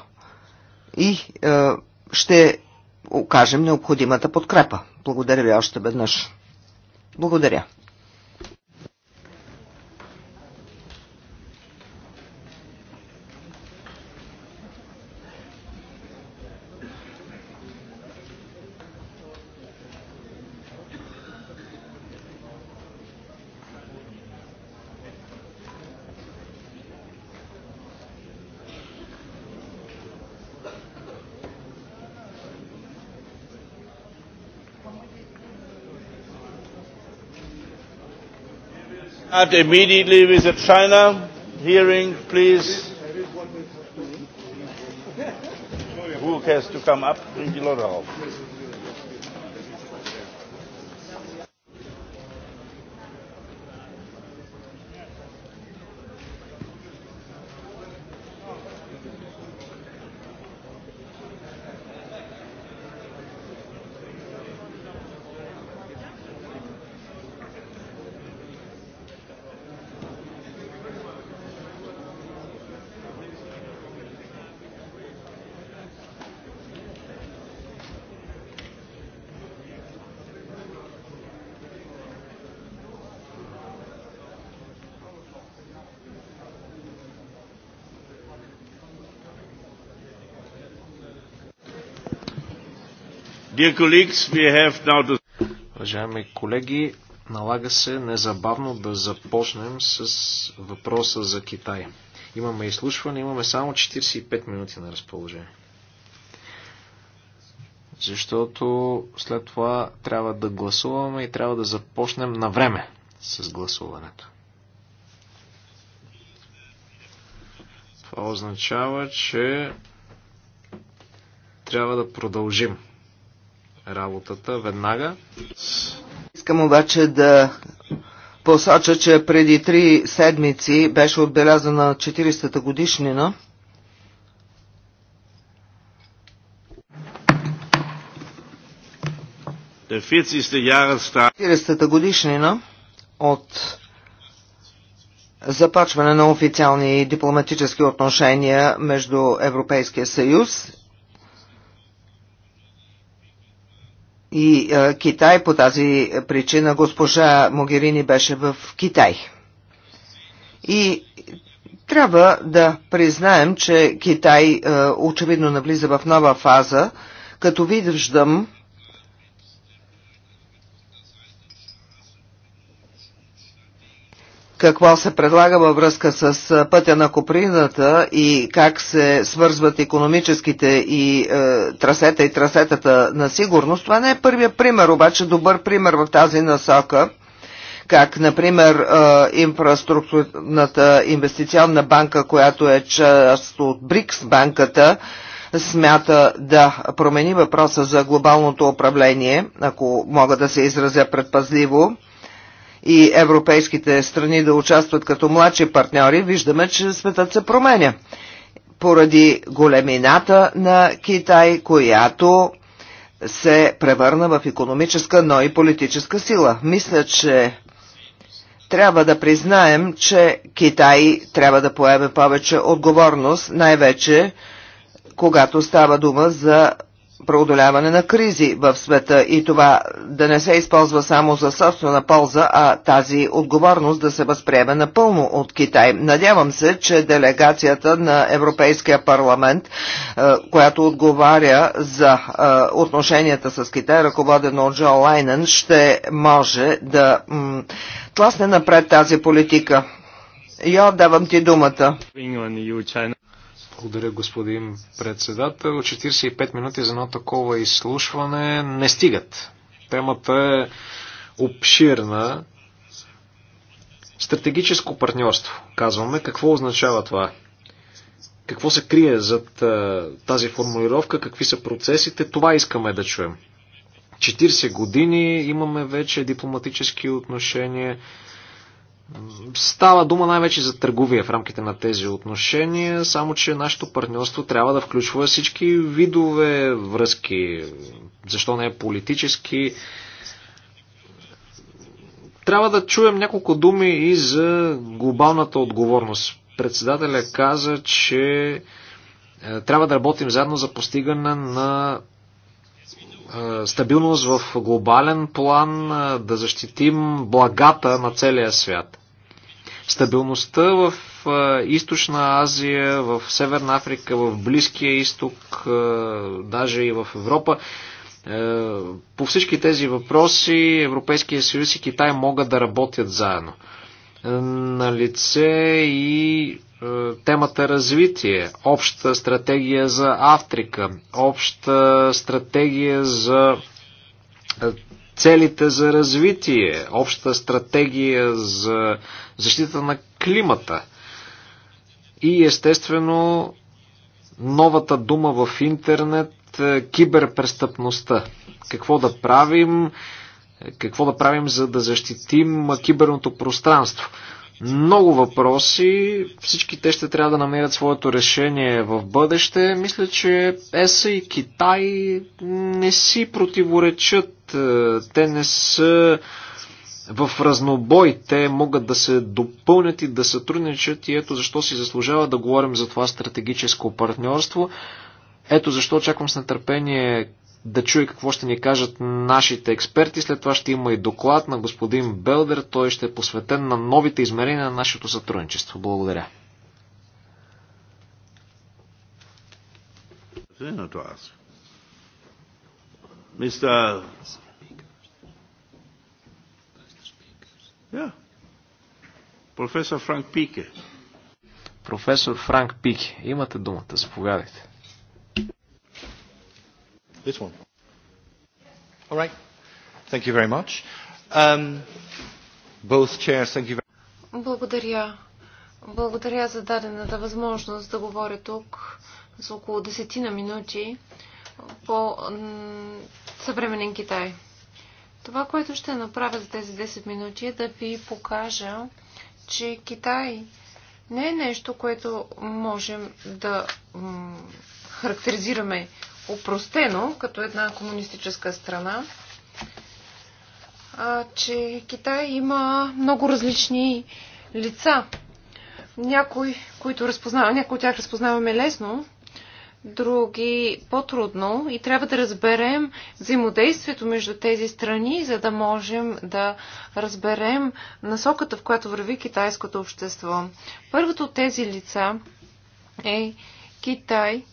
и е, ще окажем необходимата подкрепа. Благодаря ви още веднъж. Благодаря. Start immediately with the China hearing, please. Who has to come up? Bring the Leute auf. Уважаеми колеги, налага се незабавно да започнем с въпроса за Китай. Имаме изслушване, имаме само 45 минути на разположение. Защото след това трябва да гласуваме и трябва да започнем на време с гласуването. Това означава, че трябва да продължим работата веднага. Искам обаче да посоча, че преди три седмици беше отбелязана 400-та годишнина. Der 40-та годишнина от започване на официални дипломатически отношения между Европейския съюз и а, е, Китай. По тази причина госпожа Могерини беше в Китай. И трябва да признаем, че Китай а, е, очевидно навлиза в нова фаза, като виждам какво се предлага във връзка с пътя на Коприната и как се свързват економическите и е, трасета и трасетата на сигурност. Това не е първия пример, обаче добър пример в тази насока как, например, е, инфраструктурната инвестиционна банка, която е част от БРИКС банката, смята да промени въпроса за глобалното управление, ако мога да се изразя предпазливо и европейските страни да участват като младши партньори, виждаме, че светът се променя. Поради големината на Китай, която се превърна в економическа, но и политическа сила. Мисля, че трябва да признаем, че Китай трябва да поеме повече отговорност, най-вече когато става дума за преодоляване на кризи в света и това да не се използва само за собствена полза, а тази отговорност да се възприеме напълно от Китай. Надявам се, че делегацията на Европейския парламент, е, която отговаря за е, отношенията с Китай, ръководена от Джо Лайнен, ще може да тласне напред тази политика. Йо, давам ти думата. Благодаря, господин председател. 45 минути за едно такова изслушване не стигат. Темата е обширна. Стратегическо партньорство, казваме. Какво означава това? Какво се крие зад тази формулировка? Какви са процесите? Това искаме да чуем. 40 години имаме вече дипломатически отношения. Става дума най-вече за търговия в рамките на тези отношения, само че нашето партньорство трябва да включва всички видове връзки, защо не е политически. Трябва да чуем няколко думи и за глобалната отговорност. Председателя каза, че е, трябва да работим заедно за постигане на е, стабилност в глобален план, е, да защитим благата на целия свят. Стабилността в е, Източна Азия, в Северна Африка, в Близкия изток, даже и в Европа. По всички тези въпроси Европейския съюз и Китай могат да работят заедно. На лице и е, темата развитие, обща стратегия за Африка, обща стратегия за е, целите за развитие, обща стратегия за защита на климата и естествено новата дума в интернет е, киберпрестъпността. Какво да правим, какво да правим за да защитим киберното пространство много въпроси. Всички те ще трябва да намерят своето решение в бъдеще. Мисля, че ЕСА и Китай не си противоречат. Е, те не са в разнобой. Те могат да се допълнят и да сътрудничат и ето защо си заслужава да говорим за това стратегическо партньорство. Ето защо очаквам с нетърпение да чуе какво ще ни кажат нашите експерти. След това ще има и доклад на господин Белдер. Той ще е посветен на новите измерения на нашето сътрудничество. Благодаря. Yeah. Професор Франк Пике. Професор Франк Пике, имате думата, заповядайте. This one. All right. Thank you very much. Um, both chairs, thank you very Благодаря. Благодаря за дадената възможност да говоря тук за около десетина минути по съвременен Китай. Това, което ще направя за тези 10 минути е да ви покажа, че Китай не е нещо, което можем да характеризираме Опростено като една комунистическа страна, а, че Китай има много различни лица. Някои, които разпознаваме, някои от тях разпознаваме лесно, други по-трудно и трябва да разберем взаимодействието между тези страни, за да можем да разберем насоката, в която върви китайското общество. Първото от тези лица е Китай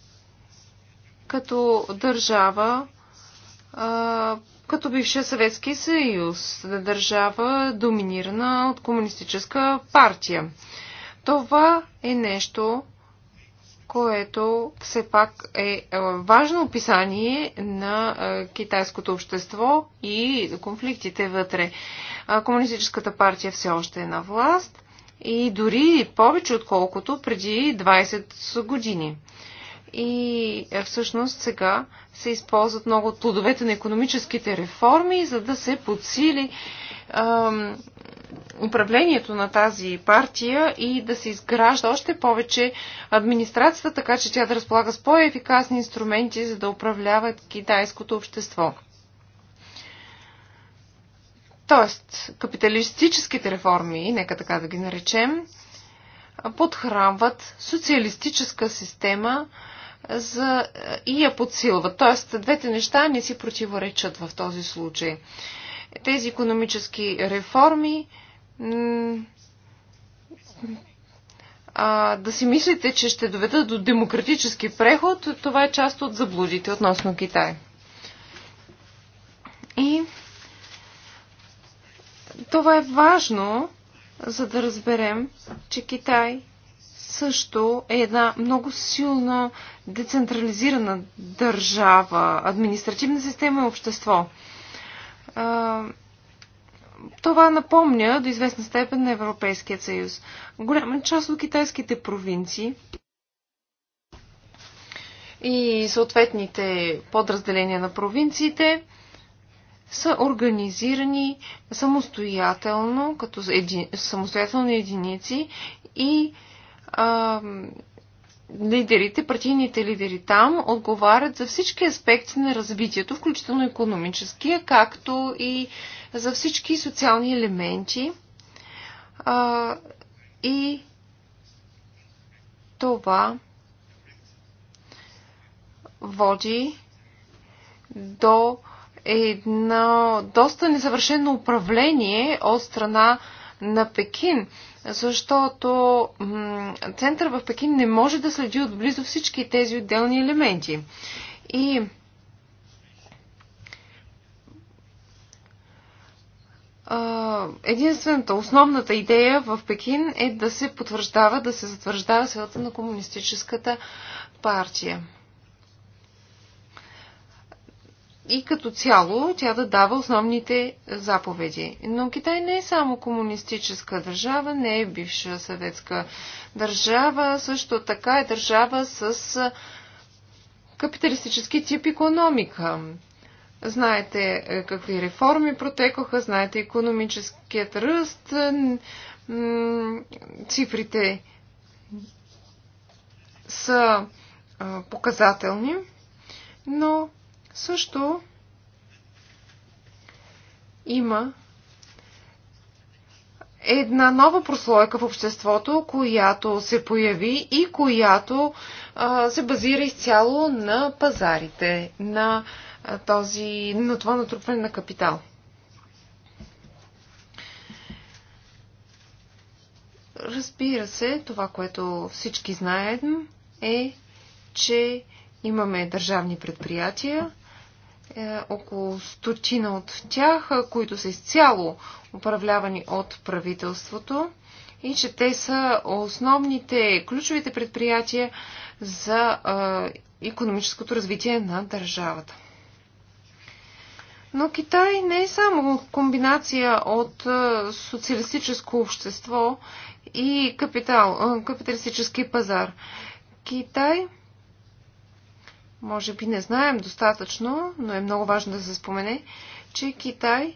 като държава, като бившия Съветски съюз, държава доминирана от комунистическа партия. Това е нещо, което все пак е важно описание на китайското общество и конфликтите вътре. Комунистическата партия все още е на власт и дори повече отколкото преди 20 години. И е, всъщност сега се използват много от плодовете на економическите реформи, за да се подсили ам, управлението на тази партия и да се изгражда още повече администрацията, така че тя да разполага с по-ефикасни инструменти, за да управлява китайското общество. Тоест, капиталистическите реформи, нека така да ги наречем, подхранват социалистическа система, за, и я подсилват. Тоест, двете неща не си противоречат в този случай. Тези економически реформи а, да си мислите, че ще доведат до демократически преход, това е част от заблудите относно Китай. И това е важно, за да разберем, че Китай също е една много силна децентрализирана държава, административна система и общество. Това напомня до известна степен на Европейския съюз. Голяма част от китайските провинции и съответните подразделения на провинциите са организирани самостоятелно, като еди, самостоятелни единици и а, лидерите, партийните лидери там отговарят за всички аспекти на развитието, включително економическия, както и за всички социални елементи. А, и това води до едно доста несъвършено управление от страна на Пекин защото център в Пекин не може да следи отблизо всички тези отделни елементи. И единствената, основната идея в Пекин е да се потвърждава, да се затвърждава силата на комунистическата партия. и като цяло тя да дава основните заповеди. Но Китай не е само комунистическа държава, не е бивша съветска държава, също така е държава с капиталистически тип економика. Знаете какви реформи протекоха, знаете економическият ръст, цифрите са показателни, но също има една нова прослойка в обществото, която се появи и която а, се базира изцяло на пазарите, на, а, този, на това натрупване на капитал. Разбира се, това, което всички знаем, е, че имаме държавни предприятия, е, около стотина от тях, е, които са изцяло управлявани от правителството и че те са основните, ключовите предприятия за економическото развитие на държавата. Но Китай не е само комбинация от е, социалистическо общество и капитал, капиталистически пазар. Китай – може би не знаем достатъчно, но е много важно да се спомене, че Китай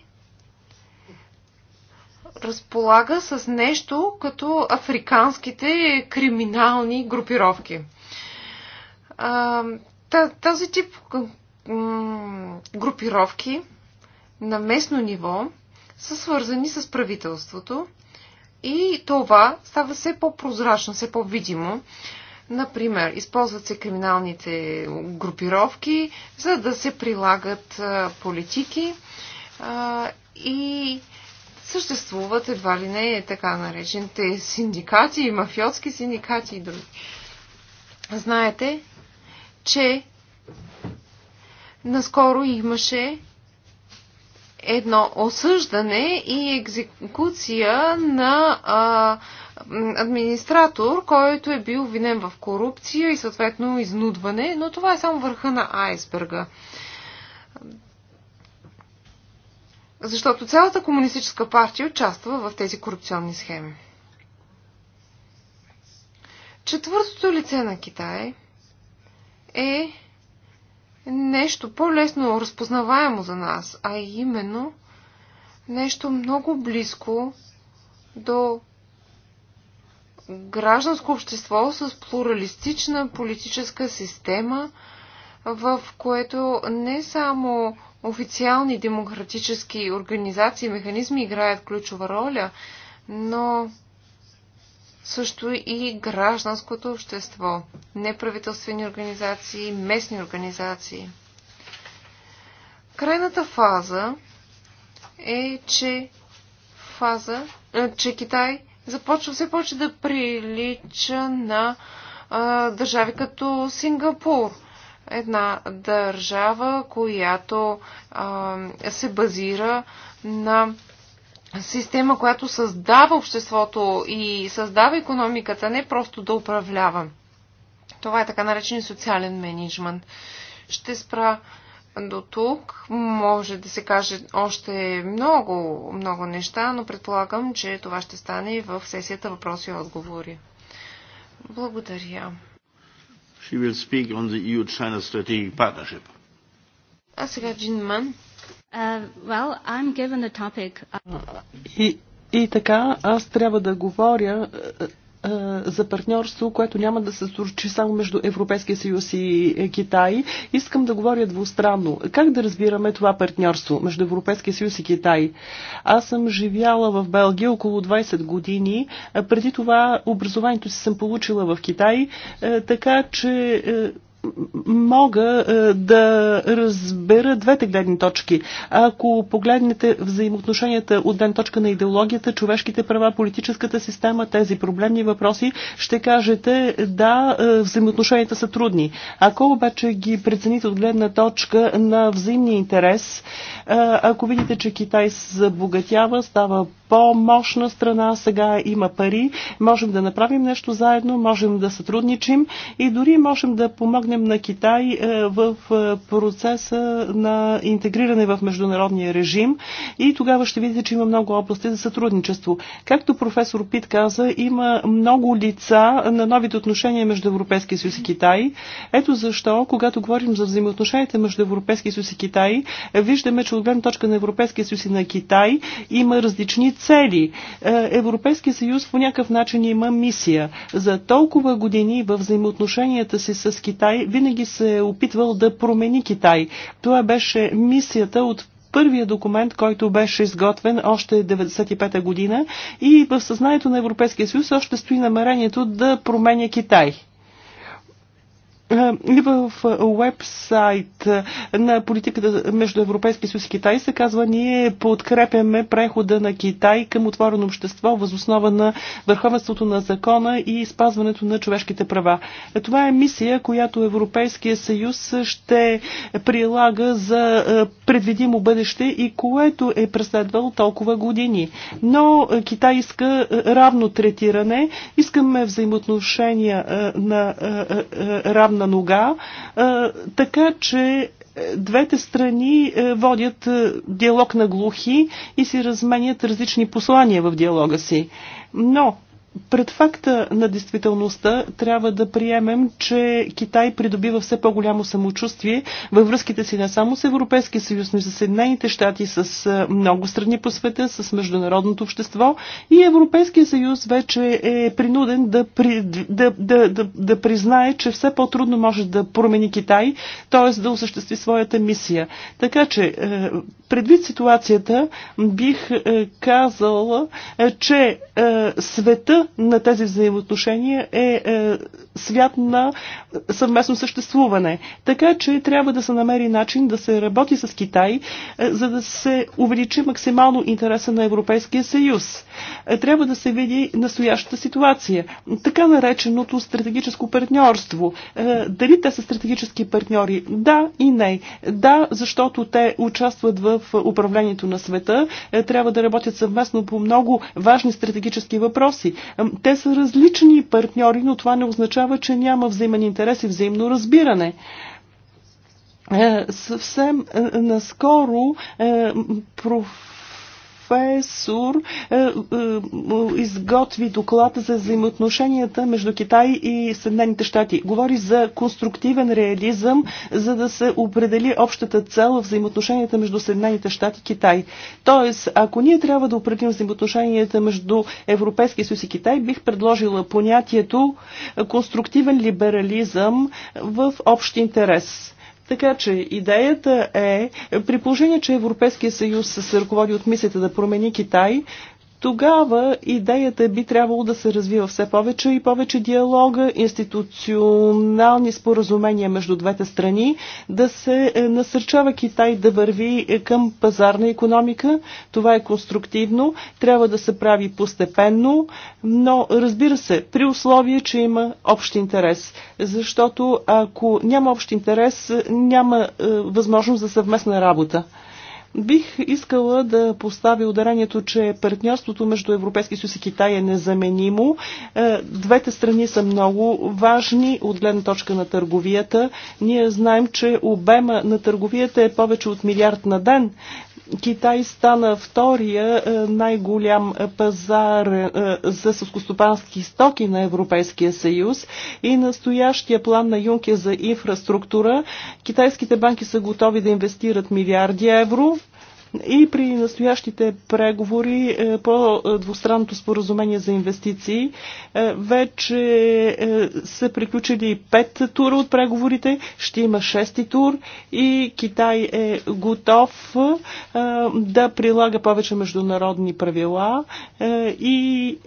разполага с нещо като африканските криминални групировки. Тази тип групировки на местно ниво са свързани с правителството и това става все по-прозрачно, все по-видимо. Например, използват се криминалните групировки, за да се прилагат политики и съществуват едва ли не така наречените синдикати, мафиотски синдикати и други. Знаете, че наскоро имаше едно осъждане и екзекуция на а, администратор, който е бил винен в корупция и съответно изнудване, но това е само върха на айсберга. Защото цялата комунистическа партия участва в тези корупционни схеми. Четвъртото лице на Китай е нещо по-лесно разпознаваемо за нас, а именно нещо много близко до гражданско общество с плуралистична политическа система, в което не само официални демократически организации и механизми играят ключова роля, но също и гражданското общество, неправителствени организации, местни организации. Крайната фаза е, че фаза, е, че Китай – започва все повече да прилича на а, държави като Сингапур. Една държава, която а, се базира на система, която създава обществото и създава економиката, не просто да управлява. Това е така наречен социален менеджмент. Ще спра до тук. Може да се каже още много, много неща, но предполагам, че това ще стане и в сесията въпроси и отговори. Благодаря. She will speak on the EU-China strategic partnership. А сега Джин Ман. Uh, well, I'm given the topic. И, и така, аз трябва да говоря е, за партньорство, което няма да се случи само между Европейския съюз и е, Китай. Искам да говоря двустранно. Как да разбираме това партньорство между Европейския съюз и Китай? Аз съм живяла в Белгия около 20 години. Е, преди това образованието си съм получила в Китай, така че мога е, да разбера двете гледни точки. Ако погледнете взаимоотношенията от ден точка на идеологията, човешките права, политическата система, тези проблемни въпроси, ще кажете да, е, взаимоотношенията са трудни. Ако обаче ги прецените от гледна точка на взаимния интерес, е, ако видите, че Китай се забогатява, става по-мощна страна, сега има пари, можем да направим нещо заедно, можем да сътрудничим и дори можем да помогнем погледнем на Китай е, в е, процеса на интегриране в международния режим и тогава ще видите, че има много области за сътрудничество. Както професор Пит каза, има много лица на новите отношения между Европейския съюз и Китай. Ето защо, когато говорим за взаимоотношенията между Европейския съюз и Китай, виждаме, че от гледна точка на Европейския съюз и на Китай има различни цели. Е, Европейския съюз по някакъв начин има мисия. За толкова години в взаимоотношенията си с Китай винаги се е опитвал да промени Китай. Това беше мисията от първия документ, който беше изготвен още 95-та година и в съзнанието на Европейския съюз още стои намерението да променя Китай. Е, в уебсайт на политиката между Европейския съюз и Китай се казва ние подкрепяме прехода на Китай към отворено общество възоснова на върховенството на закона и спазването на човешките права. Е, това е мисия, която Европейския съюз ще прилага за е, предвидимо бъдеще и което е преследвал толкова години. Но Китай иска равно третиране, искаме взаимоотношения на равно на нога, така че е, двете страни е, водят е, диалог на глухи и си разменят различни послания в диалога си. Но пред факта на действителността трябва да приемем, че Китай придобива все по-голямо самочувствие във връзките си не само с Европейския съюз, но и с Съединените щати, с много страни по света, с международното общество и Европейския съюз вече е принуден да, при, да, да, да, да признае, че все по-трудно може да промени Китай, т.е. да осъществи своята мисия. Така че, е, предвид ситуацията, бих е, казала, е, че света на тези взаимоотношения е, е свят на съвместно съществуване. Така че трябва да се намери начин да се работи с Китай, е, за да се увеличи максимално интереса на Европейския съюз. Е, трябва да се види настоящата ситуация. Така нареченото стратегическо партньорство. Е, дали те са стратегически партньори? Да и не. Да, защото те участват в управлението на света, трябва да работят съвместно по много важни стратегически въпроси. Те са различни партньори, но това не означава, означава, че няма взаимен интерес и взаимно разбиране. Е, съвсем е, наскоро е, проф професор е, е, е, изготви доклад за взаимоотношенията между Китай и Съединените щати. Говори за конструктивен реализъм, за да се определи общата цел в взаимоотношенията между Съединените щати и Китай. Тоест, ако ние трябва да определим взаимоотношенията между Европейския съюз и Китай, бих предложила понятието конструктивен либерализъм в общ интерес. Така че идеята е, при положение, че Европейския съюз се ръководи от мисията да промени Китай, тогава идеята би трябвало да се развива все повече и повече диалога, институционални споразумения между двете страни, да се е, насърчава Китай да върви е, към пазарна економика. Това е конструктивно, трябва да се прави постепенно, но разбира се, при условие, че има общ интерес. Защото ако няма общ интерес, няма е, възможност за съвместна работа. Бих искала да поставя ударението, че партньорството между Европейски съюз и Китай е незаменимо. Е, двете страни са много важни от гледна точка на търговията. Ние знаем, че обема на търговията е повече от милиард на ден. Китай стана втория е, най-голям пазар е, за съскостопански стоки на Европейския съюз и настоящия план на Юнке за инфраструктура. Китайските банки са готови да инвестират милиарди евро и при настоящите преговори е, по е, двустранното споразумение за инвестиции е, вече са приключили пет тура от преговорите, ще има шести тур и Китай е готов да прилага повече международни правила и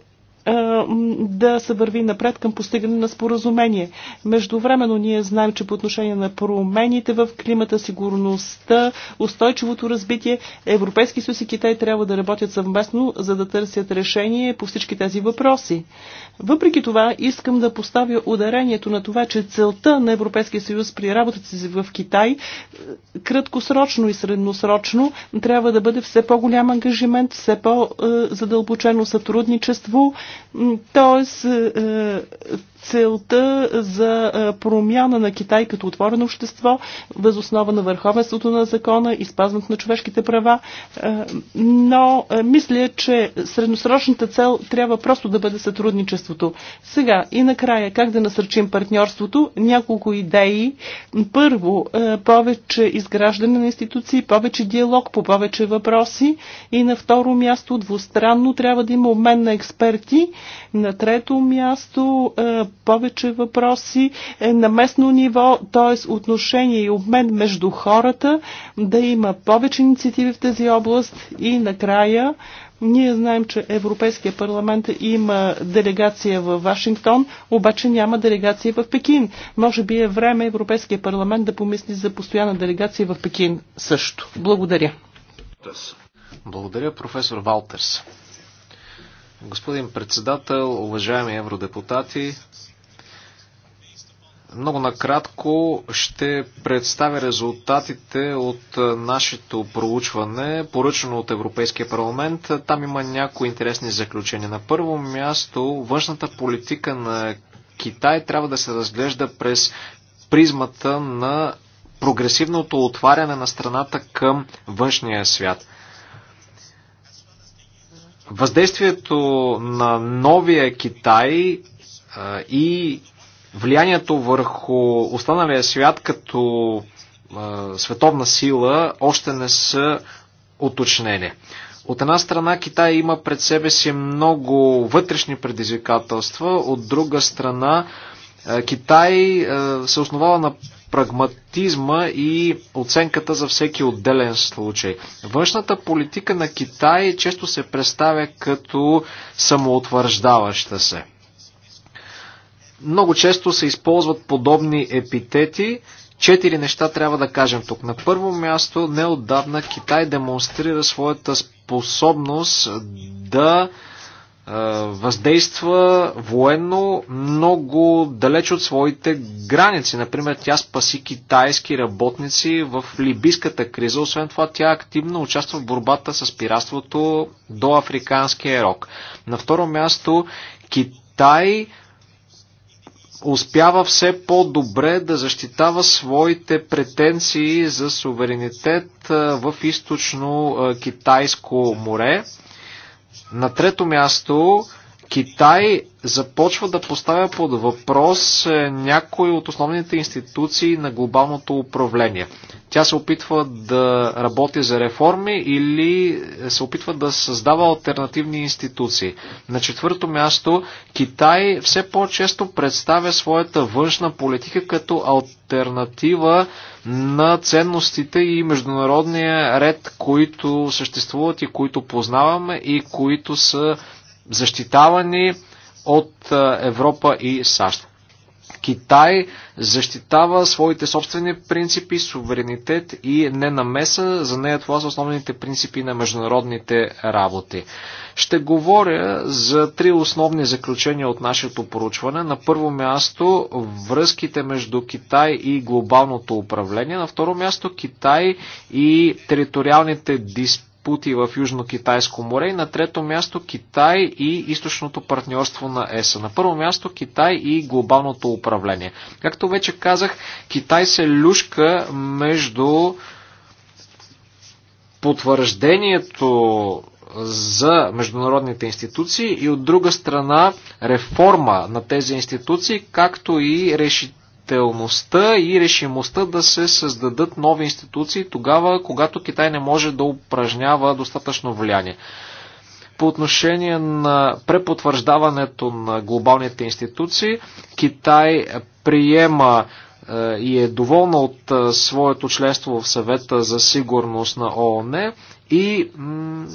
да се върви напред към постигане на споразумение. Междувременно ние знаем, че по отношение на промените в климата, сигурността, устойчивото разбитие, Европейски съюз и Китай трябва да работят съвместно, за да търсят решение по всички тези въпроси. Въпреки това, искам да поставя ударението на това, че целта на Европейския съюз при работата си в Китай, е, краткосрочно и средносрочно, трябва да бъде все по-голям ангажимент, все по-задълбочено е, сътрудничество, Тоест, е, целта за промяна на Китай като отворено общество, възоснова на върховенството на закона и спазването на човешките права. Но мисля, че средносрочната цел трябва просто да бъде сътрудничеството. Сега и накрая, как да насърчим партньорството? Няколко идеи. Първо, повече изграждане на институции, повече диалог по повече въпроси и на второ място двустранно трябва да има обмен на експерти. На трето място повече въпроси е на местно ниво, т.е. отношение и обмен между хората, да има повече инициативи в тази област и накрая ние знаем, че Европейския парламент има делегация в Вашингтон, обаче няма делегация в Пекин. Може би е време Европейския парламент да помисли за постоянна делегация в Пекин също. Благодаря. Благодаря, професор Валтерс. Господин председател, уважаеми евродепутати, много накратко ще представя резултатите от нашето проучване, поръчено от Европейския парламент. Там има някои интересни заключения. На първо място, външната политика на Китай трябва да се разглежда през призмата на прогресивното отваряне на страната към външния свят въздействието на новия Китай и влиянието върху останалия свят като световна сила още не са уточнени. От една страна Китай има пред себе си много вътрешни предизвикателства, от друга страна Китай се основава на прагматизма и оценката за всеки отделен случай. Външната политика на Китай често се представя като самоутвърждаваща се. Много често се използват подобни епитети. Четири неща трябва да кажем тук. На първо място, неотдавна Китай демонстрира своята способност да въздейства военно много далеч от своите граници. Например, тя спаси китайски работници в либийската криза. Освен това, тя активно участва в борбата с пиратството до африканския рок. На второ място, Китай успява все по-добре да защитава своите претенции за суверенитет в източно Китайско море на трето място, Китай започва да поставя под въпрос е, някои от основните институции на глобалното управление. Тя се опитва да работи за реформи или се опитва да създава альтернативни институции. На четвърто място Китай все по-често представя своята външна политика като альтернатива на ценностите и международния ред, които съществуват и които познаваме и които са защитавани от Европа и САЩ. Китай защитава своите собствени принципи, суверенитет и ненамеса. За нея това са основните принципи на международните работи. Ще говоря за три основни заключения от нашето поручване. На първо място връзките между Китай и глобалното управление. На второ място Китай и териториалните диспути диспути в Южно-Китайско море и на трето място Китай и източното партньорство на ЕСА. На първо място Китай и глобалното управление. Както вече казах, Китай се люшка между потвърждението за международните институции и от друга страна реформа на тези институции, както и реши, решителността и решимостта да се създадат нови институции тогава, когато Китай не може да упражнява достатъчно влияние. По отношение на препотвърждаването на глобалните институции, Китай приема е, и е доволна от е, своето членство в съвета за сигурност на ООН и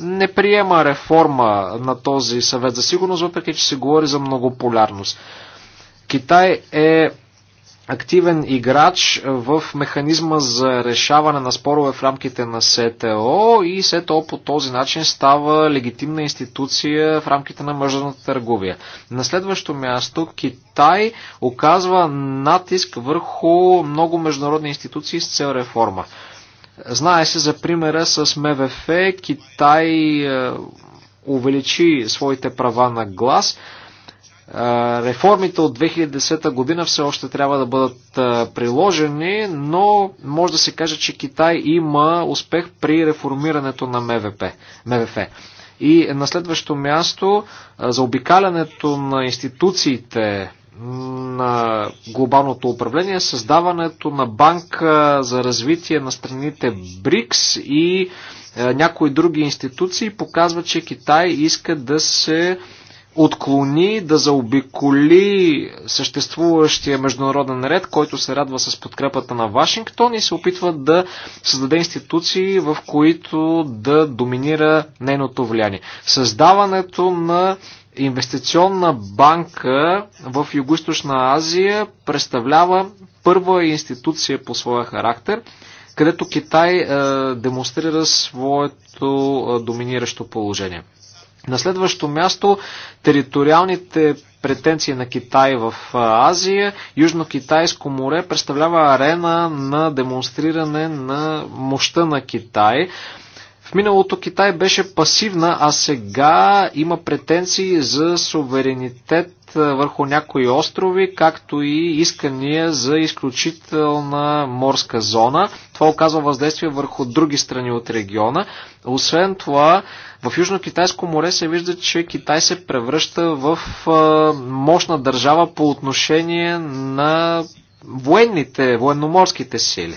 не приема реформа на този съвет за сигурност, въпреки че се говори за многополярност. Китай е активен играч в механизма за решаване на спорове в рамките на СТО и СТО по този начин става легитимна институция в рамките на международната търговия. На следващо място Китай оказва натиск върху много международни институции с цел реформа. Знае се за примера с МВФ, Китай е, увеличи своите права на глас – Реформите от 2010 година все още трябва да бъдат приложени, но може да се каже, че Китай има успех при реформирането на МВП, МВФ. И на следващо място, за обикалянето на институциите на глобалното управление, създаването на банка за развитие на страните БРИКС и някои други институции показва, че Китай иска да се отклони, да заобиколи съществуващия международен ред, който се радва с подкрепата на Вашингтон и се опитва да създаде институции, в които да доминира нейното влияние. Създаването на инвестиционна банка в Юго-Источна Азия представлява първа институция по своя характер, където Китай е, демонстрира своето е, доминиращо положение. На следващо място териториалните претенции на Китай в Азия. Южно-Китайско море представлява арена на демонстриране на мощта на Китай миналото Китай беше пасивна, а сега има претенции за суверенитет върху някои острови, както и искания за изключителна морска зона. Това оказва въздействие върху други страни от региона. Освен това, в Южно-Китайско море се вижда, че Китай се превръща в мощна държава по отношение на военните, военноморските сили.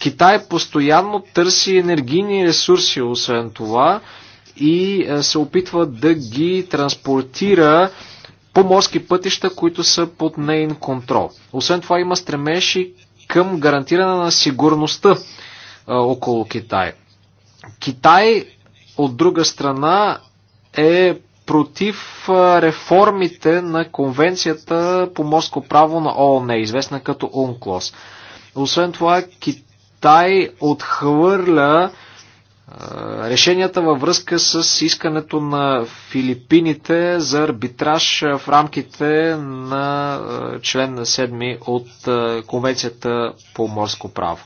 Китай постоянно търси енергийни ресурси, освен това, и е, се опитва да ги транспортира по морски пътища, които са под нейн контрол. Освен това има стремеж и към гарантиране на сигурността а, е, около Китай. Китай, от друга страна, е против е, реформите на конвенцията по морско право на ООН, известна като УНКЛОС. Освен това, Китай Тай отхвърля решенията във връзка с искането на Филипините за арбитраж в рамките на член на 7 от Конвенцията по морско право.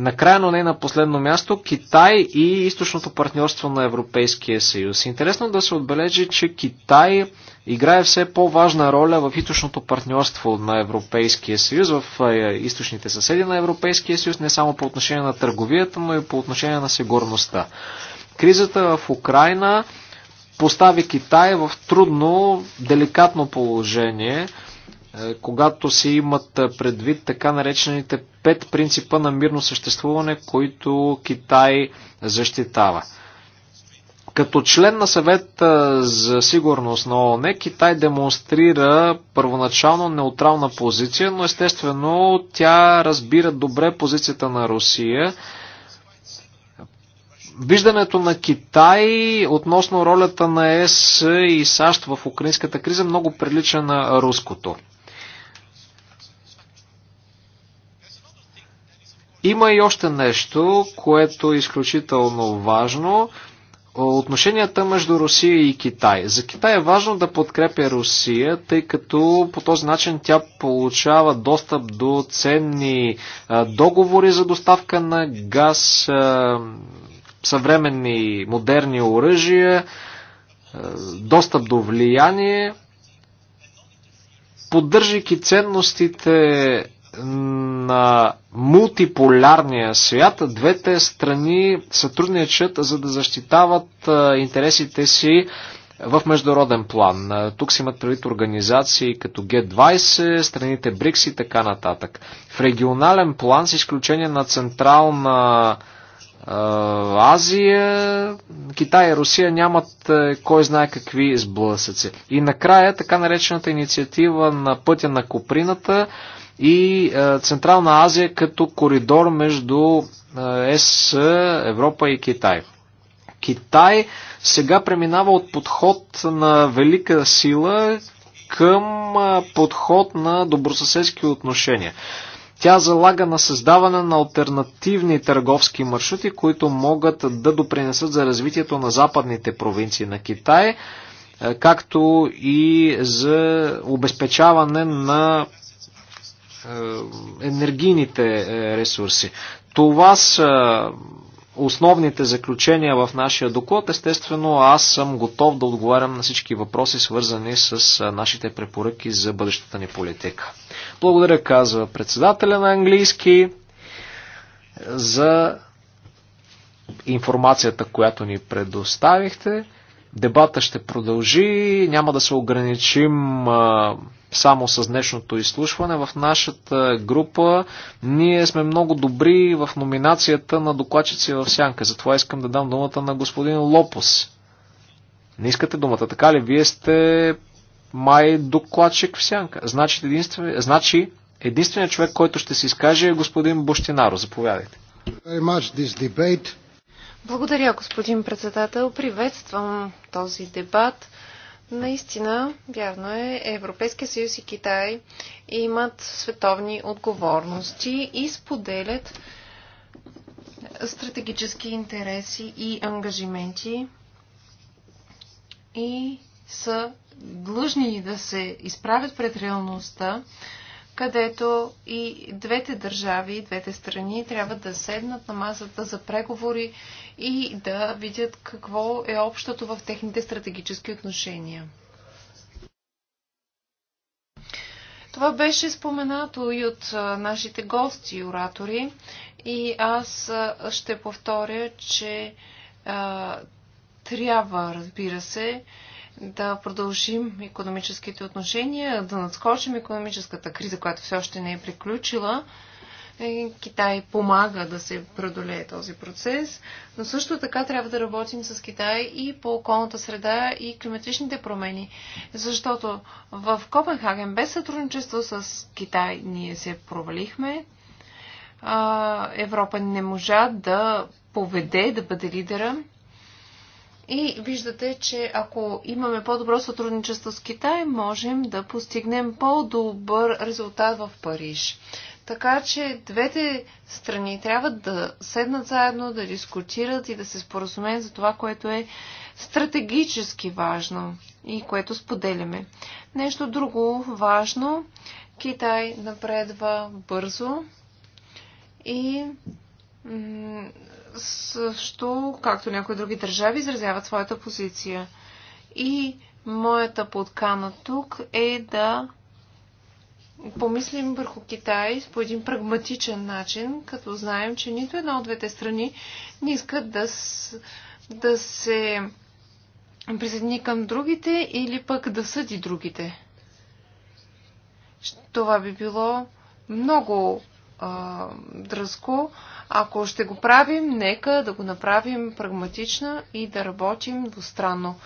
Накрая, но не на последно място, Китай и източното партньорство на Европейския съюз. Интересно да се отбележи, че Китай играе все по-важна роля в източното партньорство на Европейския съюз, в източните съседи на Европейския съюз, не само по отношение на търговията, но и по отношение на сигурността. Кризата в Украина постави Китай в трудно, деликатно положение – е, когато се имат е, предвид така наречените пет принципа на мирно съществуване, които Китай защитава. Като член на съвета е, за сигурност на ООН, Китай демонстрира първоначално неутрална позиция, но естествено тя разбира добре позицията на Русия. Виждането на Китай относно ролята на ЕС и САЩ в украинската криза много прилича на руското. Има и още нещо, което е изключително важно. Отношенията между Русия и Китай. За Китай е важно да подкрепя Русия, тъй като по този начин тя получава достъп до ценни договори за доставка на газ, съвременни модерни оръжия, достъп до влияние, поддържайки ценностите на мултиполярния свят, двете страни сътрудничат, за да защитават интересите си в международен план. Тук си имат предвид организации като Г20, страните БРИКС и така нататък. В регионален план, с изключение на Централна Азия, Китай и Русия нямат кой знае какви сблъсъци. И накрая така наречената инициатива на пътя на Коприната и е, Централна Азия като коридор между ЕС, Европа и Китай. Китай сега преминава от подход на велика сила към е, подход на добросъседски отношения. Тя залага на създаване на альтернативни търговски маршрути, които могат да допринесат за развитието на западните провинции на Китай, е, както и за обезпечаване на е, енергийните е, ресурси. Това са основните заключения в нашия доклад. Естествено, аз съм готов да отговарям на всички въпроси, свързани с е, нашите препоръки за бъдещата ни политика. Благодаря, казва председателя на английски, за информацията, която ни предоставихте. Дебата ще продължи, няма да се ограничим само с днешното изслушване. В нашата група ние сме много добри в номинацията на докладчици в сянка. Затова искам да дам думата на господин Лопос. Не искате думата, така ли? Вие сте май докладчик в сянка. Значи, единствен... значи единственият човек, който ще се изкаже е господин Бощинаро. Заповядайте. Благодаря, господин председател. Приветствам този дебат. Наистина, вярно е, Европейския съюз и Китай имат световни отговорности и споделят стратегически интереси и ангажименти и са длъжни да се изправят пред реалността където и двете държави, и двете страни трябва да седнат на масата за преговори и да видят какво е общото в техните стратегически отношения. Това беше споменато и от нашите гости и оратори и аз ще повторя, че а, трябва, разбира се, а, да продължим економическите отношения, да надскочим економическата криза, която все още не е приключила. Е, Китай помага да се преодолее този процес, но също така трябва да работим с Китай и по околната среда и климатичните промени, защото в Копенхаген без сътрудничество с Китай ние се провалихме. Европа не можа да поведе, да бъде лидера и виждате, че ако имаме по-добро сътрудничество с Китай, можем да постигнем по-добър резултат в Париж. Така че двете страни трябва да седнат заедно, да дискутират и да се споразумеят за това, което е стратегически важно и което споделяме. Нещо друго важно. Китай напредва бързо и също, както някои други държави, изразяват своята позиция. И моята подкана тук е да помислим върху Китай по един прагматичен начин, като знаем, че нито една от двете страни не искат да, с, да се присъедини към другите или пък да съди другите. Това би било много а, дръзко, ако ще го правим, нека да го направим прагматична и да работим двустранно.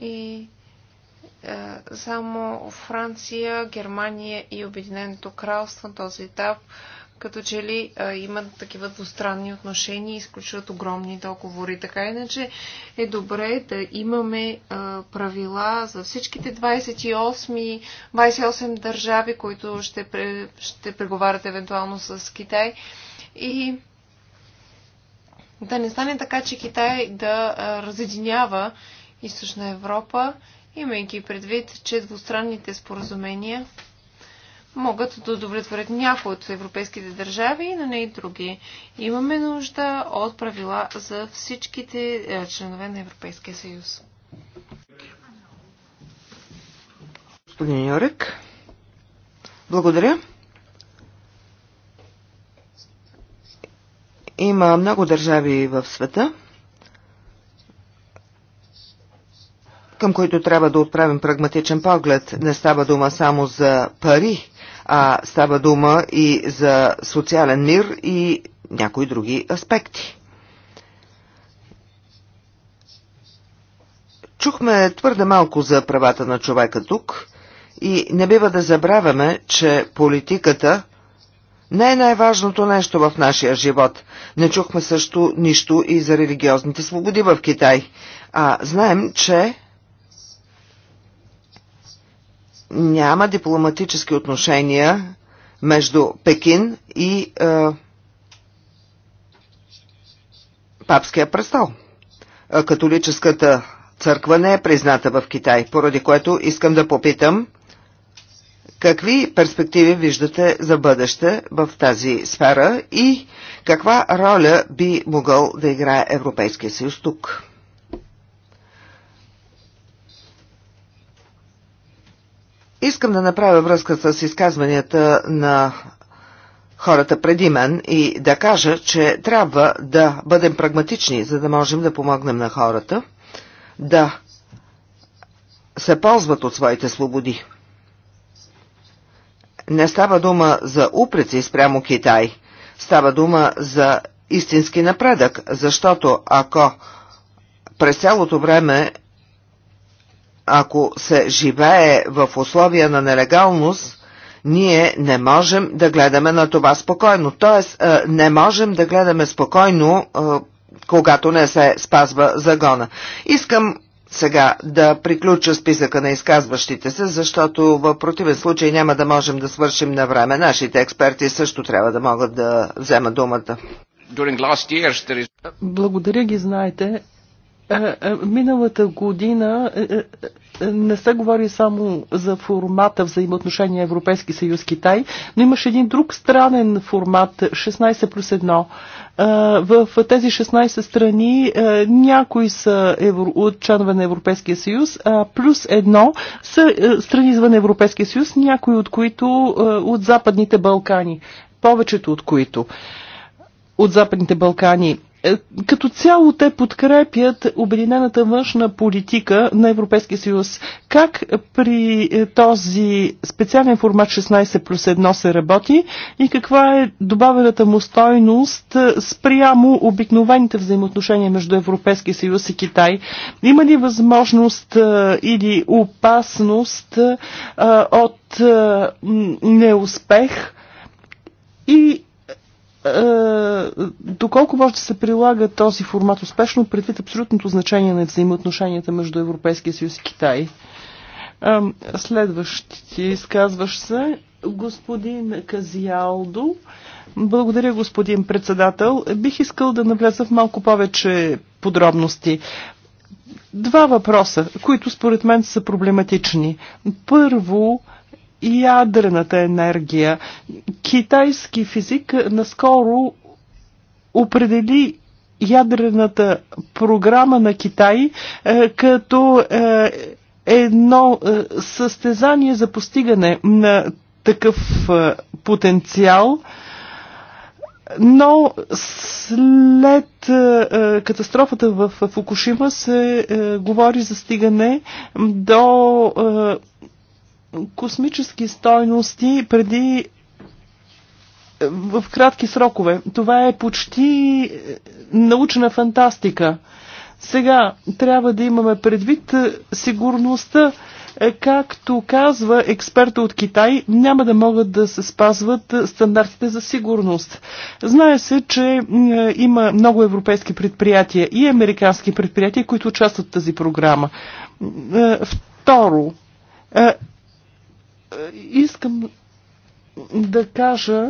И е, само Франция, Германия и Обединеното кралство на този етап като че ли а, имат такива двустранни отношения и изключват огромни договори. Така иначе е добре да имаме а, правила за всичките 28, 28 държави, които ще, ще преговарят евентуално с Китай. И да не стане така, че Китай да а, разединява източна Европа, имайки предвид, че двустранните споразумения могат да удовлетворят някои от европейските държави, но не и други. Имаме нужда от правила за всичките е, членове на Европейския съюз. Господин Йорек, благодаря. Има много държави в света, към които трябва да отправим прагматичен поглед. Не става дума само за пари, а става дума и за социален мир и някои други аспекти. Чухме твърде малко за правата на човека тук и не бива да забравяме, че политиката не е най-важното нещо в нашия живот. Не чухме също нищо и за религиозните свободи в Китай, а знаем, че няма дипломатически отношения между Пекин и е, папския престол. Е, католическата църква не е призната в Китай, поради което искам да попитам какви перспективи виждате за бъдеще в тази сфера и каква роля би могъл да играе Европейския съюз тук. Искам да направя връзка с изказванията на хората преди мен и да кажа, че трябва да бъдем прагматични, за да можем да помогнем на хората да се ползват от своите свободи. Не става дума за упреци спрямо Китай, става дума за истински напредък, защото ако през цялото време ако се живее в условия на нелегалност, ние не можем да гледаме на това спокойно. Тоест, е, не можем да гледаме спокойно, е, когато не се спазва загона. Искам сега да приключа списъка на изказващите се, защото в противен случай няма да можем да свършим на време. Нашите експерти също трябва да могат да вземат думата. Благодаря ги, знаете, е, е, миналата година е, не се говори само за формата взаимоотношения Европейски съюз Китай, но имаше един друг странен формат 16 плюс 1. В тези 16 страни някои са от членове на Европейския съюз, а плюс едно са страни извън Европейския съюз, някои от които от Западните Балкани, повечето от които от Западните Балкани е, като цяло те подкрепят обединената външна политика на Европейския съюз. Как при е, този специален формат 16 плюс 1 се работи и каква е добавената му стойност е, спрямо обикновените взаимоотношения между Европейския съюз и Китай? Има ли възможност или опасност от неуспех? И е, доколко може да се прилага този формат успешно предвид абсолютното значение на взаимоотношенията между Европейския съюз и Китай? Е, Следващи изказваш се господин Казиалдо. Благодаря, господин председател. Бих искал да навляза в малко повече подробности. Два въпроса, които според мен са проблематични. Първо, ядрената енергия. Китайски физик наскоро определи ядрената програма на Китай е, като е, едно е, състезание за постигане на такъв е, потенциал, но след е, е катастрофата в Фукушима се е, говори за стигане до е, космически стойности преди е, в кратки срокове. Това е почти е, научна фантастика. Сега трябва да имаме предвид е, сигурността, както казва експерта от Китай, няма да могат да се спазват стандартите за сигурност. Знае се, че има много европейски предприятия и американски предприятия, които участват в тази програма. Второ, искам да кажа,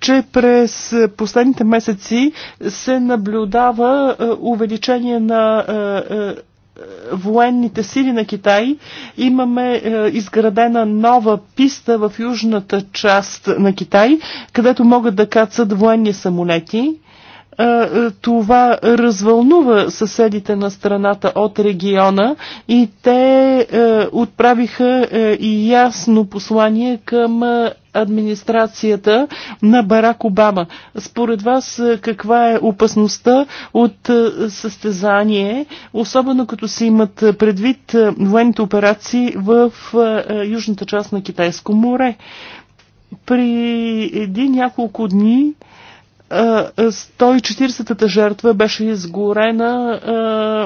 че през последните месеци се наблюдава е, увеличение на е, е, военните сили на Китай. Имаме изградена нова писта в южната част на Китай, където могат да кацат военни самолети това развълнува съседите на страната от региона и те отправиха и ясно послание към администрацията на Барак Обама. Според вас каква е опасността от състезание, особено като се имат предвид военните операции в южната част на Китайско море? При един няколко дни 140-та е, е, жертва беше изгорена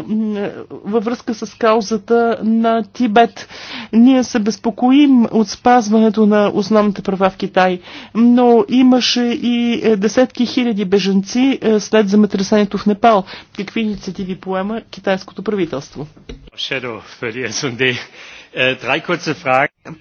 е, във връзка с каузата на Тибет. Ние се безпокоим от спазването на основните права в Китай, но имаше и десетки хиляди беженци след земетресението в Непал. Какви инициативи поема китайското правителство? Е,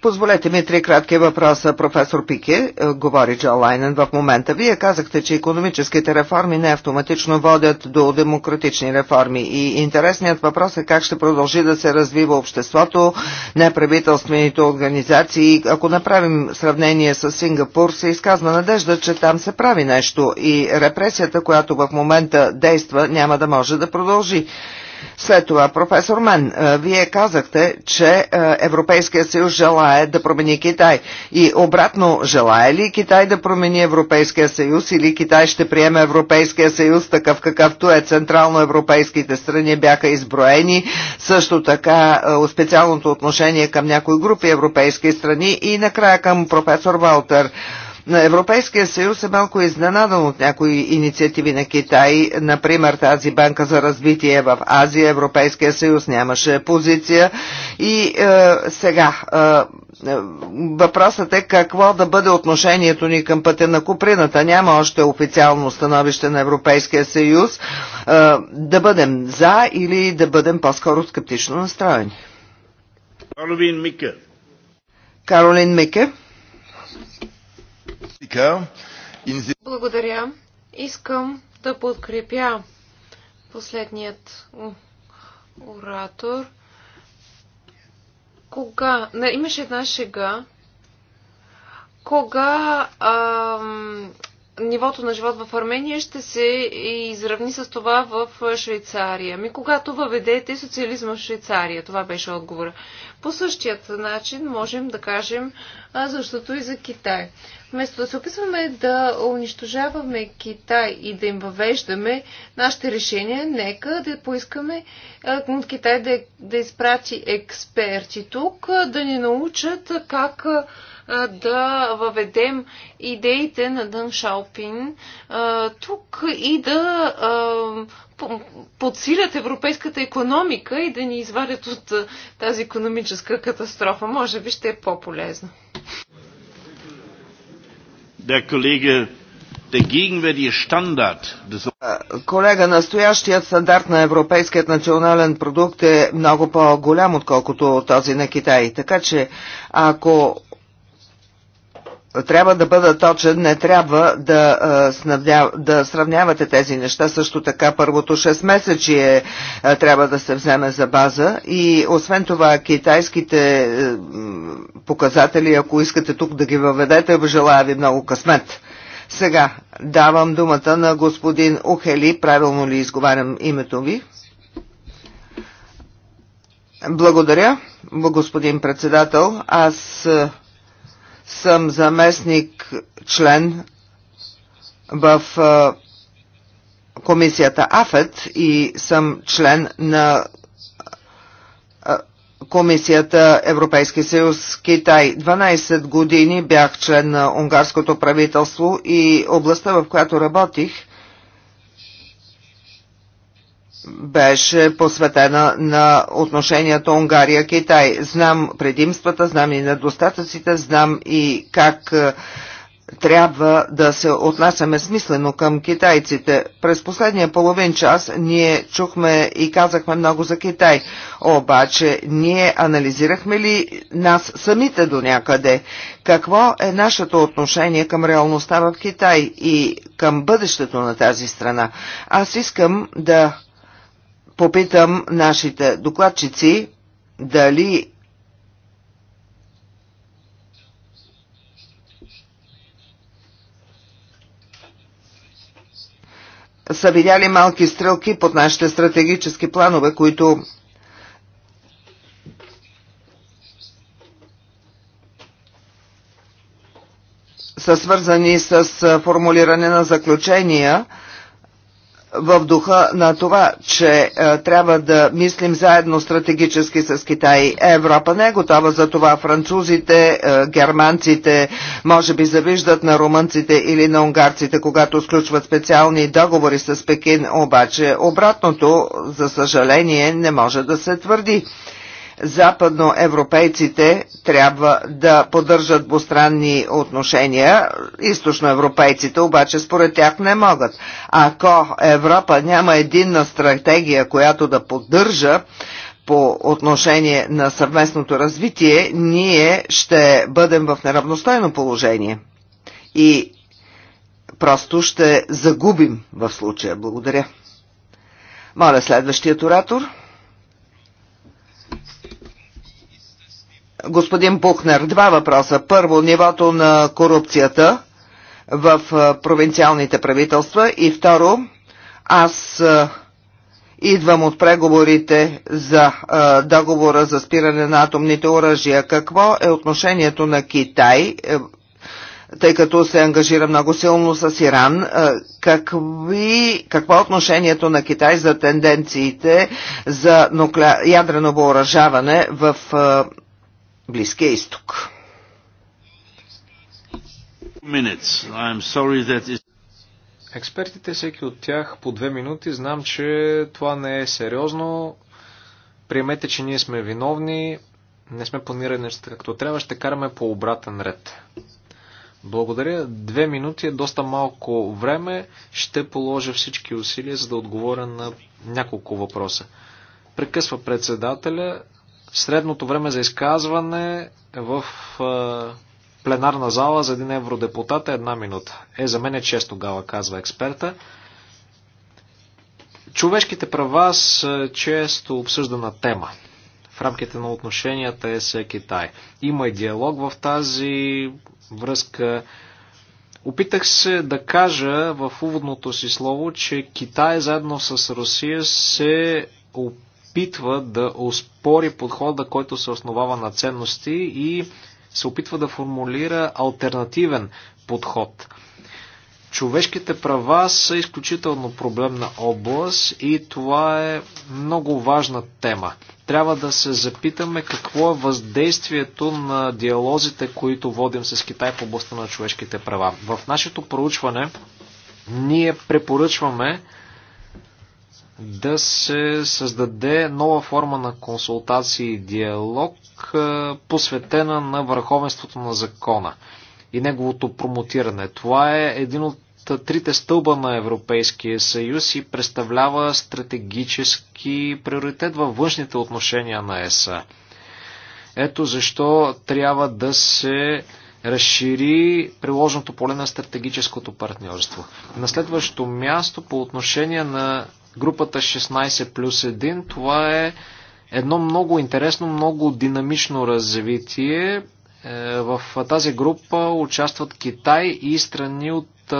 Позволете ми три кратки въпроса, професор Пике, е, говори Джо Лайнен в момента. Вие казахте, че економическите реформи не автоматично водят до демократични реформи и интересният въпрос е как ще продължи да се развива обществото, неправителствените организации. Ако направим сравнение с Сингапур, се изказва надежда, че там се прави нещо и репресията, която в момента действа, няма да може да продължи. След това, професор Мен, е, вие казахте, че е, Европейския съюз желая да промени Китай. И обратно, желая ли Китай да промени Европейския съюз или Китай ще приеме Европейския съюз такъв какъвто е централно европейските страни бяха изброени, също така е, специалното отношение към някои групи европейски страни и накрая към професор Валтер на Европейския съюз е малко изненадан от някои инициативи на Китай, например тази банка за развитие в Азия, Европейския съюз нямаше позиция и е, сега е, е Въпросът е какво да бъде отношението ни към пътя на Куприната. Няма още официално становище на Европейския съюз. Е, да бъдем за или да бъдем по-скоро скептично настроени. Каролин Мике. Каролин Мике. Благодаря. Искам да подкрепя последният оратор. Кога? Не, имаше една шега. Кога ам, нивото на живот в Армения ще се изравни с това в Швейцария. Ми когато въведете социализма в Швейцария, това беше отговора. По същият начин можем да кажем а, и за Китай. Вместо да се описваме да унищожаваме Китай и да им въвеждаме нашите решения, нека да поискаме от Китай да, да изпрати експерти тук, да ни научат как а, да въведем идеите на Дън Шаопин тук и да подсилят европейската економика и да ни извадят от тази економическа катастрофа. Може би ще е по-полезно. Колега, настоящият стандарт на европейският национален продукт е много по-голям, отколкото този на Китай. Така че, ако трябва да бъда точен, не трябва да, а, да сравнявате тези неща. Също така първото 6 месечие а, трябва да се вземе за база и освен това китайските а, е, показатели, ако искате тук да ги въведете, желая ви много късмет. Сега давам думата на господин Ухели, правилно ли изговарям името ви? Благодаря, господин председател. Аз е, съм заместник член в комисията АФЕД и съм член на Комисията Европейски съюз Китай. 12 години бях член на унгарското правителство и областта, в която работих, беше посветена на отношенията Унгария-Китай. Знам предимствата, знам и недостатъците, знам и как е, трябва да се отнасяме смислено към китайците. През последния половин час ние чухме и казахме много за Китай. Обаче ние анализирахме ли нас самите до някъде? Какво е нашето отношение към реалността в Китай и към бъдещето на тази страна? Аз искам да попитам нашите докладчици дали са видяли малки стрелки под нашите стратегически планове, които са свързани с формулиране на заключения в духа на това, че е, трябва да мислим заедно стратегически с Китай. Европа не е готова за това. Французите, е, германците, може би завиждат на румънците или на унгарците, когато сключват специални договори с Пекин, обаче обратното, за съжаление, не може да се твърди западноевропейците трябва да поддържат двустранни отношения, източноевропейците обаче според тях не могат. Ако Европа няма единна стратегия, която да поддържа, по отношение на съвместното развитие, ние ще бъдем в неравностойно положение. И просто ще загубим в случая. Благодаря. Моля следващият оратор. господин Бухнер, Два въпроса. Първо, нивото на корупцията в провинциалните правителства и второ, аз идвам от преговорите за договора за спиране на атомните оръжия. Какво е отношението на Китай, е, тъй като се ангажира много силно с Иран? какви, какво е отношението на Китай за тенденциите за нукле... ядрено въоръжаване в а, Близкия изток. Експертите, всеки от тях по две минути. Знам, че това не е сериозно. Приемете, че ние сме виновни. Не сме планирали нещата както трябва. Ще караме по обратен ред. Благодаря. Две минути е доста малко време. Ще положа всички усилия, за да отговоря на няколко въпроса. Прекъсва председателя средното време за изказване е в пленарна зала за един евродепутат е една минута. Е, за мен е чест тогава, казва експерта. Човешките права са често обсъждана тема в рамките на отношенията е с Китай. Има и диалог в тази връзка. Опитах се да кажа в уводното си слово, че Китай заедно с Русия се опитва да оспори подхода, който се основава на ценности и се опитва да формулира альтернативен подход. Човешките права са изключително проблемна област и това е много важна тема. Трябва да се запитаме какво е въздействието на диалозите, които водим с Китай в областта на човешките права. В нашето проучване ние препоръчваме да се създаде нова форма на консултации и диалог, посветена на върховенството на закона и неговото промотиране. Това е един от трите стълба на Европейския съюз и представлява стратегически приоритет във външните отношения на ЕСА. Ето защо трябва да се разшири приложното поле на стратегическото партньорство. На следващото място по отношение на групата 16 плюс 1. Това е едно много интересно, много динамично развитие. Е, в тази група участват Китай и страни от е,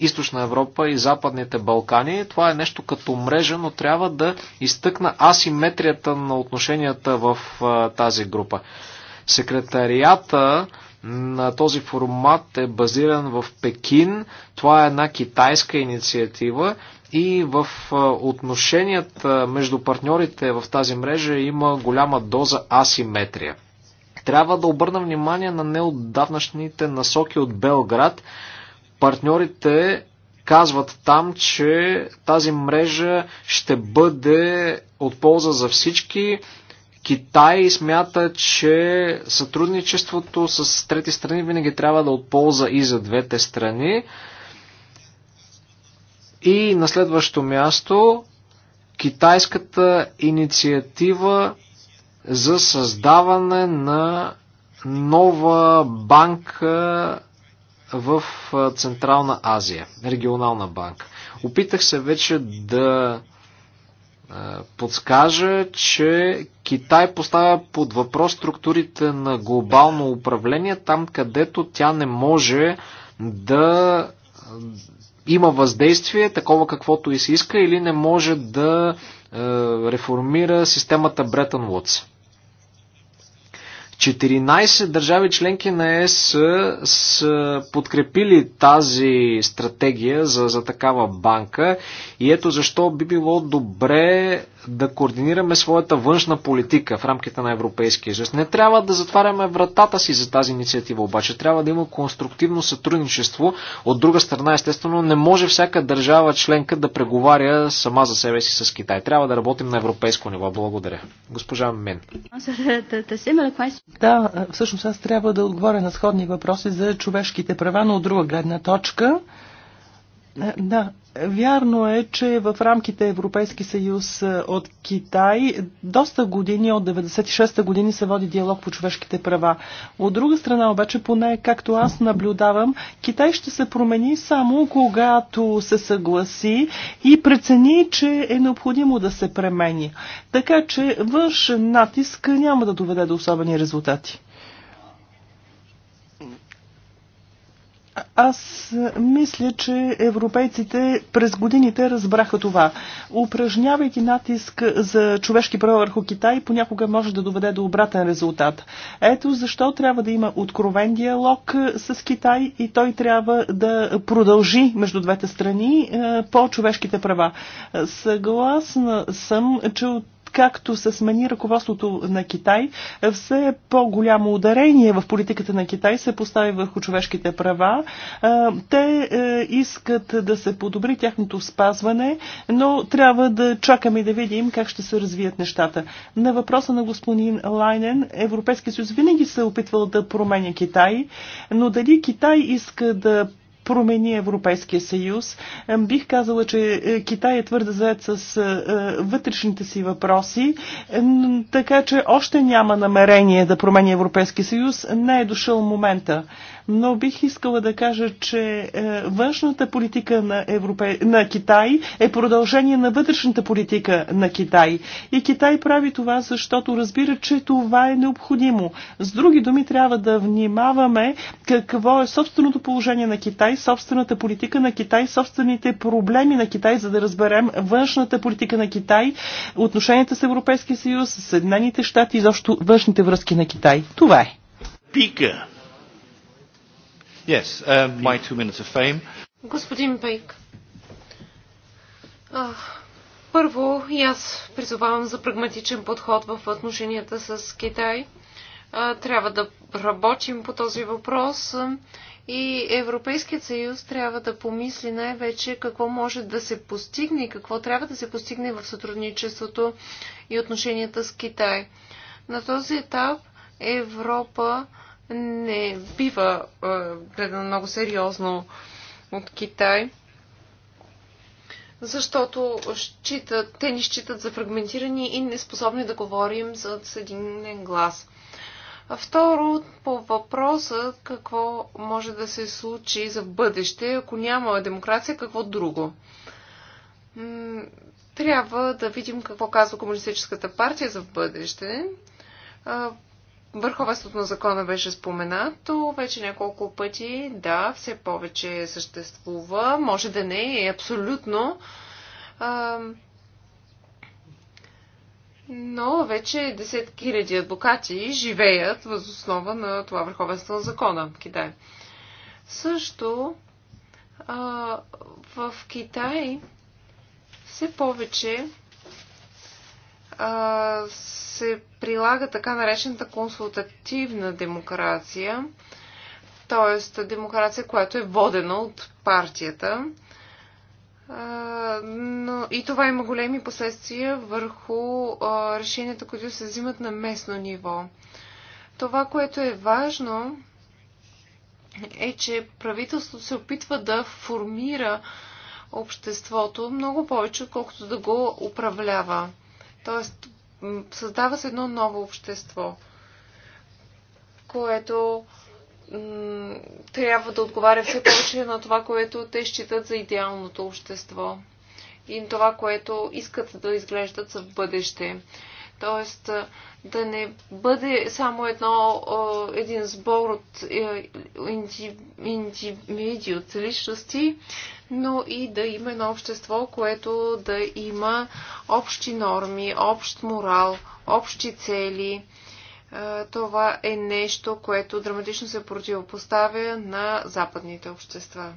Източна Европа и Западните Балкани. Това е нещо като мрежа, но трябва да изтъкна асиметрията на отношенията в е, тази група. Секретарията на този формат е базиран в Пекин. Това е една китайска инициатива и в отношенията между партньорите в тази мрежа има голяма доза асиметрия. Трябва да обърна внимание на неотдавнашните насоки от Белград. Партньорите казват там, че тази мрежа ще бъде от полза за всички. Китай смята, че сътрудничеството с трети страни винаги трябва да е от полза и за двете страни. И на следващо място китайската инициатива за създаване на нова банка в Централна Азия, регионална банка. Опитах се вече да подскажа, че Китай поставя под въпрос структурите на глобално управление там, където тя не може да има въздействие, такова каквото и се иска, или не може да е, реформира системата Бреттон Уотс. 14 държави членки на ЕС са подкрепили тази стратегия за, за такава банка и ето защо би било добре да координираме своята външна политика в рамките на Европейския съюз. Не трябва да затваряме вратата си за тази инициатива, обаче трябва да има конструктивно сътрудничество. От друга страна, естествено, не може всяка държава членка да преговаря сама за себе си с Китай. Трябва да работим на европейско ниво. Благодаря. Госпожа Мен. Да, всъщност аз трябва да отговоря на сходни въпроси за човешките права, но от друга гледна точка. Е, да, вярно е, че в рамките Европейски съюз е, от Китай доста години, от 96-та години се води диалог по човешките права. От друга страна обаче, поне както аз наблюдавам, Китай ще се промени само когато се съгласи и прецени, че е необходимо да се премени. Така че външен натиск няма да доведе до особени резултати. Аз мисля, че европейците през годините разбраха това. Упражнявайки натиск за човешки права върху Китай, понякога може да доведе до обратен резултат. Ето защо трябва да има откровен диалог с Китай и той трябва да продължи между двете страни е, по човешките права. Съгласна съм, че от както се смени ръководството на Китай, все по-голямо ударение в политиката на Китай се постави върху човешките права. Те е, искат да се подобри тяхното спазване, но трябва да чакаме и да видим как ще се развият нещата. На въпроса на господин Лайнен, Европейския съюз винаги се е опитвал да променя Китай, но дали Китай иска да промени Европейския съюз. Е, бих казала, че е, Китай е твърде заед с е, вътрешните си въпроси, така че още няма намерение да промени Европейския съюз. Не е дошъл момента но бих искала да кажа, че е, външната политика на, Европе... на Китай е продължение на вътрешната политика на Китай. И Китай прави това, защото разбира, че това е необходимо. С други думи, трябва да внимаваме какво е собственото положение на Китай, собствената политика на Китай, собствените проблеми на Китай, за да разберем външната политика на Китай, отношенията с Европейския съюз, с Съединените щати и защо външните връзки на Китай. Това е. Пика. Yes, um, my two minutes of fame. Господин Пейк, а, първо и аз призовавам за прагматичен подход в отношенията с Китай. А, трябва да работим по този въпрос и Европейският съюз трябва да помисли най-вече какво може да се постигне и какво трябва да се постигне в сътрудничеството и отношенията с Китай. На този етап Европа не бива е, гледана много сериозно от Китай, защото считат, те ни считат за фрагментирани и неспособни да говорим за един глас. А второ, по въпроса какво може да се случи за бъдеще, ако няма демокрация, какво друго. Трябва да видим какво казва Комунистическата партия за бъдеще. Върховенството на закона беше споменато вече няколко пъти. Да, все повече съществува. Може да не е абсолютно. А, но вече десетки хиляди адвокати живеят въз основа на това върховенство на закона в Китай. Също а, в Китай все повече се прилага така наречената консултативна демокрация, т.е. демокрация, която е водена от партията. Но и това има големи последствия върху решенията, които се взимат на местно ниво. Това, което е важно, е, че правителството се опитва да формира обществото много повече, отколкото да го управлява. Тоест, създава се едно ново общество, което трябва да отговаря все повече на това, което те считат за идеалното общество и на това, което искат да изглеждат в бъдеще. Тоест да не бъде само едно, един сбор от е, индивиди, от личности, но и да има едно общество, което да има общи норми, общ морал, общи цели. Е, това е нещо, което драматично се противопоставя на западните общества.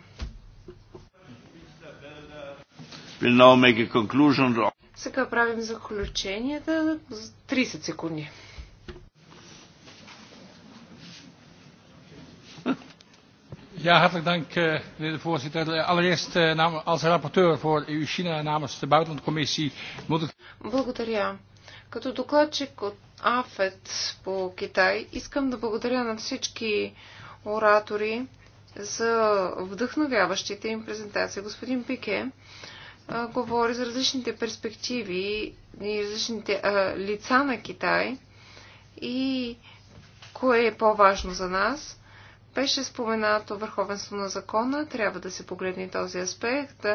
Сега правим заключенията за 30 секунди. Ja, hartelijk dank, eh, meneer de voorzitter. Allereerst eh, als rapporteur voor EU-China e namens de Buitenlandcommissie moet ik... Благодаря. Като докладчик от АФЕТ по Китай, искам да благодаря на всички оратори за вдъхновяващите им презентации. Господин Пике говори за различните перспективи и различните а, лица на Китай и кое е по-важно за нас – беше споменато върховенство на закона, трябва да се погледне този аспект.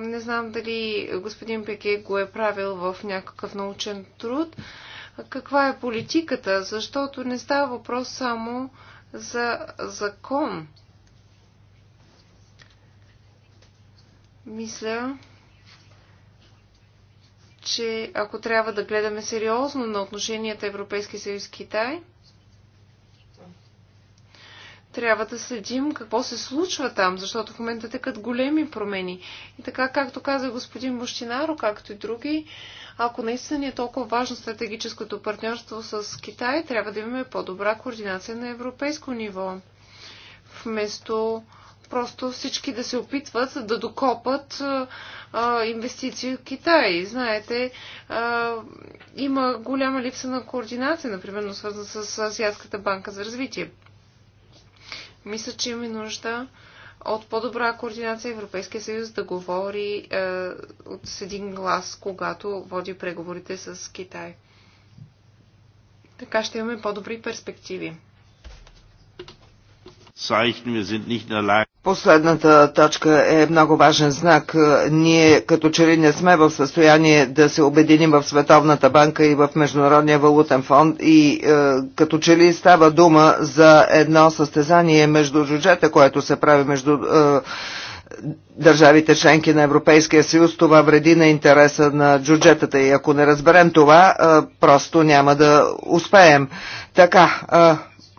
Не знам дали господин Пеке го е правил в някакъв научен труд. Каква е политиката? Защото не става въпрос само за закон. Мисля, че ако трябва да гледаме сериозно на отношенията Европейски съюз-Китай, трябва да следим какво се случва там, защото в момента текат големи промени. И така, както каза господин Мощинаро, както и други, ако наистина ни е толкова важно стратегическото партньорство с Китай, трябва да имаме по-добра координация на европейско ниво. Вместо просто всички да се опитват да докопат а, инвестиции в Китай. Знаете, а, има голяма липса на координация, например, свързана с Азиатската банка за развитие. Мисля, че имаме нужда от по-добра координация Европейския съюз да говори е, от с един глас, когато води преговорите с Китай. Така ще имаме по-добри перспективи. Последната точка е много важен знак. Ние като че ли не сме в състояние да се обединим в Световната банка и в Международния валутен фонд и е, като че ли става дума за едно състезание между джуджета, което се прави между е, държавите членки на Европейския съюз, това вреди на интереса на джуджетата и ако не разберем това, е, просто няма да успеем. Така, е,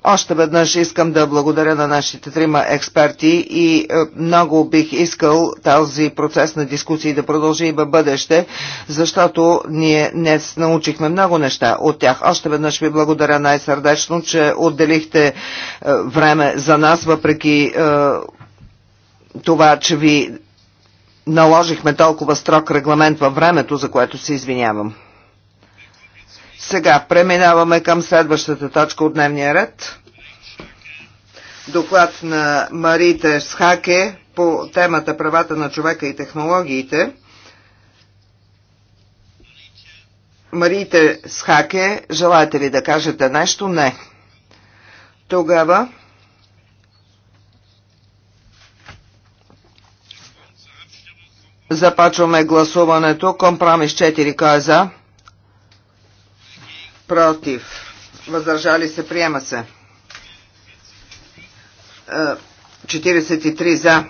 още веднъж искам да благодаря на нашите трима експерти и е, много бих искал този процес на дискусии да продължи и във бъдеще, защото ние днес научихме много неща от тях. Още веднъж ви благодаря най-сърдечно, че отделихте е, време за нас, въпреки е, това, че ви наложихме толкова строг регламент във времето, за което се извинявам. Сега преминаваме към следващата точка от дневния ред. Доклад на Марите Схаке по темата правата на човека и технологиите. Марите Схаке, желаете ли да кажете нещо? Не. Тогава започваме гласуването. Компромис 4 кой е за? против, въздържали се, приема се. 43 е, за,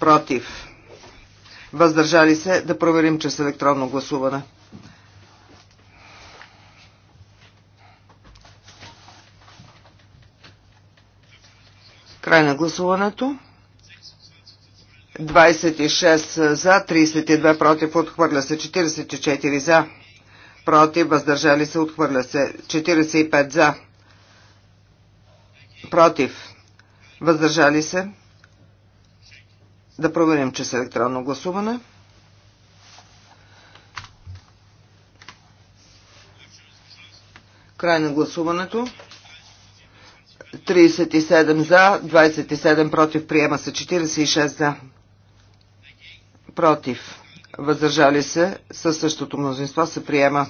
против, въздържали се, да проверим чрез електронно гласуване. Край на гласуването. 26 за, 32 против, отхвърля се 44 за против, въздържали се, отхвърля се. 45 за, против, въздържали се. Да проверим, че с електронно гласуване. Край на гласуването. 37 за, 27 против, приема се 46 за. Против въздържали се, със същото мнозинство се приема.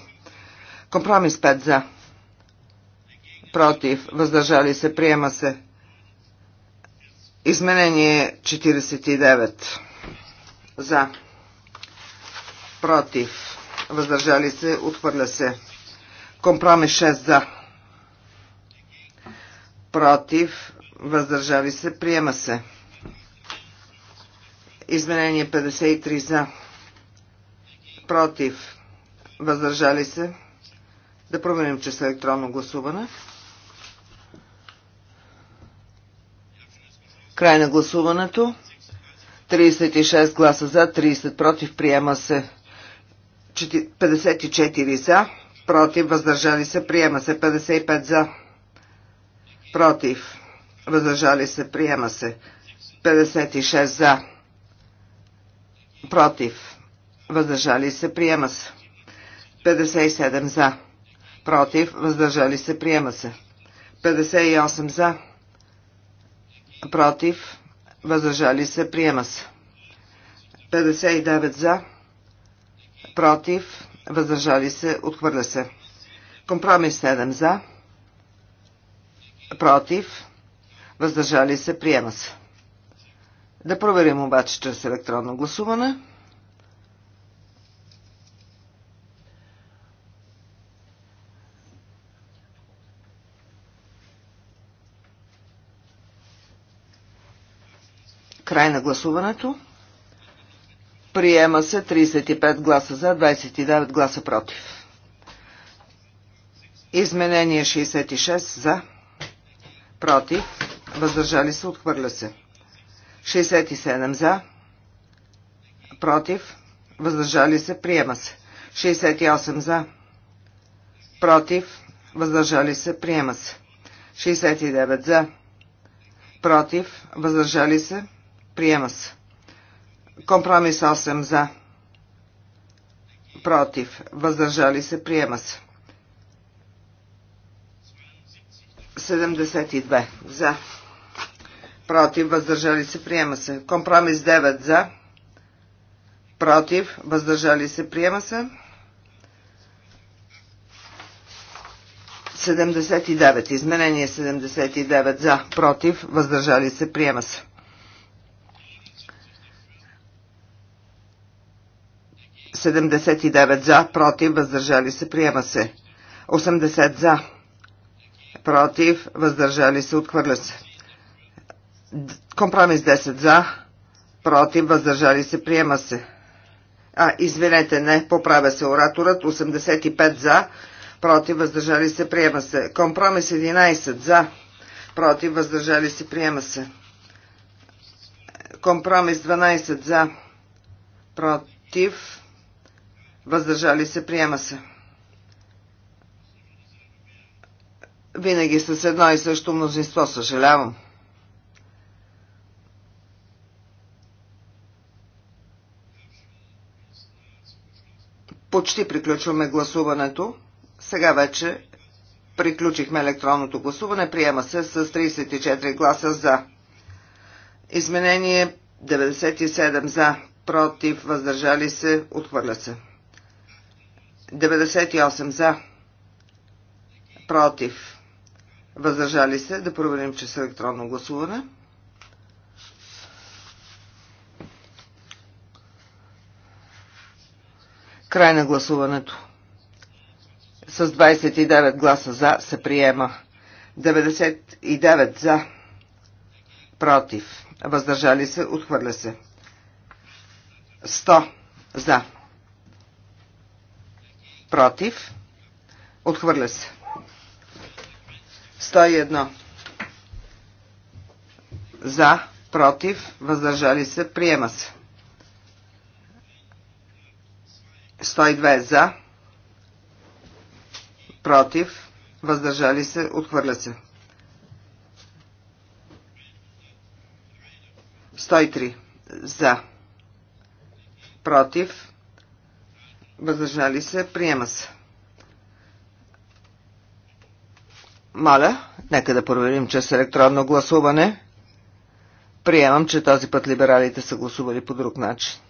Компромис 5 за, против, въздържали се, приема се. Изменение 49 за, против, въздържали се, отхвърля се. Компромис 6 за, против, въздържали се, приема се. Изменение 53 за против, въздържали се. Да проверим, че електронно гласуване. Край на гласуването. 36 гласа за, 30 против, приема се 54 за, против, въздържали се, приема се 55 за, против, въздържали се, приема се 56 за, против, въздържали се, приема се. 57 за, против, въздържали се, приема се. 58 за, против, въздържали се, приема се. 59 за, против, въздържали се, отхвърля се. Компромис 7 за, против, въздържали се, приема се. Да проверим обаче чрез електронно гласуване. Край на гласуването. Приема се 35 гласа за, 29 гласа против. Изменение 66 за, против, въздържали се, отхвърля се. 67 за, против, въздържали се, приема се. 68 за, против, въздържали се, приема се. 69 за, против, въздържали се, Приема се. Компромис 8 за. Против. Въздържали се. Приема се. 72 за. Против. Въздържали се. Приема се. Компромис 9 за. Против. Въздържали се. Приема се. 79. Изменение 79 за. Против. Въздържали се. Приема се. 79 за, против, въздържали се, приема се. 80 за, против, въздържали се, отхвърля се. Компромис 10 за, против, въздържали се, приема се. А, извинете, не, поправя се ораторът. 85 за, против, въздържали се, приема се. Компромис 11 за, против, въздържали се, приема се. Компромис 12 за, против, въздържали се, приема се. Винаги с едно и също мнозинство, съжалявам. Почти приключваме гласуването. Сега вече приключихме електронното гласуване. Приема се с 34 гласа за. Изменение 97 за. Против, въздържали се, отхвърля се. 98 за. Против. Въздържали се. Да проверим, че с електронно гласуване. Край на гласуването. С 29 гласа за се приема. 99 за. Против. Въздържали се. Отхвърля се. 100 за Против. Отхвърля се. 101. За. Против. Въздържали се. Приема се. 102 за, против, въздържали се, отхвърля се. 103 за, против, въздържали се, приема се. Моля, нека да проверим чрез електронно гласуване. Приемам, че този път либералите са гласували по друг начин.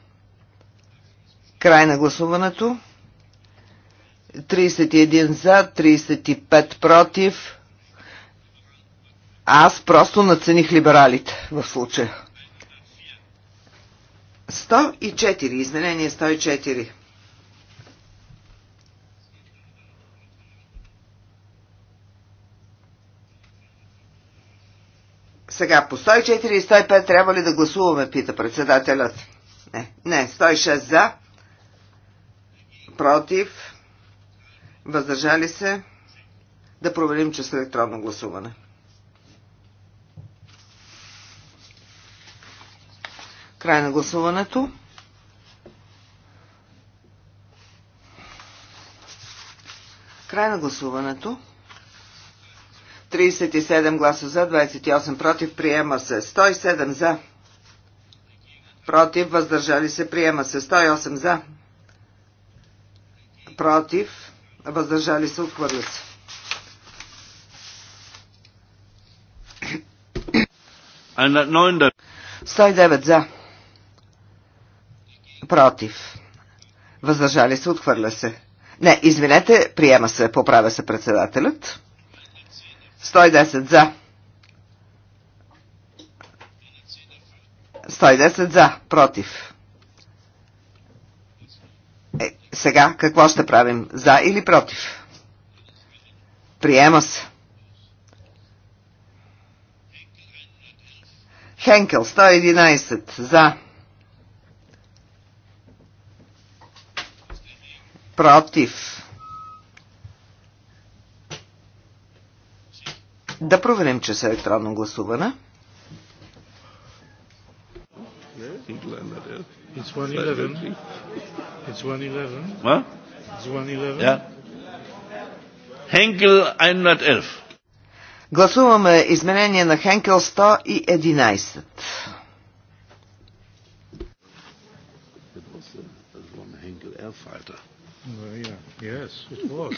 Край на гласуването. 31 за, 35 против. Аз просто нацених либералите в случая. 104. Изменение 104. Сега по 104 и 105 трябва ли да гласуваме, пита председателят. Не, не, 106 за, против, въздържали се, да проверим, че с електронно гласуване. Край на гласуването. Край на гласуването. 37 гласа за, 28 против, приема се. 107 за, против, въздържали се, приема се. 108 за, против, въздържали се, отхвърля се. And 109 за. Против. Въздържали се, отхвърля се. Не, извинете, приема се, поправя се председателят. 110 за. 110 за, против. Е, сега какво ще правим? За или против? Приема се. Хенкел 111 за. Против. Да проверим, че с електронно гласуване. Хенкел 111. Гласуваме изменение на Хенкел 111. Fighter. Well, yeah. Yes, it was.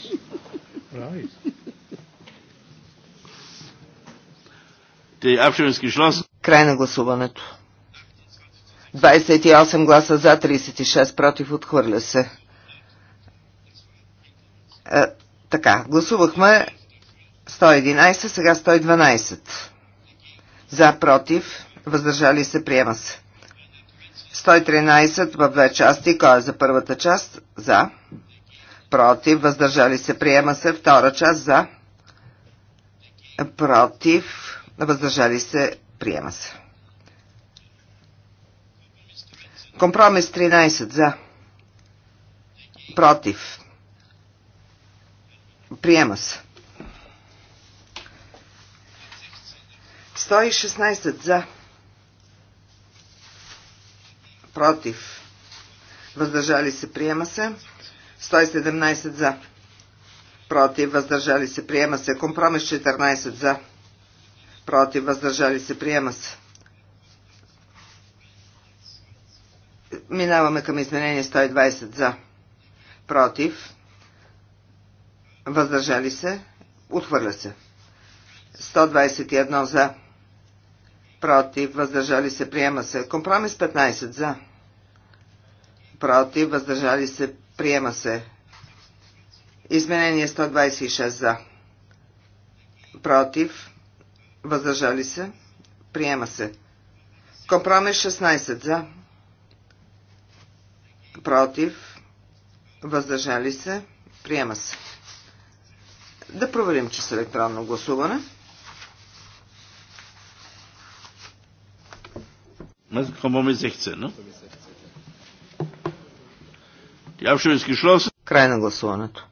right. Край на гласуването. 28 гласа за, 36 против, отхвърля се. Е, така, гласувахме 111, сега 112. За, против, въздържали се, приема се. 113 в две части, кой е за първата част? За. Против, въздържали се, приема се. Втора част за. Против, въздържали се, приема се. Компромис 13 за, против, приема се. 116 за, против, въздържали се, приема се. 117 за, против, въздържали се, приема се. Компромис 14 за, против, въздържали се, приема се. Минаваме към изменение 120 за, против, въздържали се, отхвърля се. 121 за, против, въздържали се, приема се. Компромис 15 за, против, въздържали се, приема се. Изменение 126 за, против, Въздържали се. Приема се. Компромис 16 за. Против. Въздържали се. Приема се. Да проверим, че с електронно гласуване. Е Край на гласуването.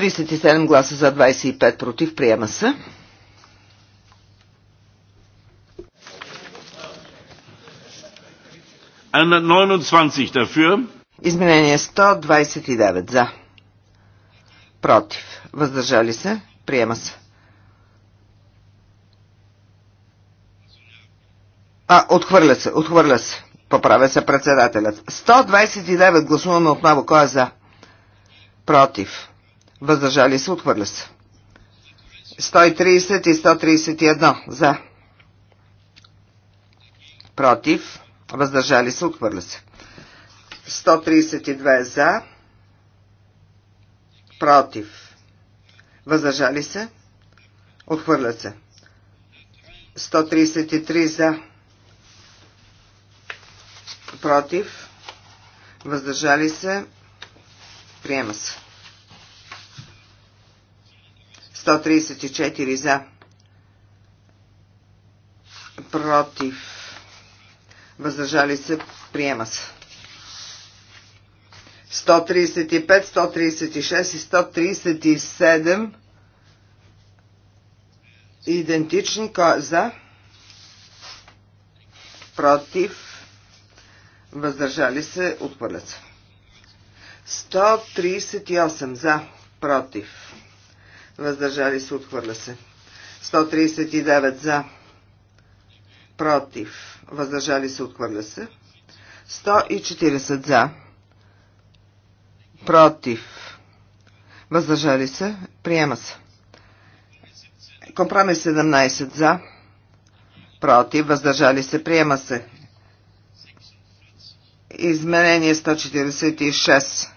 37 гласа за 25 против. Приема се. Изменение 129 за. Против. Въздържали се. Приема се. А, отхвърля се, отхвърля се. Поправя се председателят. 129 гласуваме отново. Кой е за? Против въздържали се, отхвърля се. 130 и 131 за, против, въздържали се, отхвърля се. 132 за, против, въздържали се, отхвърля се. 133 за, против, въздържали се, приема се. 134 за, против, въздържали се, приема се. 135, 136 и 137 идентични е за, против, въздържали се, отхвърлят се. 138 за, против, въздържали се, отхвърля се. 139 за, против, въздържали се, отхвърля се. 140 за, против, въздържали се, приема се. Компромис 17 за, против, въздържали се, приема се. Изменение 146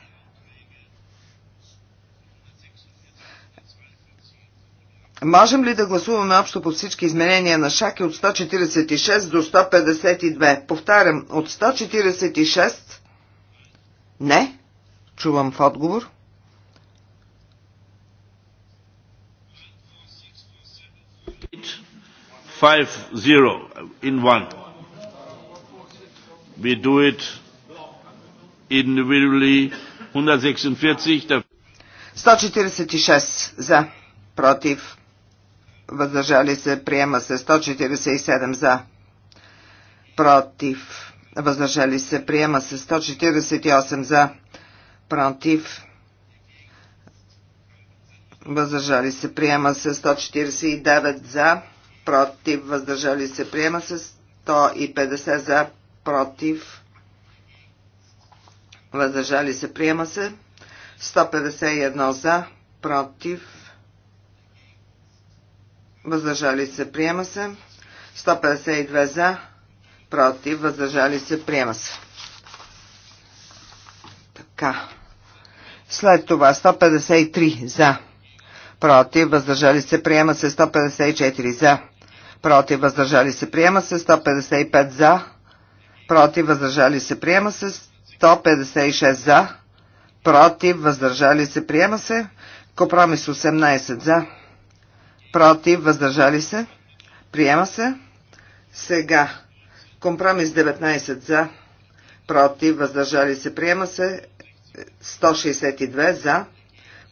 Можем ли да гласуваме общо по всички изменения на шаки от 146 до 152? Повтарям, от 146? Не. Чувам в отговор. individually. 146. 146 за, против въздържали се, приема се 147 за, против, въздържали се, приема се 148 за, против, въздържали се, приема се 149 за, против, въздържали се, приема се 150 за, против, въздържали се, приема се 151 за, против, въздържали се, приема се. 152 за, против, въздържали се, приема се. Така. След това 153 за, против, въздържали се, приема се 154 за, против, въздържали се, приема се 155 за, против, въздържали се, приема се 156 за, против, въздържали се, приема се, компромис 18 за, против, въздържали се, приема се. Сега, компромис 19 за, против, въздържали се, приема се, 162 за,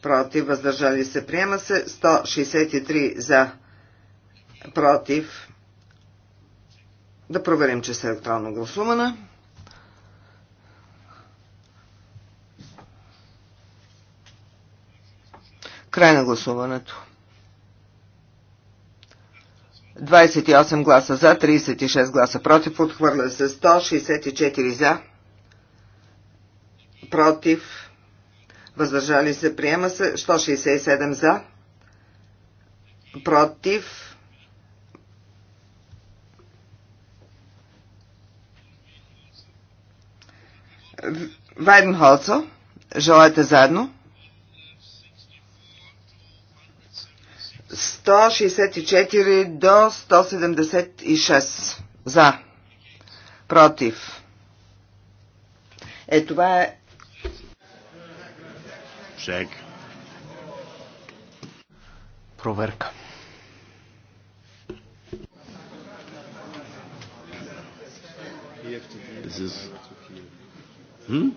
против, въздържали се, приема се, 163 за, против. Да проверим, че са е електронно гласувана. Край на гласуването. 28 гласа за, 36 гласа против, отхвърля се 164 за, против, въздържали се, приема се 167 за, против, Вайденхолцо, желаете заедно? 164 до 176 за, против. Е, това е... Шег. Проверка. This is... Hmm?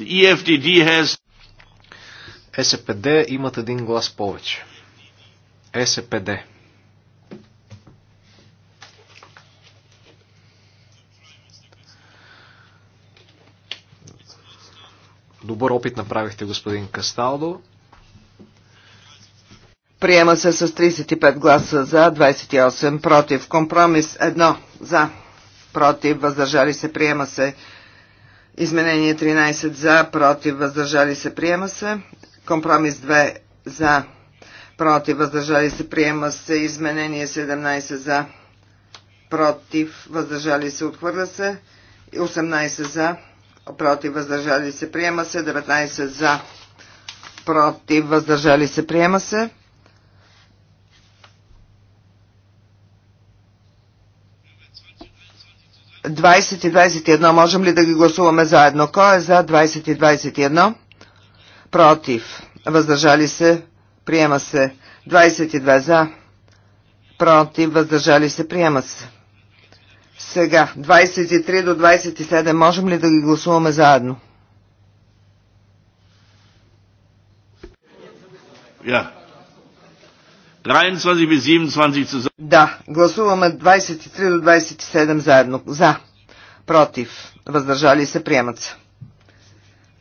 The EFDD has... СПД имат един глас повече. СПД. Добър опит направихте, господин Касталдо. Приема се с 35 гласа за, 28 против. Компромис 1 за, против, въздържали се, приема се. Изменение 13 за, против, въздържали се, приема се. Компромис 2 за, против, въздържали се, приема се. Изменение 17 за, против, въздържали се, отхвърля се. 18 за, против, въздържали се, приема се. 19 за, против, въздържали се, приема се. Двадесет и 21 можем ли да ги гласуваме заедно? Кой е за 20 и 21? Против. Въздържали се приема се. 22 за, против, въздържали се, приема се. Сега, 23 до 27, можем ли да ги гласуваме заедно? Да. 23 27 Да, гласуваме 23 до 27 заедно. За. Против. Въздържали се. Приемат се.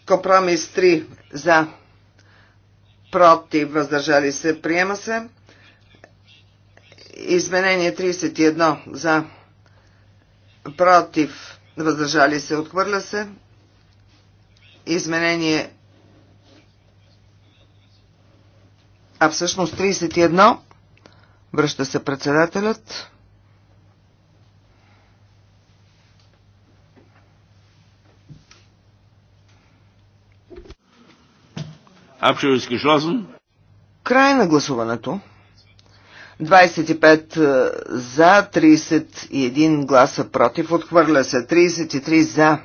Компромис 3. За против, въздържали се, приема се. Изменение 31 за, против, въздържали се, отхвърля се. Изменение а всъщност 31 връща се председателят. Край на гласуването. 25 е, за, 31 гласа против. Отхвърля се 33 за.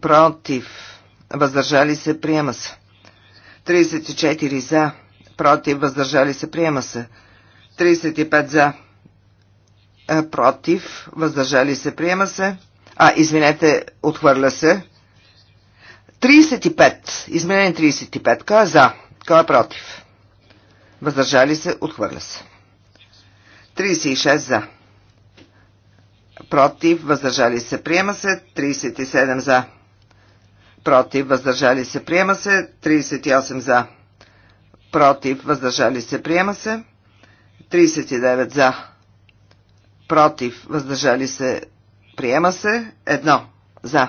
Против. Въздържали се, приема се. 34 за. Против, въздържали се, приема се. 35 за. Е, против, въздържали се, приема се. А, извинете, отхвърля се. 35. Изменение 35. Кой е за? Кой е против? Въздържали се? Отхвърля се. 36 за. Против, въздържали се, приема се. 37 за. Против, въздържали се, приема се. 38 за. Против, въздържали се, приема се. 39 за. Против, въздържали се, приема се. 1 за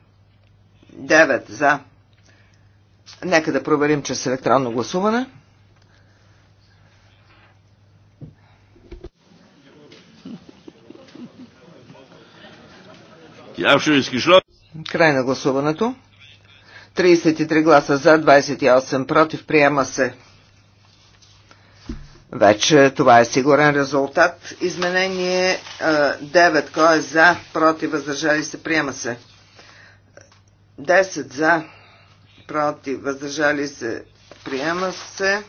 9 за. Нека да проверим чрез електронно гласуване. Край на гласуването. 33 гласа за, 28 против. Приема се. Вече това е сигурен резултат. Изменение 9. Кой е за, против, въздържали се, приема се. 10 за, против, въздържали се, приема се.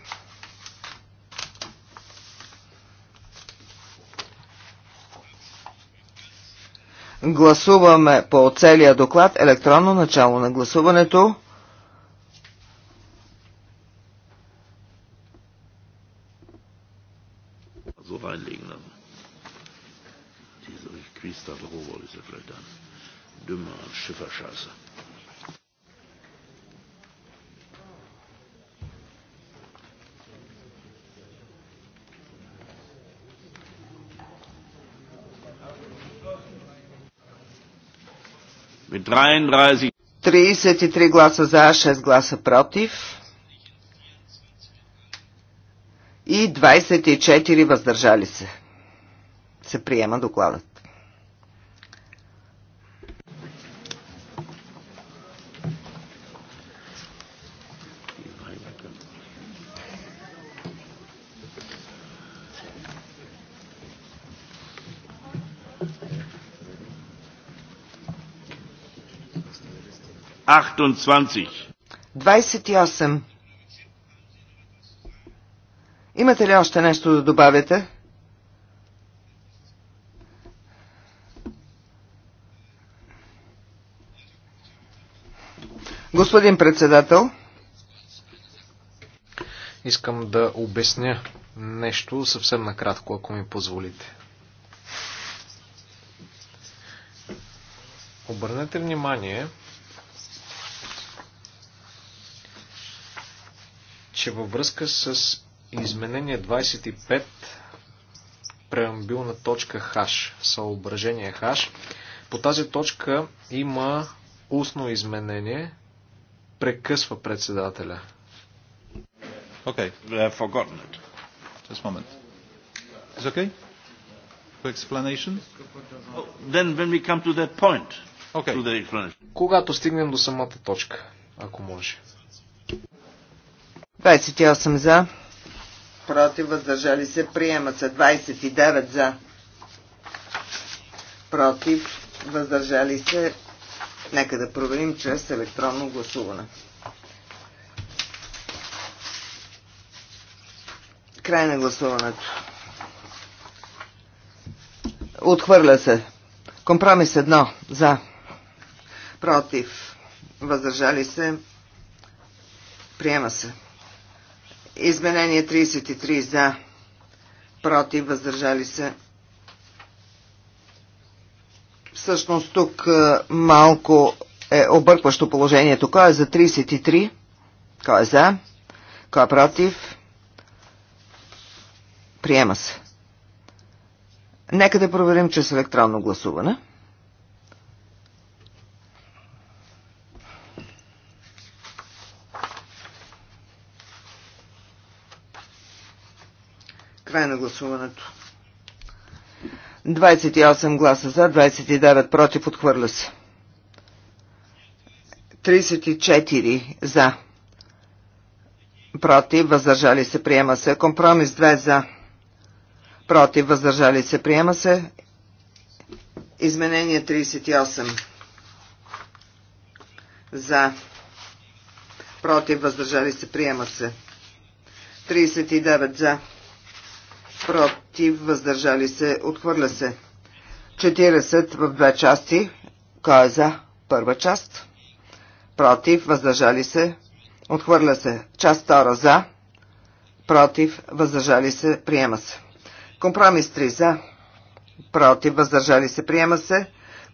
Гласуваме по целия доклад електронно начало на гласуването. So reinlegen lassen. Diese Quiz ist ja er vielleicht dann dümmer Schifferscheiße. 33 гласа за, 6 гласа против и 24 въздържали се. Се приема докладът. 28. Имате ли още нещо да добавите? Господин председател, искам да обясня нещо съвсем накратко, ако ми позволите. Обърнете внимание, че във връзка с изменение 25, преамбилна точка хаш, съображение хаш, по тази точка има устно изменение, прекъсва председателя. Окей, Okay, I've forgotten it. Just a moment. It's okay? For explanation? Oh, then when we come to that point, okay. to the explanation. Когато стигнем до самата точка, ако може. 28 за. Против, въздържали се, приема се. 29 за. Против, въздържали се. Нека да проверим чрез електронно гласуване. Край на гласуването. Отхвърля се. Компромис едно. За. Против. Въздържали се. Приема се. Изменение 33 за, против, въздържали се. Всъщност тук е, малко е объркващо положението. Кой е за 33? Кой е за? Кой е против? Приема се. Нека да проверим чрез електронно гласуване. Край на гласуването. 28 гласа за, 29 против, отхвърля се. 34 за. Против, въздържали се, приема се. Компромис 2 за. Против, въздържали се, приема се. Изменение 38 за. Против, въздържали се, приема се. 39 за против, въздържали се, отхвърля се. 40 в две части. Кой е за? Първа част. Против, въздържали се, отхвърля се. Част втора за. Против, въздържали се, приема се. Компромис 3 за. Против, въздържали се, приема се.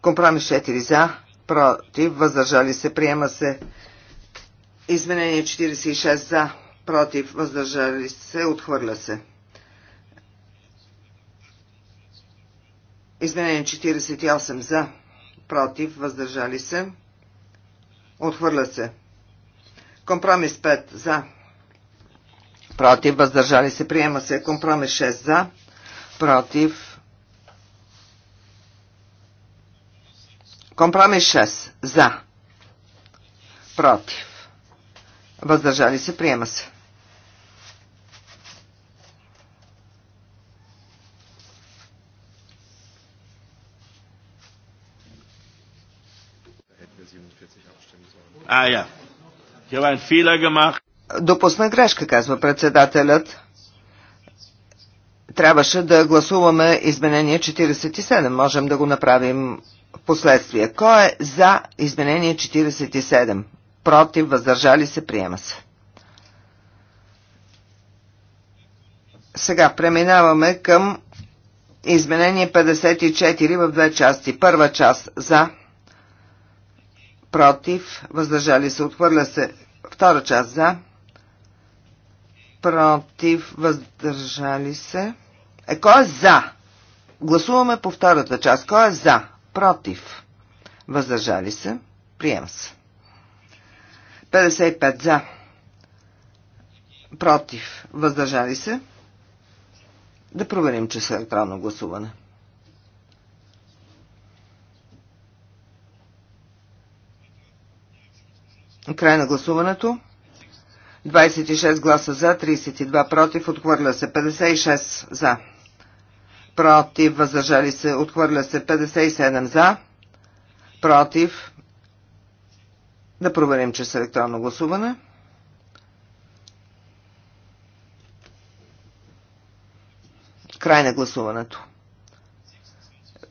Компромис 4 за. Против, въздържали се, приема се. Изменение 46 за. Против, въздържали се, отхвърля се. Изменение 48 за, против, въздържали се, отхвърля се. Компромис 5 за, против, въздържали се, приема се. Компромис 6 за, против. Компромис 6 за, против. Въздържали се, приема се. А, я. Допусна грешка, казва председателят. Трябваше да гласуваме изменение 47. Можем да го направим в последствие. Кой е за изменение 47? Против, въздържали се, приема се. Сега преминаваме към изменение 54 в две части. Първа част за, против, въздържали се, отхвърля се. Втора част за, против, въздържали се. Е, кой е за? Гласуваме по втората част. Кой е за? Против. Въздържали се. Приема се. 55 за. Против. Въздържали се. Да проверим, че са електронно гласуване. 55. Край на гласуването. 26 гласа за, 32 против, отхвърля се 56 за. Против, въздържали се, отхвърля се 57 за. Против. Да проверим, че с електронно гласуване. Край на гласуването.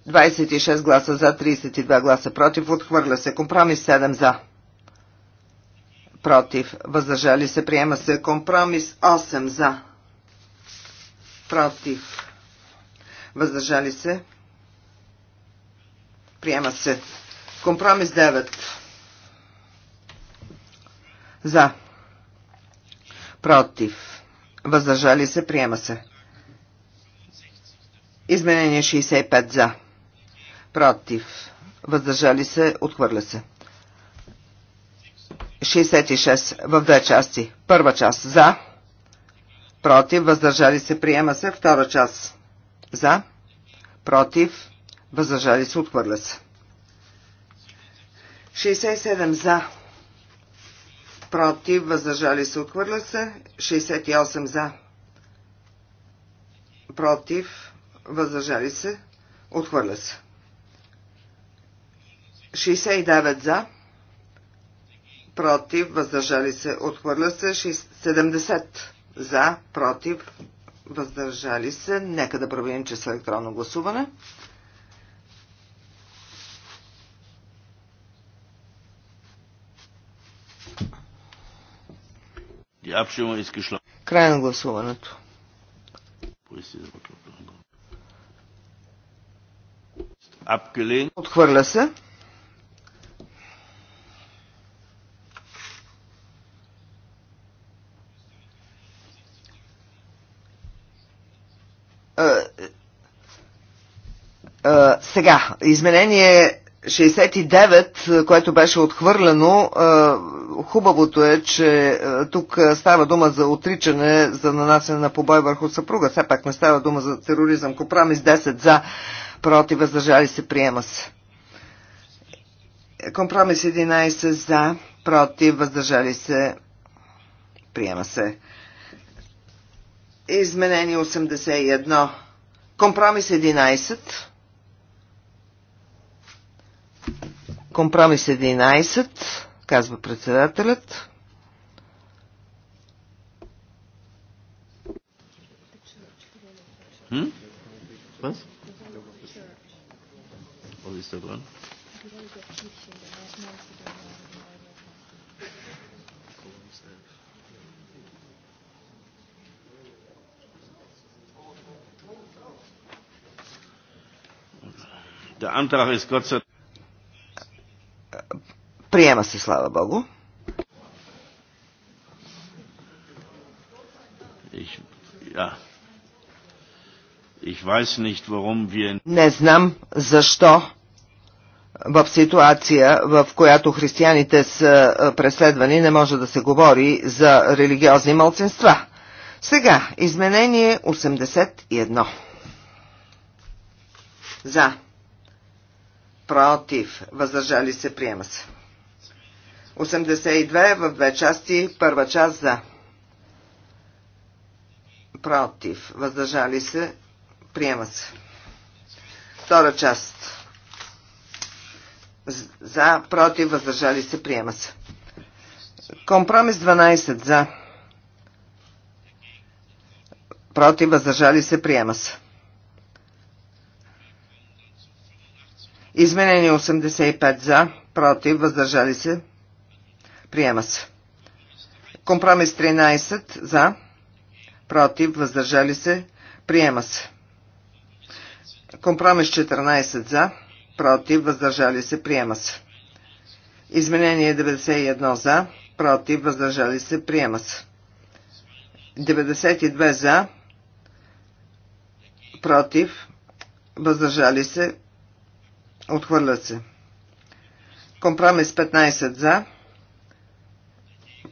26 гласа за, 32 гласа против, отхвърля се. Компромис 7 за против, въздържали се, приема се компромис 8 за, против, въздържали се, приема се компромис 9 за, против, въздържали се, приема се. Изменение 65 за, против, въздържали се, отхвърля се. 66 в две части. Първа част за, против, въздържали се, приема се. Втора част за, против, въздържали се, отхвърля се. 67 за, против, въздържали се, отхвърля се. 68 за, против, въздържали се, отхвърля се. 69 за, против, въздържали се, отхвърля се 70 за, против, въздържали се. Нека да проведем, че с електронно гласуване. Край на гласуването. Отхвърля се. Сега, изменение 69, което беше отхвърлено, хубавото е, че тук става дума за отричане, за нанасене на побой върху съпруга. Все пак не става дума за тероризъм. Компромис 10 за, против, въздържали се, приема се. Компромис 11 за, против, въздържали се, приема се. Изменение 81. Компромис 11. Компромис 11, казва председателят. Hm? Was? Was ist da dran? Der Antrag ist Gott sei Приема се, слава Богу. Не знам защо в ситуация, в която християните са преследвани, не може да се говори за религиозни мълцинства. Сега, изменение 81. За. Против. Въздържали се. Приема се. 82 в две части. Първа част за. Против. Въздържали се. Приема се. Втора част. За. Против. Въздържали се. Приема се. Компромис 12 за. Против. Въздържали се. Приема се. Изменение 85 за. Против. Въздържали се. Приема се. Компромис 13 за, против, въздържали се, приема се. Компромис 14 за, против, въздържали се, приема се. Изменение 91 за, против, въздържали се, приема се. 92 за, против, въздържали се, отхвърлят се. Компромис 15 за,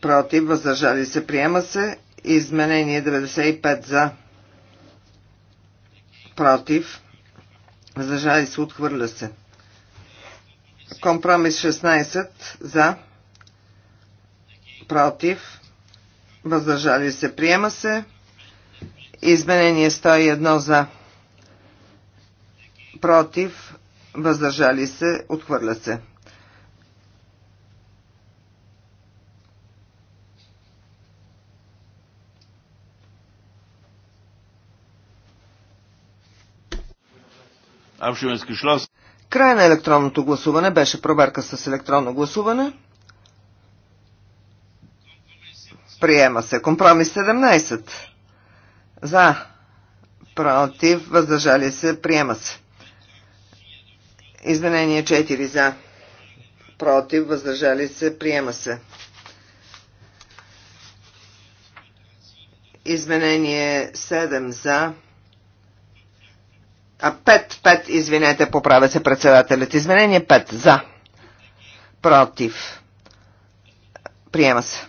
против, въздържали се, приема се. Изменение 95 за, против, въздържали се, отхвърля се. Компромис 16 за, против, въздържали се, приема се. Изменение 101 за, против, въздържали се, отхвърля се. Край на електронното гласуване беше проверка с електронно гласуване. Приема се. Компромис 17. За. Против. Въздържали се. Приема се. Изменение 4. За. Против. Въздържали се. Приема се. Изменение 7. За а 5, 5, извинете, поправя се председателят. Изменение 5. За. Против. Приема се.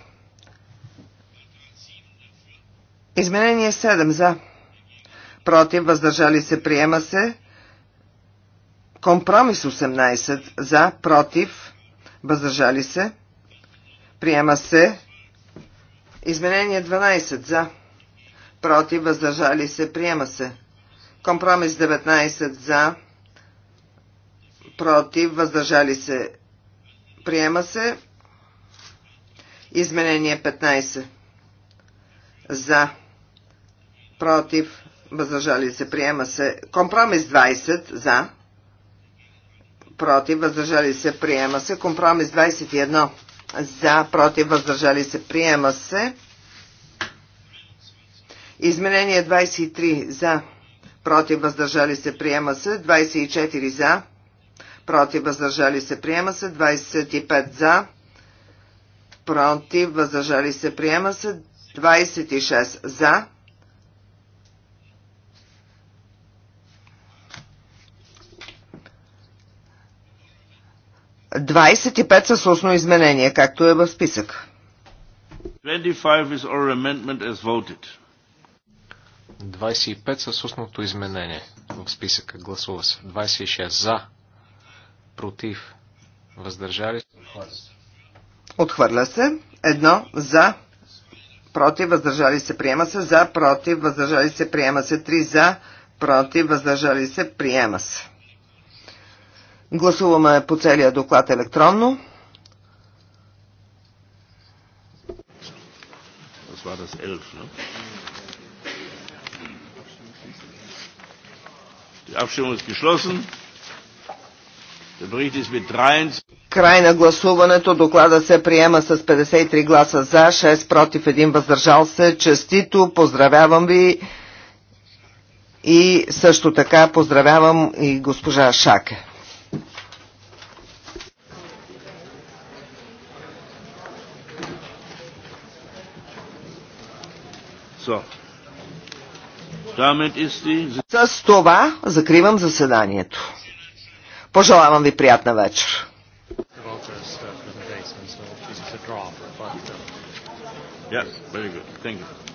Изменение 7. За. Против. Въздържали се. Приема се. Компромис 18. За. Против. Въздържали се. Приема се. Изменение 12. За. Против. Въздържали се. Приема се. Компромис 19 за, против, въздържали се, приема се. Изменение 15 за, против, въздържали се, приема се. Компромис 20 за, против, въздържали се, приема се. Компромис 21 за, против, въздържали се, приема се. Изменение 23 за, против въздържали се, приема се, 24 за, против въздържали се, приема се, 25 за, против въздържали се, приема се, 26 за, Двадесет и пет с устно изменение, както е в списък. 25 is our amendment as voted. 25 със устното изменение в списъка. Гласува се. 26 за. Против. Въздържали се. Отхвърля се. Отхвърля се. Едно за. Против. Въздържали се. Приема се. За. Против. Въздържали се. Приема се. Три за. Против. Въздържали се. Приема се. Гласуваме по целия доклад електронно. Това е 11, ne? Die Abstimmung ist geschlossen. Der Bericht ist mit 23 Край на гласуването доклада се приема с 53 гласа за, 6 против, 1 въздържал се. Честито, поздравявам ви и също така поздравявам и госпожа Шаке. So. С това закривам заседанието. Пожелавам ви приятна вечер. Yeah, very good. Thank you.